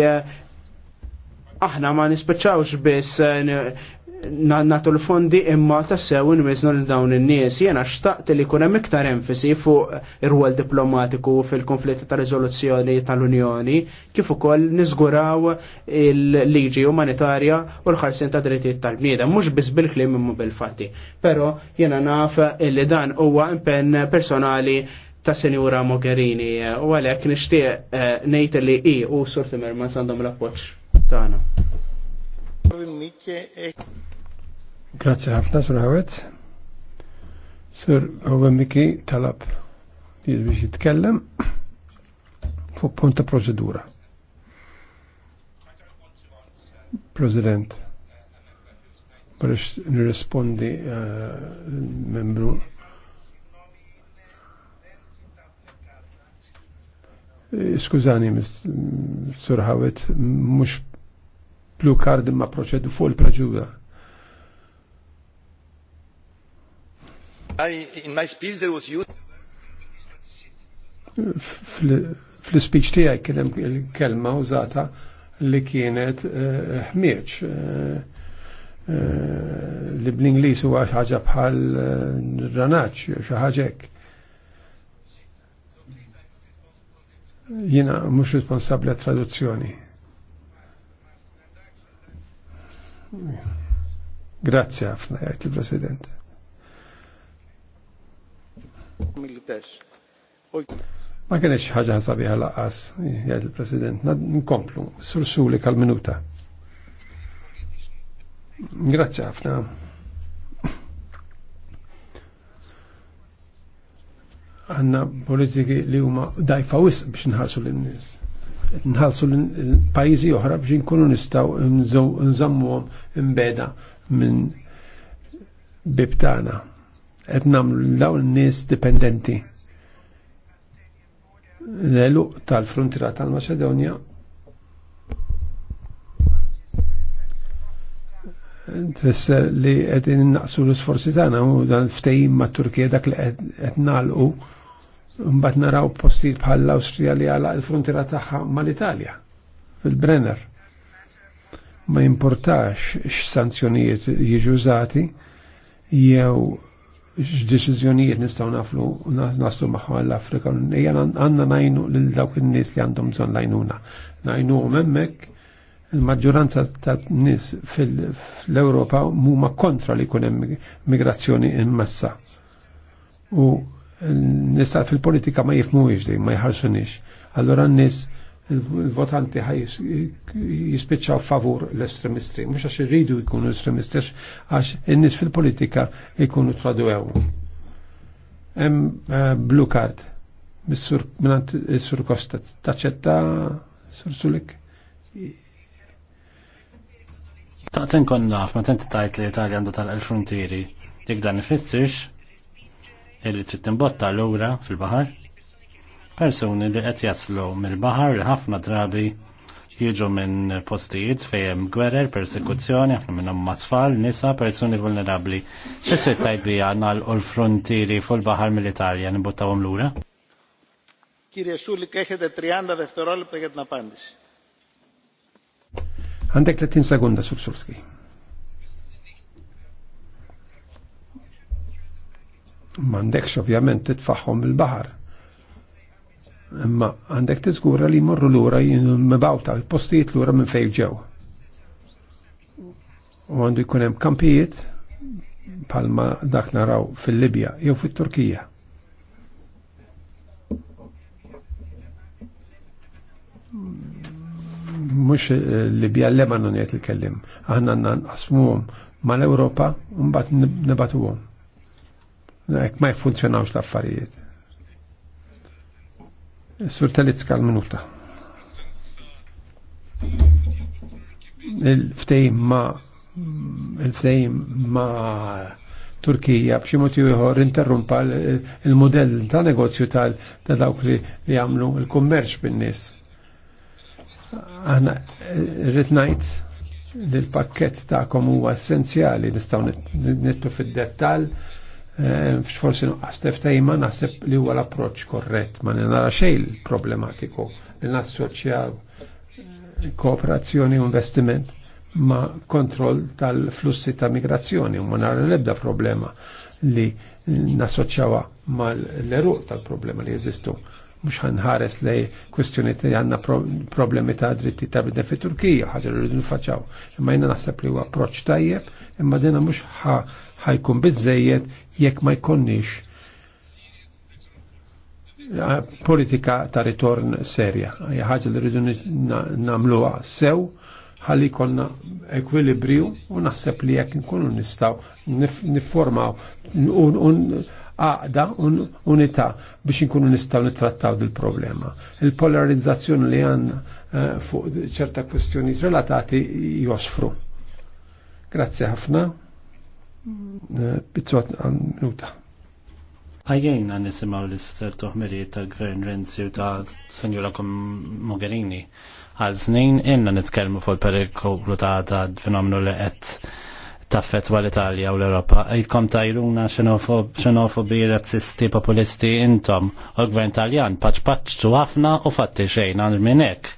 aħna ma nispeċawx biss natu l-fondi imma tassew nmiznu l-dawn in-nies. Jena xtaqt li kuna iktar enfisi fuq ir-rwol diplomatiku fil-konflitti ta' riżoluzzjoni tal-Unjoni, kif ukoll niżguraw il-liġi umanitarja u l-ħarsin ta' drittijiet tal-bnieda, mhux biss bil kliem imma bil-fatti. Però jena naf li dan huwa impenn personali ta' Senjura Mogherini u għalhekk nixtieq eh, ngħid li i u Sur Timmermans għandhom l-appoġġ tagħna. Eh, Grazie ħafna, Sur Hawet. Sur Miki talab li biex jitkellem fu punta procedura. President, biex nirrespondi eh, membru eh, Skużani, Sur Hawet, mux blu kard ma proċedu fuq il-proċedura in my speech there was fl-speech tiegħi kien hemm il-kelma użata li kienet eh, ħmieċ eh, eh, li bl-Ingliż huwa xi ħaġa bħal ranaċ jew xi ħaġa hekk. Jiena mhux responsabbli traduzzjoni. Grazie ħafna jgħid il-President. Ma kienx ħaġa sabiħa laqas, jgħid il-President, nkomplu, sursuli kal-minuta. Grazzi ħafna. Għanna politiki li huma dajfa wisq biex nħarsu l nies Nħarsu l-pajjiżi oħra biex nkunu nistgħu nżammuhom imbeda minn bibtana qed nagħmlu dawn nies dipendenti. L-eluq tal frontira tal-Maċedonja tfisser li qed innaqsu l-isforzi tagħna u dan ftehim mat-Turkija dak li qed nagħlqu mbagħad naraw postijiet bħal l austria li għalaq il taħħa tagħha mal-Italja fil-Brenner. Ma x x'sanzjonijiet jiġu zati jew x'deċiżjonijiet nistgħu naflu naslu magħha l-Afrika. Ejja għandna najnu lil dawk in-nies li għandhom bżon lajnuna. Najnu memmek il-maġġoranza tan-nies fil ewropa huma kontra li jkun hemm migrazzjoni immassa. U n-nis fil-politika ma jifmu dejjem ma jħarsunix. Allora n-nies il-votanti ħaj jispiċċaw favur l-estremisti, mux għax irridu jkunu l estremisti, għax in-nis fil-politika jkunu traduew. Hemm eh, blue card mis-sur Kosta taċċetta sur Sulik. Taqten kon naf, ma tenti tajt li Italia għandu tal-el-frontieri, jek dan ifissirx, irrid trid timbotta l-ura fil-bahar persuni li qed jaslu mill-baħar li ħafna drabi jiġu minn postijiet fejn gwerer, persekuzzjoni, ħafna minnhom matfall, nisa, persuni vulnerabbli. X'qed tajbija nagħlqu l-frontieri fuq il-baħar mill-Italja nibuttawhom lura? Kirje Σούλικ, έχετε 30 deftorol για την απάντηση. Għandek 30 sekunda, Sursurski. Mandekx ovvjament titfaħħom il-bahar. Imma għandek tiżgura li morru lura mibawta, postijiet lura minn fejn ġew. U għandu jkun hemm kampijiet palma dak naraw fil-Libja jew fit-Turkija. Mux eh, Libja l-Lebanon jgħet il-kellim. Aħna nqasmuhom mal-Ewropa un-bat nibatuhom. Ek ma jfunzjonawx l-affarijiet. Sur Talizka l-minuta. Il-ftejm ma il-ftejm ma Turkija b'xi mod ieħor interrumpa il-modell ta' negozju tal ta' dawk li għamlu l-kummerċ bin-nies. Aħna rritnajt ngħid li l-pakkett ta' huwa essenzjali nistgħu nittu fid-dettall Eh, forsi nuqqas teftajma naħseb li huwa l-approċ korrett, ma nara xejn problematiku li nassoċjaw eh, kooperazzjoni u investiment ma kontroll tal-flussi ta' migrazzjoni u ma nara l-ebda problema li nassoċjawa mal-eruq tal-problema li jeżistu mux ħanħares li kwestjoni ta' għanna problemi ta' dritti ta' bidna fi Turkija, ħagġa li rridu nfaċaw. Imma jina naħseb li huwa approċ tajjeb, imma dina mux ħajkun biżejjed jekk ma jkonniex politika ta' ritorn serja. ħaġa li rridu namluha sew ħalli konna ekwilibriju u naħseb li jekk nkunu nistaw nifformaw un għaqda un unità biex nkunu nistaw nittrattaw dil-problema. Il-polarizzazzjoni li għandna eh, fuq ċerta kwestjoni relatati josfru. Grazie ħafna bitzot għan minuta. Għajjien għan nisimaw l-ister toħmiriet ta' Gvern Renzi u ta' Senjura Mogherini. Għal snin inna nitkelmu fuq il perikoplu ta' ta' fenomenu li qed taffet għal Italja u l-Europa. Għidkom jiruna xenofobi, razzisti, populisti intom u gvern taljan paċ paċ ħafna u fatti xejn għal minnek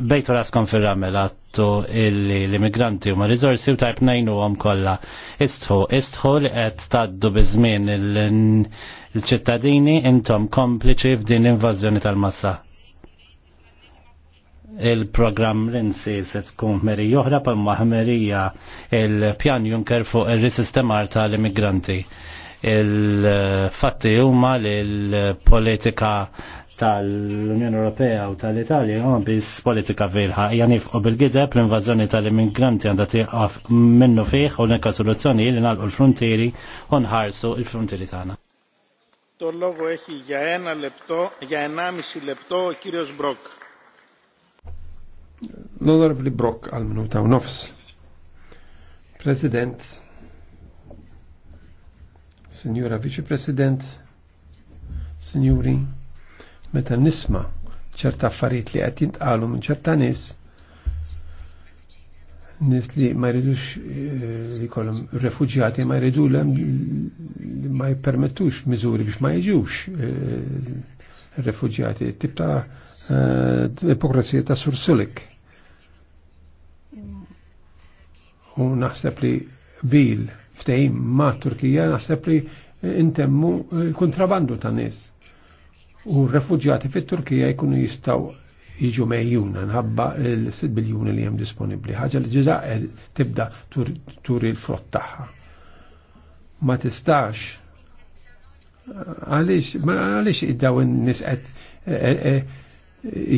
bejtu raskom fil-ramel għattu l-immigranti u ma rizorsi u tajb nejnu għom kolla istħu, istħu li għed taddu bizmin il-ċittadini intom kompliċi f'din l-invażjoni tal-massa. Il-program Rinsi se tkun meri joħra pa maħmerija il-pjan Junker fuq il-risistemar tal-immigranti il-fatti huma li l-politika tal-Unjoni Ewropea u tal-Italja għan bis politika vilħa. Janif u bil-gideb l-invażjoni tal-immigranti għandha tieqaf minnu fih u l-enka soluzzjoni li nalqu l-frontieri u nħarsu l-frontieri tagħna. Το λόγο έχει για ένα λεπτό, για ενάμιση λεπτό ο κύριος Μπροκ. L'onorevole Brock al minuta u nofs. President, Signora Vice President, Signori, Meta nisma ċerta affarijiet li qed jintqalu minn ċerta nies nis li ma jridux eh, li kolom ma jridu li ma jippermettux miżuri biex ma jiġux eh, refuġjati tip ta' eh, ipokrasija ta' sursulik u naħseb li bil ftejim ma' Turkija naħseb li intemmu l-kontrabandu ta' nis u refugjati fit-Turkija jkunu jistaw jiġu mejjuna nħabba l 6 biljuni li jem disponibli. ħaġa li ġiġa tibda turi l-frott tagħha. Ma tistax. Għaliex, għaliex id-daw n nisqet e, e, e,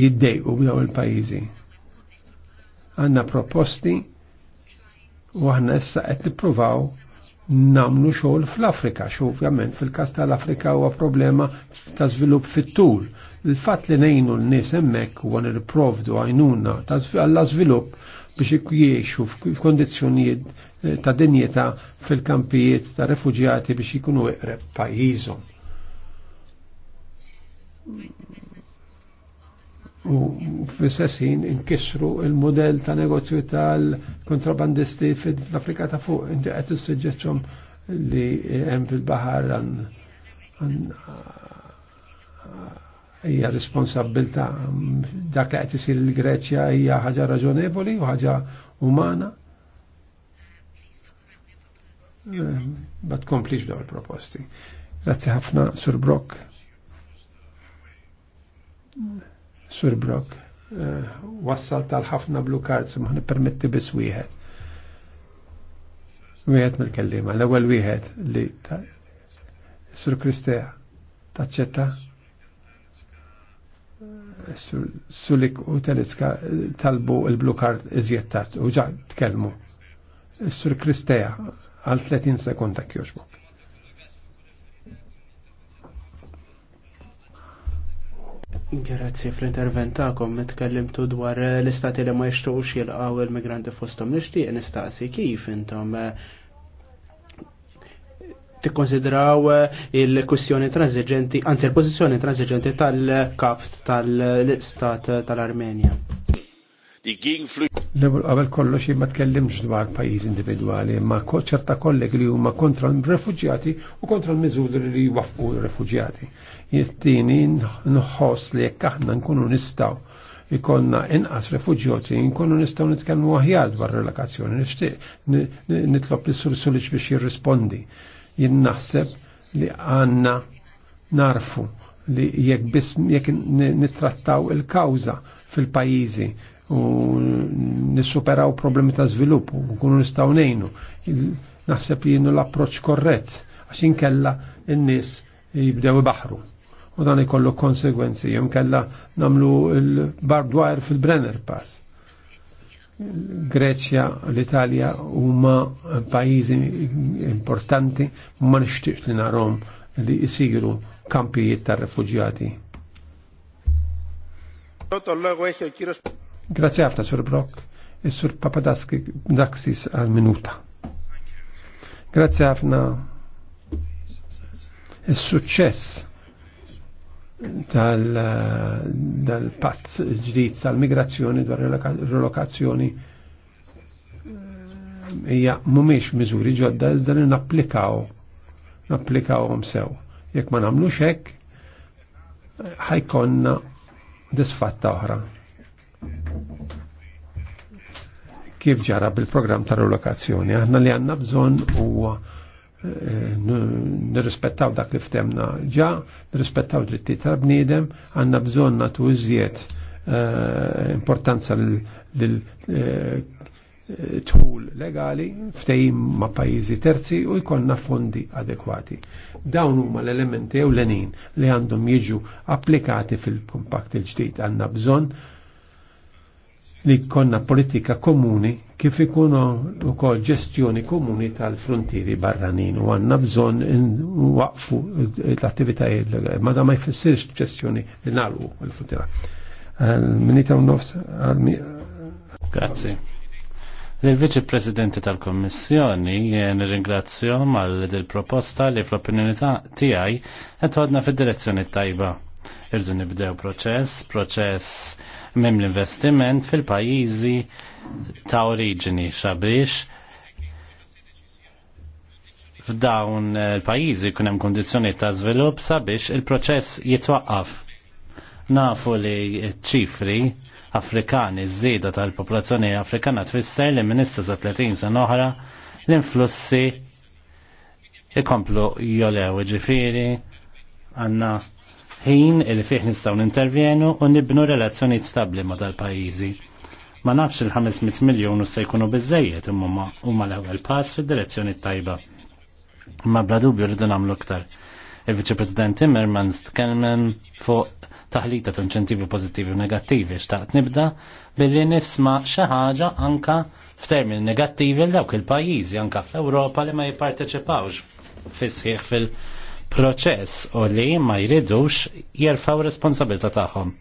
jiddejqu b'daw il-pajjiżi. Għandna proposti u aħna issa qed niprovaw namlu xogħol fl-Afrika, xo ovvjament fil-każ tal-Afrika huwa problema ta' żvilupp fit-tul. Il-fatt li ngħinu l-nies hemmhekk huwa nirprovdu għajnuna ta' għall żvilupp biex jiexu f'kondizzjonijiet eh, ta' dinjeta fil-kampijiet ta' refuġjati biex jikunu iqreb pajjiżhom u fissessin inkissru il-modell ta' negozju tal-kontrabandisti fl-Afrika ta' fuq inti qed tissuġġeġġhom li hemm fil-baħar hija responsabilta dak li qed isir il-Greċja hija ħaġa raġonevoli u ħaġa umana. Bat eh, komplix dawn il-proposti. Grazzi ħafna, Sur Brock. Sur Brock, eh, wassal tal-ħafna blue cards ma permetti biss wieħed. Wieħed mill-kellima, l-ewwel wieħed li Sur Kristea taċċetta eh, Sulik u Telitska eh, talbu il-blue kart iżjed u ġa tkellmu. Sur Kristea għal 30 sekonda kjoġbok. Grazzi fl-intervent tagħkom mitkellimtu dwar l-istati li ma jixtuqux jilqgħu il-migranti fosthom nixtieq nistaqsi kif intom eh, tikkonsidraw eh, il-kwistjoni transiġenti, anzi il-pożizzjoni transiġenti tal-kap tal-istat eh, tal-Armenja. L-ewwel qabel kollox ma tkellimx dwar pajjiż individwali, ma ċerta kollegi li huma kontra l-refuġjati u kontra l-miżuri li jwafqu l-refuġjati. Jittini nħoss li jekk aħna nkunu nistgħu ikonna inqas refuġjoti nkunu nistgħu nitkellmu aħjar dwar relokazzjoni, nixtieq nitlob li sur biex jirrispondi. Jien naħseb li għandna narfu li jekk biss jekk nittrattaw il-kawża fil-pajjiżi u nissuperaw problemi ta' sviluppu, u nkunu nistgħu ngħinu. Naħseb li jinnu l approċ korrett għax kella n nis jibdew ibaħru. U dan ikollu konsekwenzi, jom kella namlu il-barbed wire fil-Brenner Pass. Greċja, l-Italja huma pajizi importanti ma nixtieqx li narom li jisiru kampijiet ta' refugjati. tar-refuġjati. Grazie a sur Brock, is-sur e Papadaski Daxis għal minuta. Grazie ħafna is-suċċess e tal-patt tal ġdid tal-migrazzjoni dwar relokazzjoni hija mhumiex miżuri ġodda iżda li napplikaw napplikawhom sew. Jekk ma nagħmlux hekk ħajkonna disfatta oħra kif ġara bil-programm ta' relokazzjoni. Aħna li għanna bżon huwa eh, nirrispettaw dak li ftemna ġa, nirrispettaw dritti ta' bniedem għanna bżon natu iżjed eh, importanza lil eh, tħul legali ftejim ma' pajizi terzi u jkonna fondi adekwati. Dawn huma l-elementi ewlenin li għandhom jiġu applikati fil-kompakt il-ġdid għandna bżonn li konna politika komuni kif ikunu kol ġestjoni komuni tal-frontieri barranin u għanna bżon waqfu l attivita ma da ma jfessirx ġestjoni l-nalu l frontira Minita u nofs Grazie. Il-Viċi Presidenti tal-Kommissjoni jien ringrazzjom għal il proposta li fl-opinjoni tiegħi qed għadna fid-direzzjoni tajba. Irdu nibdew proċess, proċess mem l-investiment fil-pajjiżi ta' oriġini sabiex f'dawn il-pajjiżi kunem hemm ta' żvilupp sabiex il-proċess jitwaqqaf. Nafu li ċifri Afrikani żieda tal-popolazzjoni Afrikana tfisser li minn za 30 sena oħra l-influssi ikomplu jolew ġifiri għanna ħin il fih nistgħu nintervjenu u nibnu relazzjonijiet stabbli ma' dal-pajjiżi. Ma nafx il-500 miljun se jkunu biżejjed imma huma l-ewwel pass fid-direzzjoni tajba. Ma bla dubju rridu nagħmlu aktar. Il-Viċi President Timmermans tkellmen fuq taħlita ta' inċentivi pożittivi u negattivi xtaqt nibda billi nisma' xi ħaġa anka f'termini negattivi l dawk il-pajjiżi anka fl-Ewropa li ma jipparteċipawx fis-sħiħ fil-, -fil proċess u li ma jridux jerfgħu responsabilta tagħhom.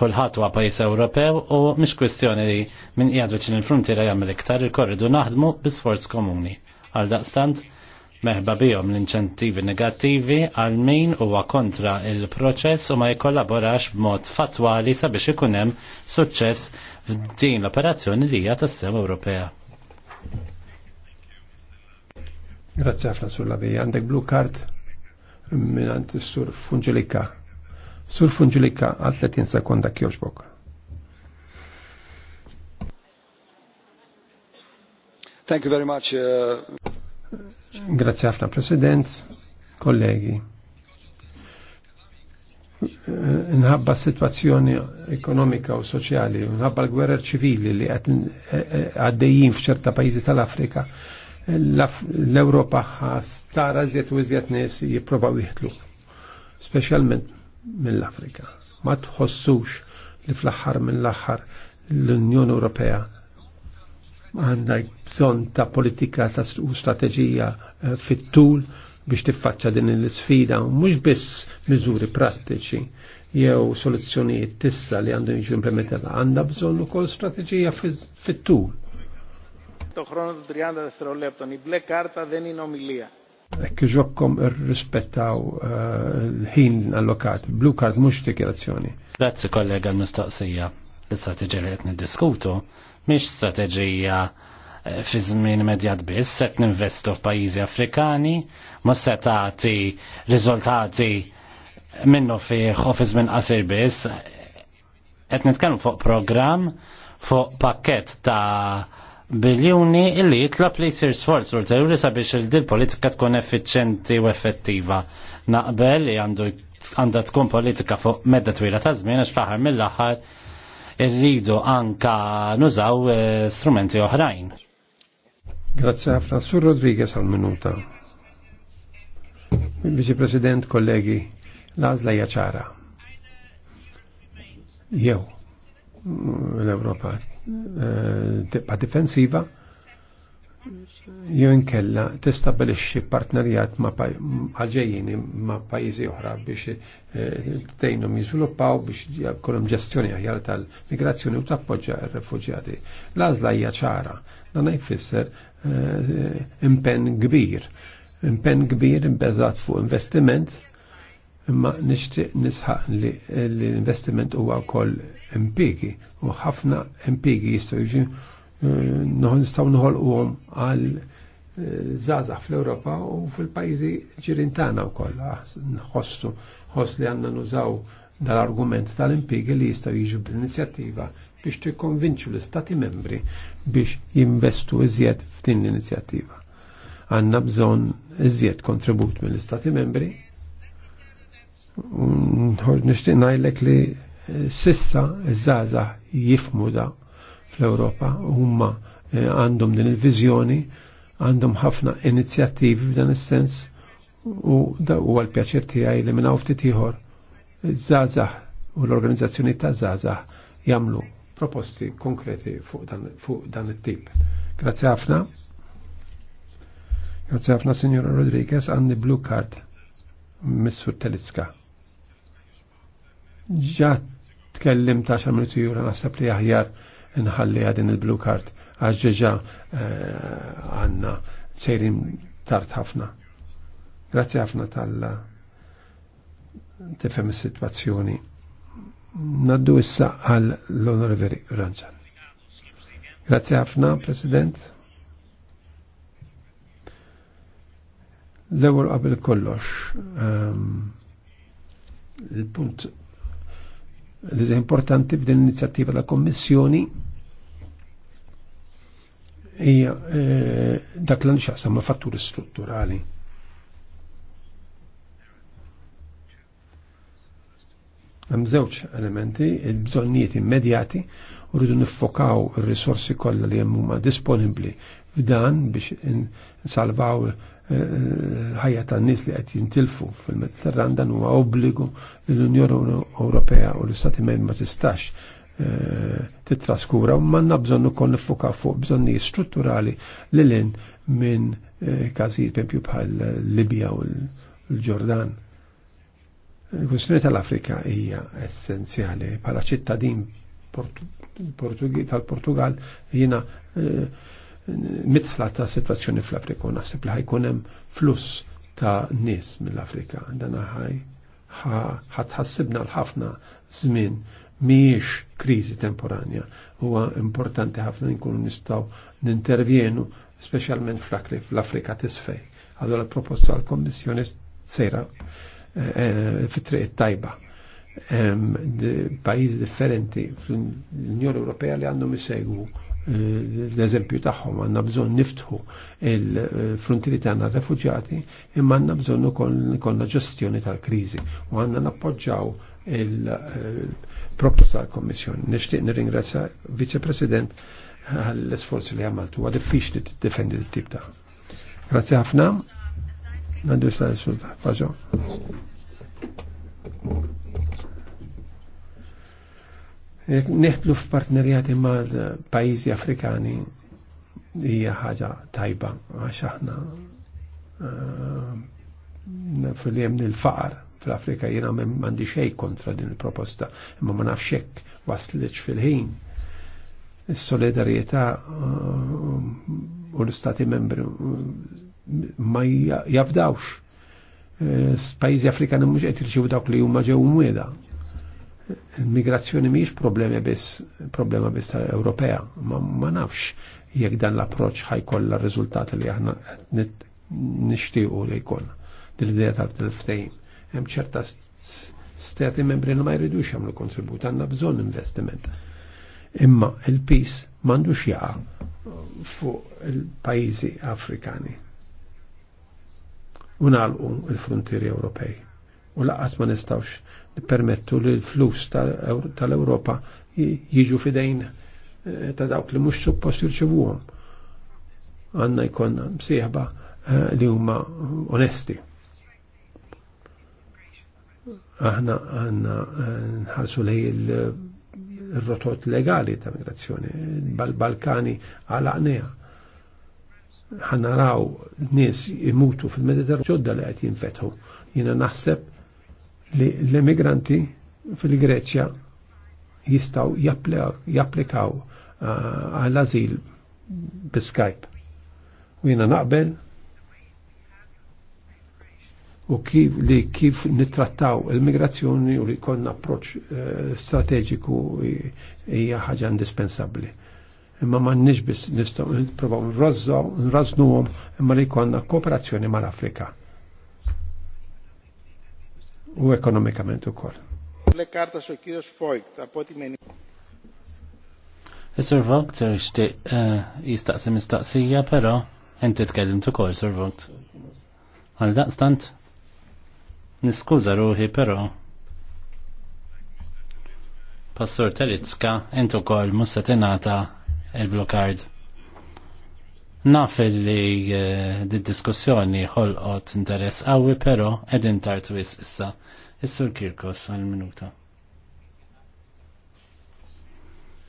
Kulħadd huwa pajjiż Ewropew u mhix kwestjoni li min qiegħed viċin il-fruntiera jagħmel iktar il-korridu naħdmu bi sforz komuni. Għal daqstant, meħba bihom l-inċentivi negattivi għal min huwa kontra il-proċess u ma jikkollaborax b'mod fatwali sabiex ikun hemm suċċess f'din l-operazzjoni li hija tas-sew Ewropea. Grazie ħafna sur via. Andek blue card minant sur Funġilika. Sur Funġilika għal sekonda kjoġbok. Thank you very much. Uh... Grazie ħafna President, kollegi. Nħabba situazzjoni ekonomika u soċjali, nħabba l-gwerra ċivili li eh, eh, għaddejjin f'ċerta pajizi tal-Afrika l-Europa stara zjet u zjet nis jiprofaw jihtlu, specialment mill-Afrika. Ma tħossux li fl-axar mill-axar l-Unjoni Ewropea għandha bżonn ta' politika ta' u strateġija eh, fit-tul biex tiffaċċa din l-sfida, mhux biss miżuri prattiċi jew soluzzjonijiet tissa li għandu jiġu implementata, għandha bżonn ukoll strateġija fit-tul το χρόνο των 30 δευτερολέπτων. Η μπλε κάρτα δεν είναι ομιλία. Ekk ġobkom rispettaw l-ħin eh, allokat, blu kart mux dikjerazzjoni. Grazzi kollega l-mistoqsija. L-istrateġija li qed niddiskutu mhix strateġija eh, fi żmien medjat biss se ninvestu f'pajjiżi Afrikani, ma se tagħti riżultati minnu fih u fi żmien qasir biss. Qed nitkellmu fuq programm fuq pakket ta' biljuni illi jitlab li jisir sforz ulterjuri sabiex il-dil politika tkun effiċenti u effettiva. Naqbel li għandu għandha tkun politika fuq medda twila ta' żmien għax fl-aħħar mill-aħħar irridu anka nużaw eh, strumenti oħrajn. Grazie a Sur Rodriguez al minuta. Vice President, kollegi, lazla għazla jaċara. Jew, l-Europa Eh, tibqa' difensiva jew inkella tistabilixxi partnerjat ma' għalġejjini ma' pajjiżi oħra biex eh, tgħinhom jiżviluppaw biex jkollhom ġestjoni aħjar tal-migrazzjoni u tappoġġja r-refuġjati. L-għażla hija ċara, dan jfisser eh, impenn kbir. Impenn kbir imbeżat fuq investiment imma nixtieq nisħaq li l-investiment huwa wkoll empiki u ħafna impigi jistgħu nħol u noħolquhom għal eh, zazax fl-Europa u fil-pajzi ġirintana u koll. nħostu ħoss li għanna nużaw dal-argument tal-impigi li jistaw jiġu bl-inizjattiva biex tikkonvinċu l-istati membri biex jinvestu iżjed f'din l-inizjattiva. Għanna bżon iżjed kontribut mill-istati membri. Mm, Nishtiq najlek li sissa zaza żaza jifmu da fl-Ewropa huma eh, għandhom din il vizjoni għandhom ħafna inizjattivi f'dan is-sens u da huwa l-pjaċir tiegħi li minn ftit ieħor żgħażagħ u l-organizzazzjoni ta' żgħażagħ jagħmlu proposti konkreti fuq dan, fuq dan it-tip. Grazzi ħafna. Grazzi ħafna, Signora Rodriguez, għandi blue card Missur Telizka. Ġat tkellim ta' xar minuti jura naħseb li aħjar nħalli din il-blue card għax eh, għanna sejrin tard ħafna. Grazzi ħafna tal tifhem is-sitwazzjoni. Naddu issa għal l-Onoreveri Ranġan. Grazzi ħafna, President. L-ewwel qabel kollox, ehm, il-punt l li importanti f'din l-inizjattiva ta' kommissjoni e, hija eh, dak l nxaqsam ma' fatturi strutturali. Hemm żewġ elementi, il-bżonnijiet immedjati u rridu nifokaw ir-risorsi kollha li hemm huma disponibbli f'dan biex nsalvaw eh, eh, ħajja tan nies li qed jintilfu fil-Mediterran dan huwa obbligu l-Unjoni Ewropea u l-Istati Membri ma tistax eh, titraskura u manna bżonn ukoll nifuka fuq bżonni strutturali li lin minn każijiet pempju bħal Libja u l-Ġordan. Il-kwestjoni tal-Afrika hija essenzjali bħala ċittadin tal-Portugal jiena mitħla ta' situazzjoni fl-Afrika u naħseb li ħajkun hemm fluss ta' nies mill-Afrika. dana ħaj ħatħassibna l-ħafna żmien miex kriżi temporanja. Huwa importanti ħafna nkunu nistgħu nintervjenu speċjalment fl-Afrika tisfej. Allora proposta għal-Kommissjoni sejra eh, eh, fit-triq tajba pajizi differenti fl-Unjoni Ewropea li għandhom isegwu l-eżempju tagħhom għandna bżonn niftħu il frontiri tagħna refuġjati imma għandna bżonn ukoll ġestjoni tal-kriżi u għandna nappoġġaw il-proposta tal-Kommissjoni. Nixtieq nirringrazzja Viċe President għall-isforzi li għamaltu għad diffiċli tiddefendi t t-tib taħ. Grazzi ħafna. Nandu sa' sul faġo f f'partnerjati ma' pajizi afrikani hija ħaġa tajba għax aħna eh, fil-jem il-faqar fl-Afrika jena mandi xej kontra din il-proposta, imma ma nafxek waslitx fil-ħin. is solidarjetà eh, u l-Stati membri eh, ma jafdawx. Pajjiżi Afrikani mhux qed irċievu dawk li huma ġew mwieda Il-migrazzjoni miex problema biss problema biss Ewropea, ma, ma nafx jekk dan l-approċ ħajkolla r-riżultati li aħna nixtiequ li jkun Dil-idea tal ftejn Hemm ċerta stati membri ma jridux jagħmlu kontribut, għandna bżonn investiment. Imma il-pis m'għandux jaqa' fuq il-pajjiżi Afrikani. U nagħlqu il frontieri Ewropej. U laqqas ma nistawx permettu li l-flus tal-Europa jiġu fidejn eh, ta' dawk li mux suppost jirċivuhom. Għanna jkun msieħba eh, li huma onesti. Aħna għanna eh, nħarsu li il-rotot legali ta' migrazzjoni, bal-Balkani għal-għanija. Ħanaraw nis imutu fil-Mediterran ġodda li għet jinfetħu. Jina naħseb li l-immigranti fil-Greċja jistaw japplikaw ah, għal-azil bi-Skype. U jina naqbel u kif li kif nittrattaw il-migrazzjoni u li konna approċ eh, strateġiku hija ħaġa indispensabbli. Imma m'għandniex biss nistgħu nipprovaw nrazzaw, nraznuhom imma li konna kooperazzjoni mal-Afrika u ekonomikament ukoll. Is-Sir eh, Vogt ixtieq eh, jistaqsi mistaqsija, però inti tu ukoll Sir Vogt. Għal daqstant niskuza ruħi pero Passur Teritzka, entu ukoll musa se tingħata il-blokard. Naf li eh, di diskussjoni ħolqot interess qawwi però qegħdin tartu issa. Is-Sur Kirkos għal-minuta.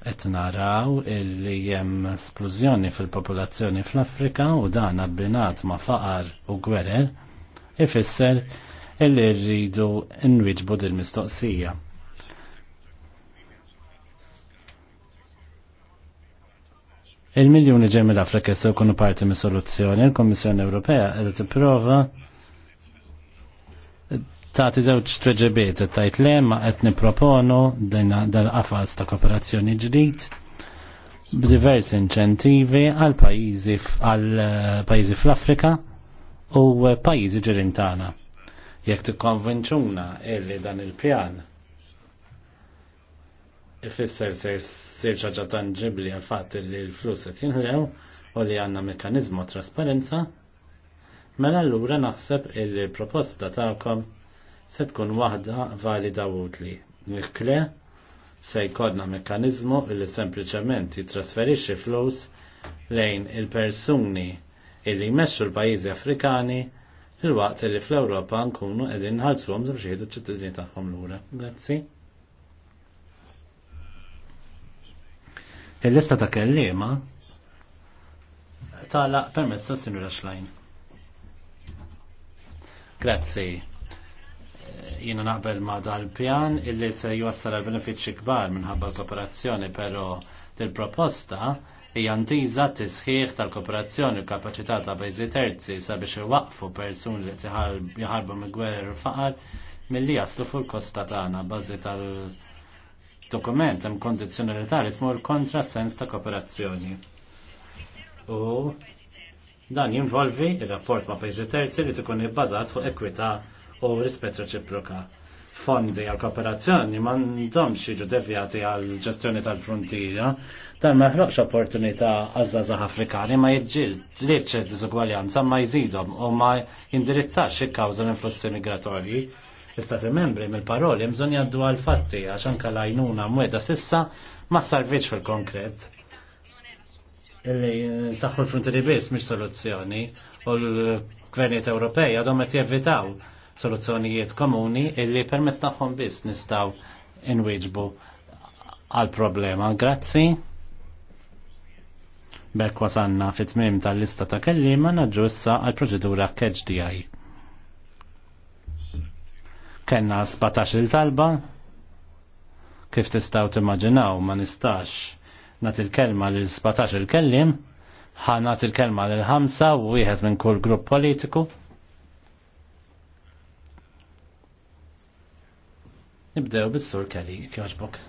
Qed naraw li hemm splużjoni fil-popolazzjoni fl-Afrika u dan abbinat ma' faqar u gwerer ifisser illi rridu nwiġbu dil-mistoqsija Il-miljoni ġej mill-Afrika se jkunu parti mis soluzzjoni il-Kommissjoni Ewropea qiegħda tipprova tagħti żewġ tweġibiet qed tajt le ma qed nipproponu dal-qafas ta' kooperazzjoni ġdid b'diversi inċentivi għal pajjiżi għal eh, pajjiżi fl-Afrika u pajjiżi ġirin tagħna. Jekk tikkonvinċuna illi dan il-pjan ifisser ser ċaġa tangibli għal fatt li l-flus qed jinħlew u li għandna mekkaniżmu trasparenza, mela allura naħseb il-proposta tagħkom se tkun waħda valida u utli. Mikle se jkollna mekkaniżmu li sempliċement jitrasferixxi flus lejn il-persuni illi jmexxu l-pajjiżi Afrikani il waqt li fl-Ewropa nkunu qegħdin nħallsuhom sabiex jieħdu ċ-ċittadini tagħhom lura. Grazzi. Il-lista ta' kellima tala permezz ta' sinu raċlajn. Grazzi jina naqbel ma dal-pjan illi se jwassal għal benefiċċji kbar minħabba l-kooperazzjoni, pero dil-proposta hija ntiża tisħiħ tal-kooperazzjoni u kapaċità ta' bejżi terzi sabiex iwaqfu persuni li jħarbu mill-gwerer u faqar milli jaslu fuq il kosta tagħna bażi tal- dokument hemm kondizzjonalità li tmur kontra sens ta' kooperazzjoni. U dan jinvolvi ir-rapport ma' pajjiżi terzi li tkun ibbażat fuq ekwità u rispett reċiproka. Fondi għal kooperazzjoni m'għandhomx jiġu devjati għal ġestjoni tal-frontiera, dan ma jħloqx opportunità għaż-żagħżagħ Afrikani ma jiġġielx liċċed diżugwaljanza ma jżidhom u ma jindirizzax ikkawża l-influssi migratorji l-istati membri mill-paroli mżon jaddu għal-fatti għax anka lajnuna mweda sissa ma sarviċ fil-konkret. Illi saħħu l-frontieri biss mhix soluzzjoni u l-gvernijiet Ewropej għadhom qed jevitaw soluzzjonijiet komuni illi permezz tagħhom biss nistgħu inwieġbu għal problema. Grazzi. Bekwa wasanna fit-tmim tal-lista ta' kellima naġġu issa għal proċedura DI kena 17 il-talba, kif tistaw timmaġinaw ma nistax nat il-kelma l-17 il-kellim, ħanat il-kelma l 5 u wieħed minn kull grupp politiku. Nibdew bis-sur Kelly, kjoġbok.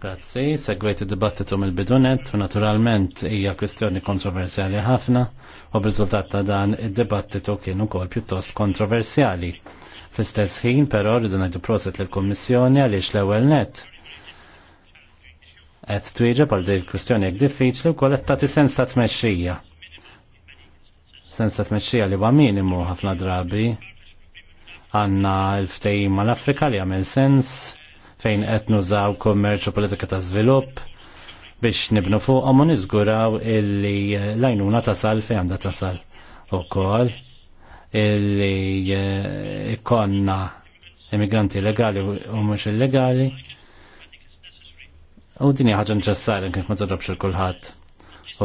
Grazzi, segwejt id-dibattitu mill-bidunet u naturalment hija kwestjoni kontroversjali ħafna u b'riżultat ta' dan id-dibattitu kien ukoll pjuttost kontroversjali. Fl-istess ħin però rridu ngħidu proset lill-Kummissjoni għaliex l-ewwel net. Qed twieġeb għal din kwestjoni hekk diffiċli wkoll qed tagħti sens ta' tmexxija. Sens ta' tmexxija li huwa minimu ħafna drabi għandna l-ftehim mal-Afrika li għamel sens fejn qed nużaw kommerċ u politika ta' żvilupp biex nibnu fuqhom u niżguraw illi l-għajnuna tasal fejn għandha tasal kol illi eh, ikonna emigranti legali u mhux illegali u din hija ħaġa neċessarja kif ma tadrobx il kulħadd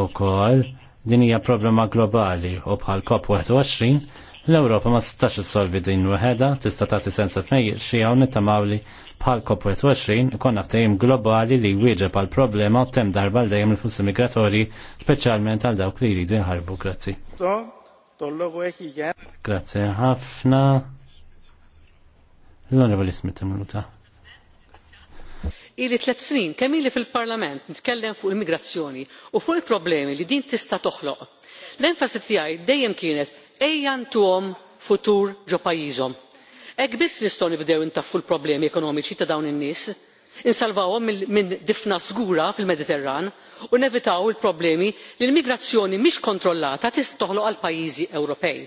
ukoll din hija problema globali u bħal COP21 L-Europa ma tistax issolvi din weħeda, tista' tagħti sensa tmejjir xija u nittamaw li bħal COP21 konna ftehim globali li jwieġeb għal problema u tem darba l dejjem il-flussi migratorji, speċjalment għal dawk li jridu jħarbu. Grazzi. Grazzi ħafna. L-Onorevoli Smith minuta. Ili tliet snin kemm ili fil-Parlament nitkellem fuq immigrazzjoni u fuq il-problemi li din tista' toħloq. L-enfasi tiegħi dejjem kienet ejja ntuhom futur ġo pajjiżhom. hekk biss nistgħu nibdew intaffu l-problemi ekonomiċi ta' dawn in-nies insalvawhom minn difna żgura fil-mediterran u nevitaw il problemi li l-migrazzjoni mhix kontrollata tista' toħloq għal pajjiżi ewropej.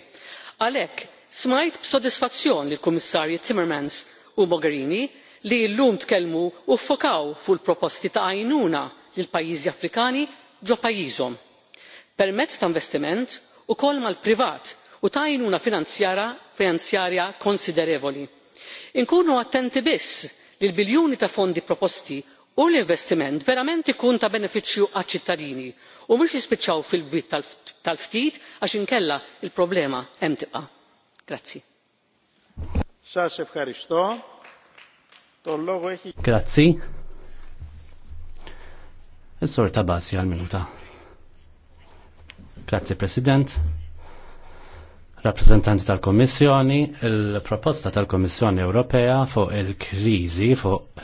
għalhekk smajt b'sodisfazzjon lill kummissarji timmermans u mogherini li llum tkellmu u ffokaw fuq il proposti ta' għajnuna lil pajjiżi afrikani ġo pajjiżhom permezz ta' investiment ukoll mal privat u ta' għajnuna finanzjarja konsiderevoli. inkunu attenti biss li l biljuni ta' fondi proposti u l-investiment verament ikun ta' benefiċċju għaċ ċittadini u mhux jispiċċaw fil bwit tal ftit għax inkella l problema hemm tibqa'. Grazzi President rappresentanti tal kummissjoni il-proposta tal kummissjoni Ewropea fuq il kriżi fuq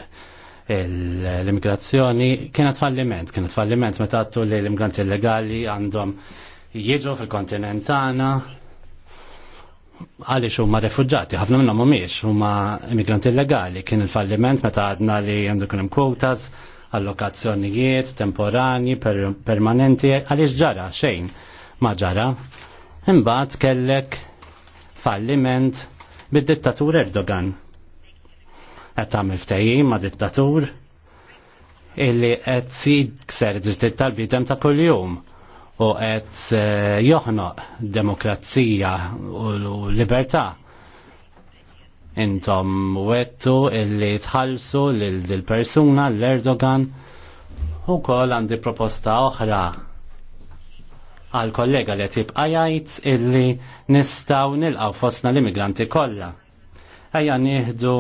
l-immigrazzjoni kienet falliment, kienet falliment meta għattu li l-immigranti illegali għandhom jieġu fil-kontinent tagħna għaliex huma refugġati, ħafna minnhom mhumiex huma immigranti illegali, kien il-falliment meta għadna li għandu kien hemm kwotas, allokazzjonijiet temporani, per permanenti, għaliex ġara xejn ma ġara imbagħad kellek falliment bid-dittatur Erdogan. Qed tagħmel ftehim ma' dittatur illi qed jikser drittijiet tal-bidem ta' kuljum u qed eh, joħnoq demokrazija u libertà. Intom wettu illi tħallsu lil persuna l-Erdogan u kol għandi proposta oħra għal kollega li tibqa għajajt illi nistaw nilqaw fosna l-immigranti kollha. Ejja nieħdu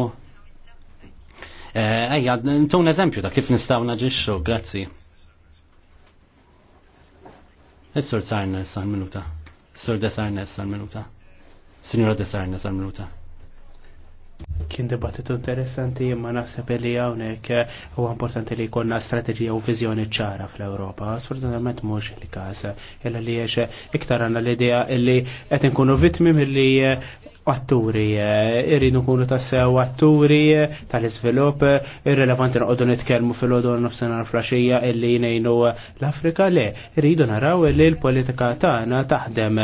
eh, Ejja, ntun eżempju ta' kif nistaw naġixxu, grazzi. Is-sur t'arnes għal-minuta. Sur Desarnes għal-minuta. Signora Desarnes għal-minuta kien dibattitu interessanti imma naħseb li hawnhekk huwa importanti li jkollna strateġija u viżjoni ċara fl-Ewropa. Sfortunatament mhux il-każ illa li hex iktar għandna l-idea li qed inkunu vittmi milli atturi, eh, irridu kunu tassew atturi eh, tal-izvilup, eh, irrelevanti noqogħdu nitkellmu fil-ħodur nofsinhar flaxija illi jnejnu l-Afrika le, irridu naraw li l-politika tagħna taħdem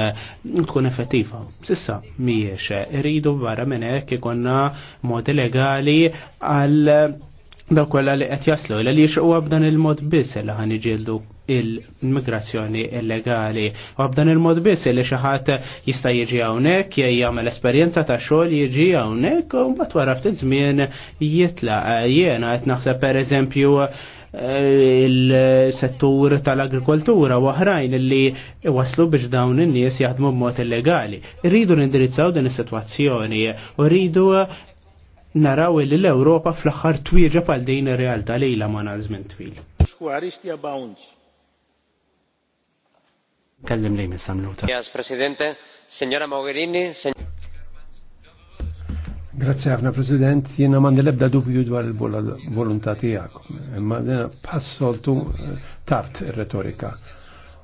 tkun effettiva. Sissa mhijiex, irridu barra minn hekk ikonna modi legali għal Da kollha li qed jaslu li li xuqwa b'dan il-mod biss li ħan iġildu il-migrazzjoni illegali. U b'dan il-mod biss li xi ħadd jista' jiġi hawnhekk jagħmel esperjenza ta' xogħol jiġi hawnhekk u mbagħad wara ftit żmien jitlaq. Jiena qed naħseb pereżempju eh, il-settur tal-agrikoltura u oħrajn li waslu biex dawn in-nies jaħdmu b'mod illegali. Rridu nindirizzaw din is-sitwazzjoni u rridu naraw li l-Ewropa fl-aħħar twieġa pal din ir-realtà lejla ma nhar żmien twil. Skwaristi abbawnġ. Kellim lej mis samluta. Jas Presidente, Signora Mogherini, Grazie ħafna President, jiena mandi lebda dubju dwar il-volontà tiegħek. Ma pass soltu eh, tard ir-retorika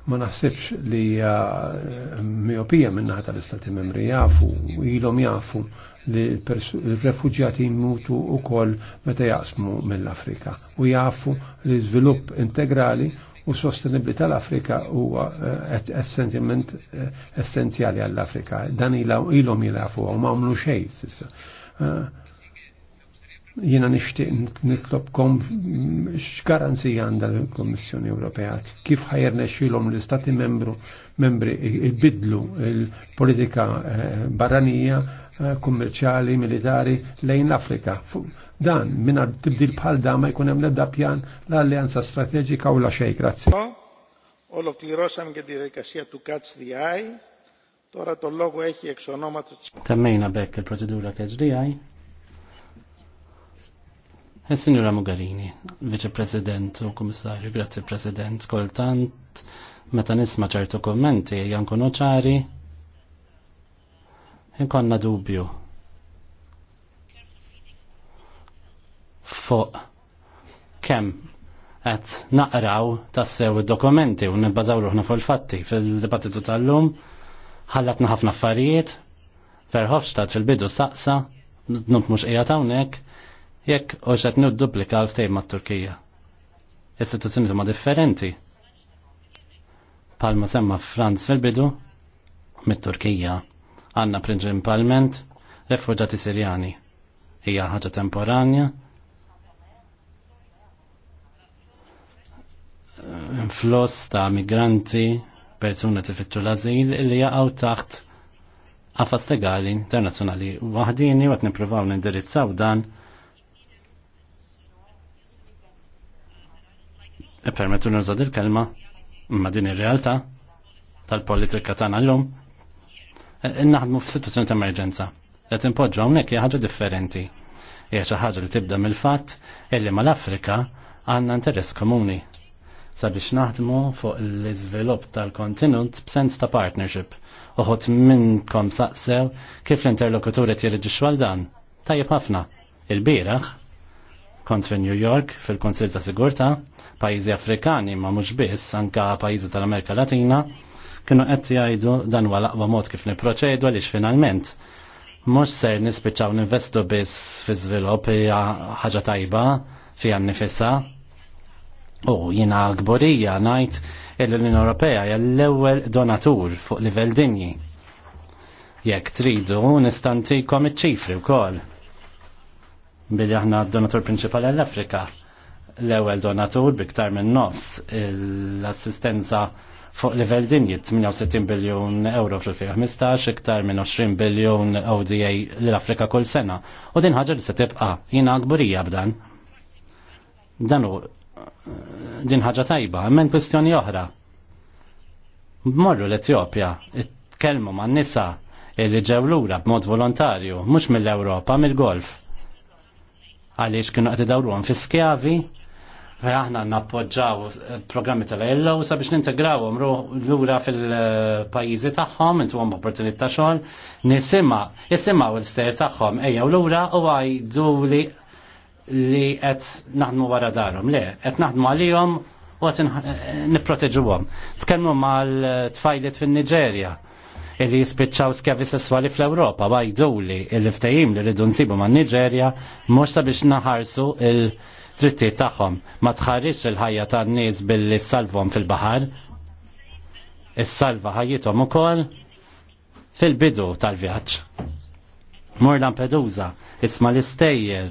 ma naħsibx li eh, miopija minnaħa tal-istati membri jafu, ilhom jafu li l-refugjati jmutu u kol meta jaqsmu mill-Afrika u jafu li svilupp integrali u sostenibli tal-Afrika huwa eh, essentiment eh, essenzjali għall-Afrika. Dan ilhom jilafu u ma għamlu xejn s'issa. Eh, jiena nixtieq nitlobkom mm, x'garanzija għandha l-Kommissjoni Ewropea kif ħajerne xilom l-Istati membru membri ibidlu il-politika barranija kummerċjali, militari lejn l-Afrika. Dan, minna tibdil bħal da ma jkun hemm nebda pjan l-Alleanza Strateġika u la xej, grazzi. Ολοκληρώσαμε και τη tu του di the Eye. to logo λόγο έχει εξ ονόματος... Ταμέινα il procedura προτεδούρα di the E Signora Mugarini, Vice President u Komissarju, grazie President, koltant, meta nisma ċertu kommenti, jankunu ċari, inkonna dubju fuq kem qed naqraw tassew id-dokumenti u nibbazaw ruħna fuq il-fatti fil-dibattitu tal-lum ħallatna ħafna affarijiet verħofstad fil-bidu saqsa nub mhux ija hawnhekk jekk u xed nudduplika għal-ftejn mat-Turkija. Istituzzjoni huma differenti. Palma semma Franz fil-bidu mit-Turkija għanna prinċipalment refuġati Sirjani. Hija ħaġa temporanja. Infloss ta' migranti, persuna tifittu l-azil li jaqgħu taħt qafas legali internazzjonali. Waħdini waqt nippruvaw nindirizzaw dan E permettu nużad il-kelma imma din ir-realtà tal-politika tagħna llum Eh, naħdmu f-situazzjoni ta' emerġenza. Qed impoġġu hawnhekk hija ħaġa differenti. Hija xi ħaġa li tibda mill-fatt illi mal-Afrika għandna interess komuni sabiex naħdmu fuq l-iżvilupp tal-kontinent b'sens ta' partnership. Uħot minnkom saqsew kif l-interlokuturi tirġixxu għal dan. Tajjeb ħafna. Il-bieraħ kont fi New York fil-Konsil ta' Sigurta, pajjiżi Afrikani ma mhux biss anka pajjiżi tal-Amerika Latina, kienu qed jgħidu dan huwa laqwa mod kif niproċedu għaliex finalment. Mhux ser nispiċċaw ninvestu biss fi żvilupp hija ħaġa tajba fiha nnifisha. U jiena gburija ngħid l-Unjoni Ewropea hija l-ewwel donatur fuq livell dinji. Jekk tridu nistantikom iċ-ċifri wkoll. Billi aħna donatur prinċipali għall-Afrika l-ewwel donatur biktar minn nofs l-assistenza fuq livell dinji 68 biljun euro fil-2015, iktar minn 20 biljun ODA l-Afrika kull sena. U din ħaġa li se tibqa' jina gburija b'dan. Dan hu din ħaġa tajba, men kustjoni oħra. Morru l-Etjopja, kelmu man nisa li ġew lura b'mod volontarju, mhux mill-Ewropa, mill-Golf. Għaliex kienu qed idawruhom fi skjavi aħna nappoġġaw eh, programmi tal-ella u sabiex nintegrawhom lura fil-pajjiżi tagħhom għom opportunità xogħol, nisimgħu isimgħu l-istejr tagħhom ejjew lura u għajdu li li qed naħdmu wara darhom. Le, qed naħdmu għalihom u qed eh, nipproteġuhom. Tkellmu mal tfajlet fin-Niġerja illi jispiċċaw skjavi sessuali fl-Ewropa, għajdu li l-ftehim li rridu nsibu man-Niġerja mhux sabiex naħarsu il- drittijiet tagħhom. Ma tħarrix il-ħajja tan-nies billi salvhom fil-baħar. Is-salva ħajjithom ukoll fil-bidu tal-vjaġġ. Mur Lampedusa, isma l-istejjer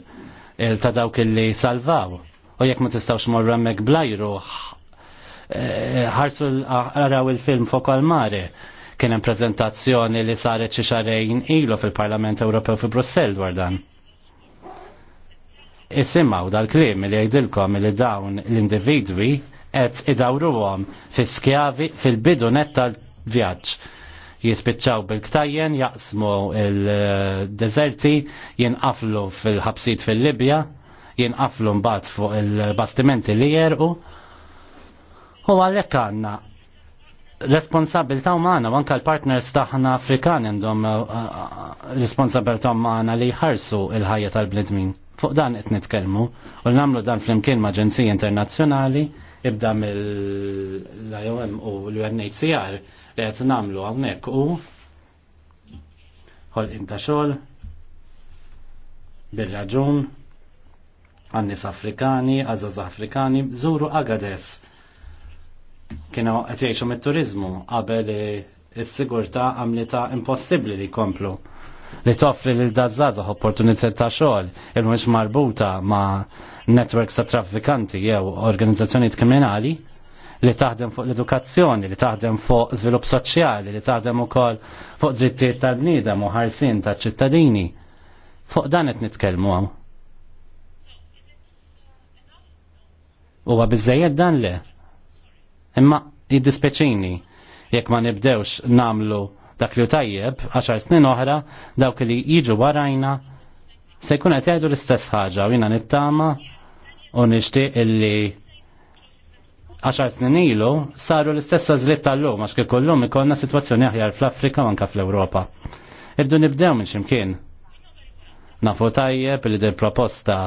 ta' dawk li salvaw. U jekk ma tistawx morru hemmhekk blajru eh, ħarsu l araw il-film fuq mare kien hemm prezentazzjoni li saret xi xarejn ilu fil-Parlament Ewropew fi Brussell dwar dan isimaw dal kliem li jgħidilkom li dawn l-individwi qed idawruhom fi skjavi fil-bidu netta tal-vjaġġ. Jispiċċaw bil-ktajjen, jaqsmu il-deserti, jinqaflu fil-ħabsit fil-Libja, jinqaflu mbagħad fuq il-bastimenti li jerqu. U għalhekk għandna responsabilta umana, anka l-partners taħna Afrikan għandhom uh, uh, uh, responsabilta umana li jħarsu il-ħajja tal bledmin Fuq dan qed nitkellmu u nagħmlu dan flimkien ma' Aġenziji Internazzjonali ibda mill-IOM u l-UNHCR li qed nagħmlu hawnhekk u ħolqien ta' xogħol bir-raġun għannis Afrikani, għazaz Afrikani, żuru Agades. Kienu qed jgħixu mit-turizmu qabel is-sigurtà għamlita impossibbli li jkomplu li toffri lil dażżaża opportunità ta' xogħol il mhux marbuta ma' networks ta' traffikanti jew organizzazzjonijiet kriminali li taħdem fuq l-edukazzjoni, li taħdem fuq żvilupp soċjali, li taħdem ukoll fuq drittijiet tal-bniedem u ħarsin taċ ċittadini. Fuq dan qed nitkellmu hawn. Huwa biżejjed dan le. Imma jiddispeċini jekk ma nibdewx namlu Dak li tajjeb, 10 snin oħra, dawk li jiġu warajna, se jkun qed jgħidu l-istess ħaġa u jiena nittama u nixtieq illi 10 snin ilu saru l-istess żlieb tal-lum għax kif kullum ikollna sitwazzjoni aħjar fl-Afrika u anke fl-Ewropa. Ibdu nibdew minn ximkien. Nafu tajjeb li din proposta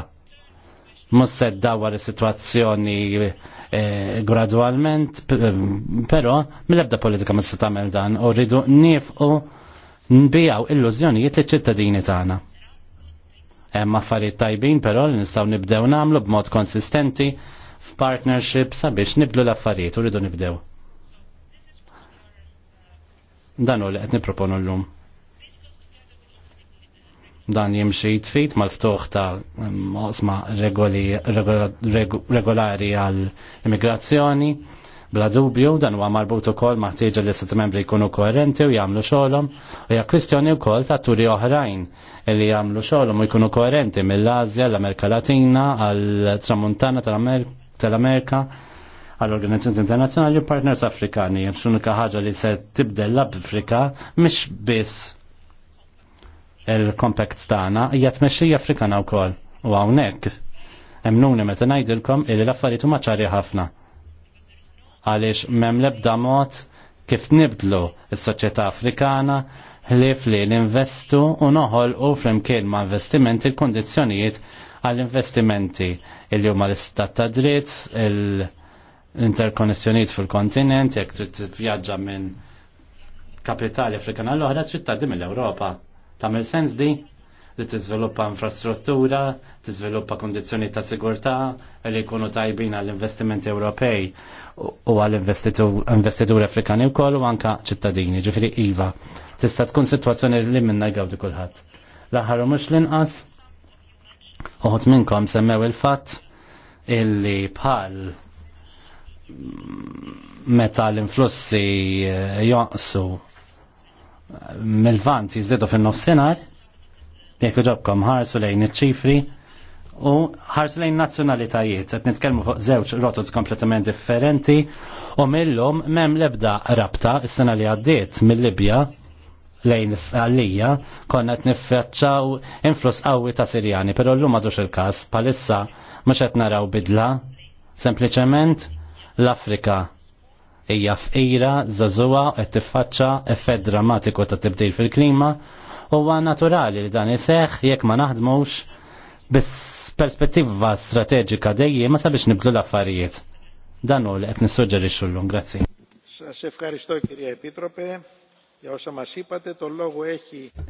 mhux se ddawwar is-sitwazzjoni Eh, gradualment, eh, però mill-ebda politika ma tista' tagħmel dan u rridu nifqu nbijaw illużjonijiet liċ ċittadini tagħna. Hemm affarijiet tajbin però li nistgħu nibdew nagħmlu b'mod konsistenti f'partnership sabiex nibdlu l-affarijiet u rridu nibdew. Dan u li qed nipproponu llum dan jimxi jitfit mal-ftuħ ta' osma regoli, regolari għal immigrazzjoni. Bla dubju dan huwa marbut ukoll ma' ħtieġa li stat membri jkunu koerenti u jagħmlu xogħolhom u hija kwistjoni wkoll ta' turi oħrajn li jagħmlu xogħolhom u jkunu koerenti mill-Asja, l-Amerika Latina, għal-Tramuntana tal-Amerika għall-organizzazzjoni internazzjonali u partners Afrikani. X'unika ħaġa li se tibdel l-Afrika mhix biss il-kompakt tagħna hija tmexxija Afrikana wkoll u hawnhekk hemmnuni meta ngħidilkom li- l-affarijiet huma ċari ħafna. Għaliex m'hemm l-ebda mod kif nibdlu s-soċjetà Afrikana ħlief li l-investu u noħolqu flimkien ma' investimenti l-kondizzjonijiet għall-investimenti li huma l-istat ta' dritt, l-interkonnessjonijiet fil-kontinent, jekk trid vjaġġa minn kapitali Afrikana l-oħra trid tgħaddi mill-Ewropa. Tamil sens di li tiżviluppa infrastruttura, tiżviluppa kondizjoni ta' sigurtà e li jkunu tajbin għall-investimenti Ewropej u għall-investituri Afrikani wkoll u anka ċittadini, ġifiri iva. Tista' tkun sitwazzjoni li minna jgawdi kulħadd. L-aħħar u mhux l-inqas uħut minnkom semmew il-fatt illi bħal meta l-influssi eh, jonqsu mill-vant jizdidu fin-nofsinhar, jekk ġobkom ħarsu lejn iċ-ċifri u ħarsu lejn nazzjonalitajiet, qed nitkellmu fuq żewġ rotot kompletament differenti u millum m'hemm l-ebda rabta s-sena li għaddiet mill-Libja lejn is-Għalija konna qed niffaċċaw influss qawwi ta' Sirjani, però llum għadux il-każ palissa mhux qed naraw bidla, sempliċement l-Afrika ija f'ira żagħżugħa qed tiffaċċa effett drammatiku ta' tibdil fil-klima huwa naturali li dan iseħħ jekk ma naħdmux bis-perspettiva strateġika dejjem ma sabiex nibdlu l-affarijiet. Dan hu li qed nissuġġerixxu llum, grazzi.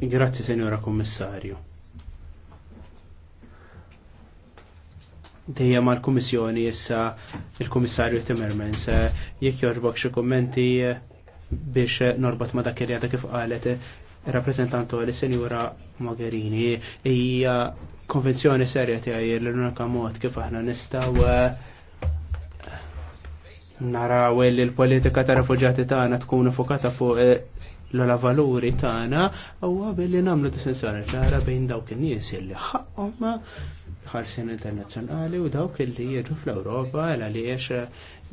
Grazie, Signora Commissario. dejja mal kummissjoni issa il-Kummissarju Timmermans. Eh, jekk jorbok xi kummenti eh, biex eh, norbot ma dak irjata kif qalet rappresentantu għal senjura Mogherini hija konvenzjoni serja tiegħi l-unika mod kif aħna nistgħu naraw li l-politika ta' refuġjati tagħna tkun fokata fuq l-ola valuri tagħna huwa billi nagħmlu distinzjoni ċara bejn dawk in-nies li ħaqhom ħarsien internazzjonali u dawk illi jiġu fl-Ewropa għal għaliex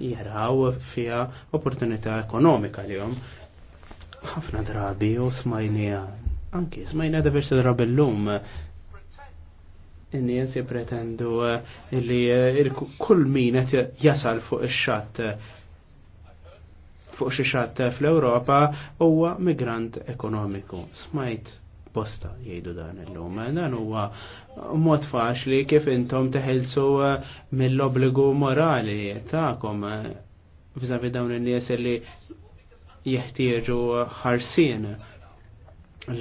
jaraw fija opportunità ekonomika li jom. ħafna drabi u smajnija, anki smajnija diversi drabi l-lum in-nies pretendu eh, li eh, kull min qed jasal fuq ix-xatt fuq xi xatt fl-Ewropa huwa migrant ekonomiku. Smajt bosta jgħidu dan il-lum. Dan huwa mod faċli kif intom teħilsu eh, mill-obbligu morali tagħkom eh, viżavi dawn in-nies li jeħtieġu ħarsien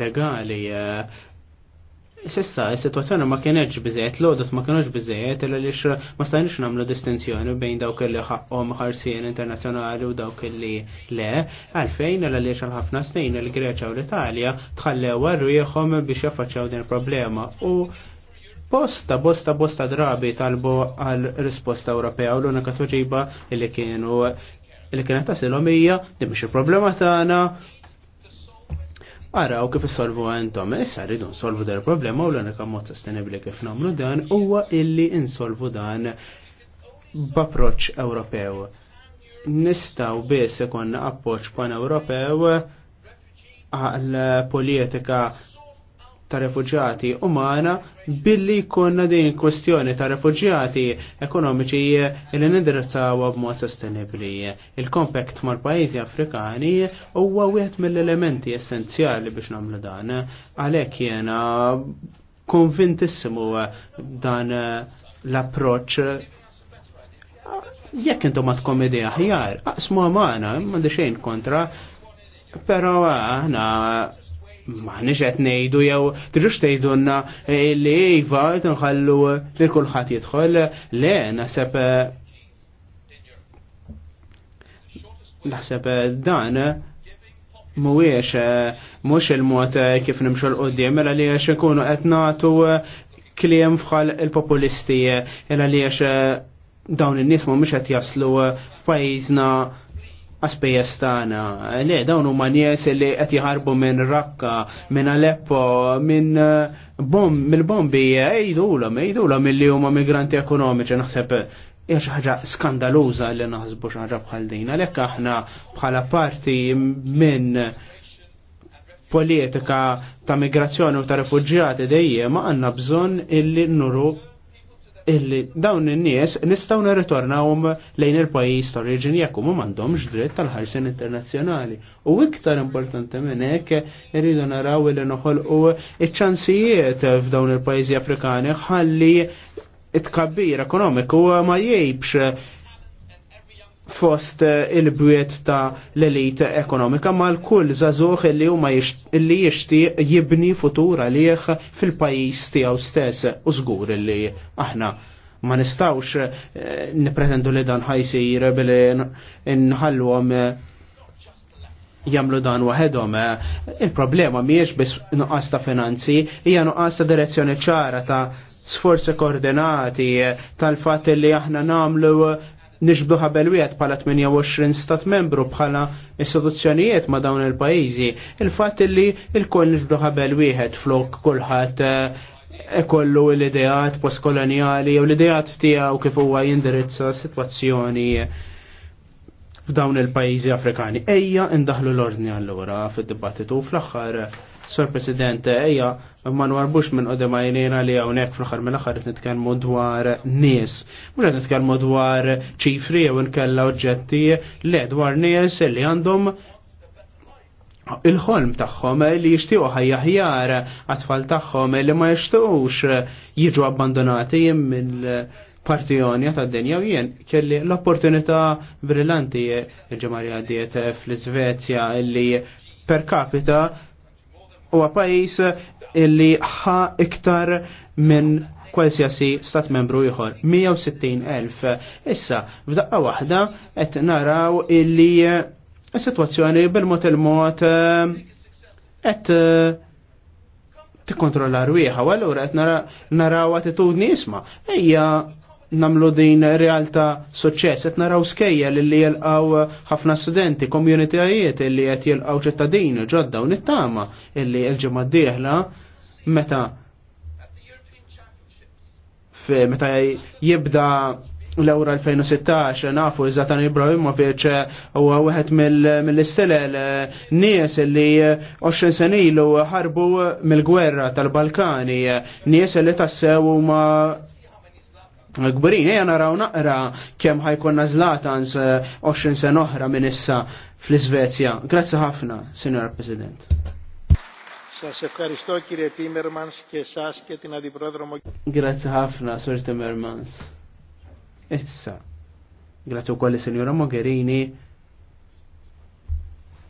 legali eh, Sissa, il-situazzjoni ma kienieġ bizziet, l-odot ma kienieġ bizziet, l-għalix ma stajniex namlu distinzjoni bejn dawk li ħaqqom ħarsien internazjonali u dawk li le, għalfejn l-għalix ħafna snin il-Greċa u l-Italja tħallew għarru jħom biex jaffaċċaw din problema u Bosta, bosta, bosta drabi talbu għal risposta Ewropea u l-unika tuġiba li kienu li kienet tasilhom hija li mhix il-problema tagħna Araw kif issolvu għentom, issa rridu nsolvu dar problema u l-unika mod sostenibli kif namlu dan huwa illi insolvu dan b'approċċ Ewropew. Nistaw biss ikun appoġġ pan-Ewropew għal politika ta' refugjati umana billi jkunna din kwestjoni ta' refugjati ekonomiċi li nindirizzawa b'mod sostenibli. Il-kompakt mal-pajjiżi Afrikani huwa wieħed mill-elementi essenzjali biex nagħmlu dan. Għalhekk jiena konvintissimu dan l-approċċ jekk intom ma tkom idea ħjar, aqsmu għamana, mandi xejn kontra, pero aħna Maħniġ qed ngħidu jew triġux tejdunna eh, li iva tinħallu li kulħadd jidħol le naħseb eh, naħseb eh, dan mhuwiex mhux il mot kif nimxu l qoddim mela li għax ikunu qed nagħtu kliem fħal il-populisti mela li għax dawn in-nies mhumiex qed jaslu f'pajjiżna għaspejjes tagħna. Le, dawn huma nies li qed jħarbu minn Rakka, minn Aleppo, minn eh, bomb, mill-bombi jgħidulhom, jgħidulhom milli huma migranti ekonomiċi naħseb hija xi ħaġa skandaluża li naħsbu xi ħaġa bħal din. Għalhekk aħna bħala parti minn politika ta' migrazzjoni u ta' refuġjati dejjem għandna bżonn illi nuru illi dawn in-nies nistgħu nirritornawhom lejn il-pajjiż ta' oriġini jekk huma m'għandhomx dritt tal-ħarsien internazzjonali. U iktar importanti minn hekk irridu naraw li noħolqu iċ-ċansijiet f'dawn il-pajjiżi Afrikani ħalli it-kabbir ekonomiku ma jgħibx fost eh, il-bwiet ta' l-elit ekonomika mal kull zazuħ li huma li jixtieq jibni futur għalih fil-pajjiż tiegħu stess u żgur li aħna ma nistawx eh, nipretendu li dan ħajsir billi nħalluhom eh, jamlu dan waħedhom. Il-problema miex biss nuqqas ta' finanzi, hija nuqqas ta' direzzjoni ċara ta' sforzi koordinati tal-fatt li aħna namlu nixbdu ħabel wieħed bħala 28 stat membru bħala istituzzjonijiet ma' dawn il-pajjiżi. Il-fatt li l-koll nixbdu ħabel wieħed flok kulħadd eh, kollu l-idejat postkoloniali u l-idejat tiegħu kif huwa jindirizza sitwazzjoni f'dawn il-pajjiżi Afrikani. Ejja indaħlu l-ordni allura fid-dibattitu fl-aħħar Sur President, eja, ma nwarbux minn qodem għajnina li għawnek fl-axar mill-axar nitkelmu dwar nies. Mux nitkelmu dwar ċifri u nkella oġġetti, le dwar nies li għandhom il-ħolm tagħhom li jixtiequ ħajja ħjar għatfall tagħhom li ma jixtiequx jiġu abbandonati mill partijoni ta' d-dinja u jien kelli l-opportunità brillanti il-ġemarja diet fl-Svezja li per capita huwa pajjiż illi ħa iktar minn kwalsiasi stat membru ieħor 160,000. Issa, f'daqqa waħda qed naraw illi eh, is-sitwazzjoni bil-mod il-mod eh, qed eh, tikkontrolla rwieħa, u allura qed naraw attitudni isma' ejja namlu din realtà suċċess. Et naraw skejja li jelqaw ħafna studenti, komunitajiet li qed jelqaw ċittadini ġodda u nittama li l-ġimgħa d-dieħla meta meta jibda l-Ewra 2016 nafu iżatan Ibrahimovic u għahet mill-istelel nies li 20 senilu ħarbu mill-gwerra tal-Balkani nies li tassew ma Gburin, eja naraw naqra kem ħajkonna zlatans 20 eh, sen oħra minn issa fl-Svezja. Grazzi ħafna, Signor President. Σας ευχαριστώ κύριε Τίμερμανς και εσάς και την Αντιπρόεδρο Grazie ħafna, Sir Timmermans. Issa. Grazie u kolli Signora Mogherini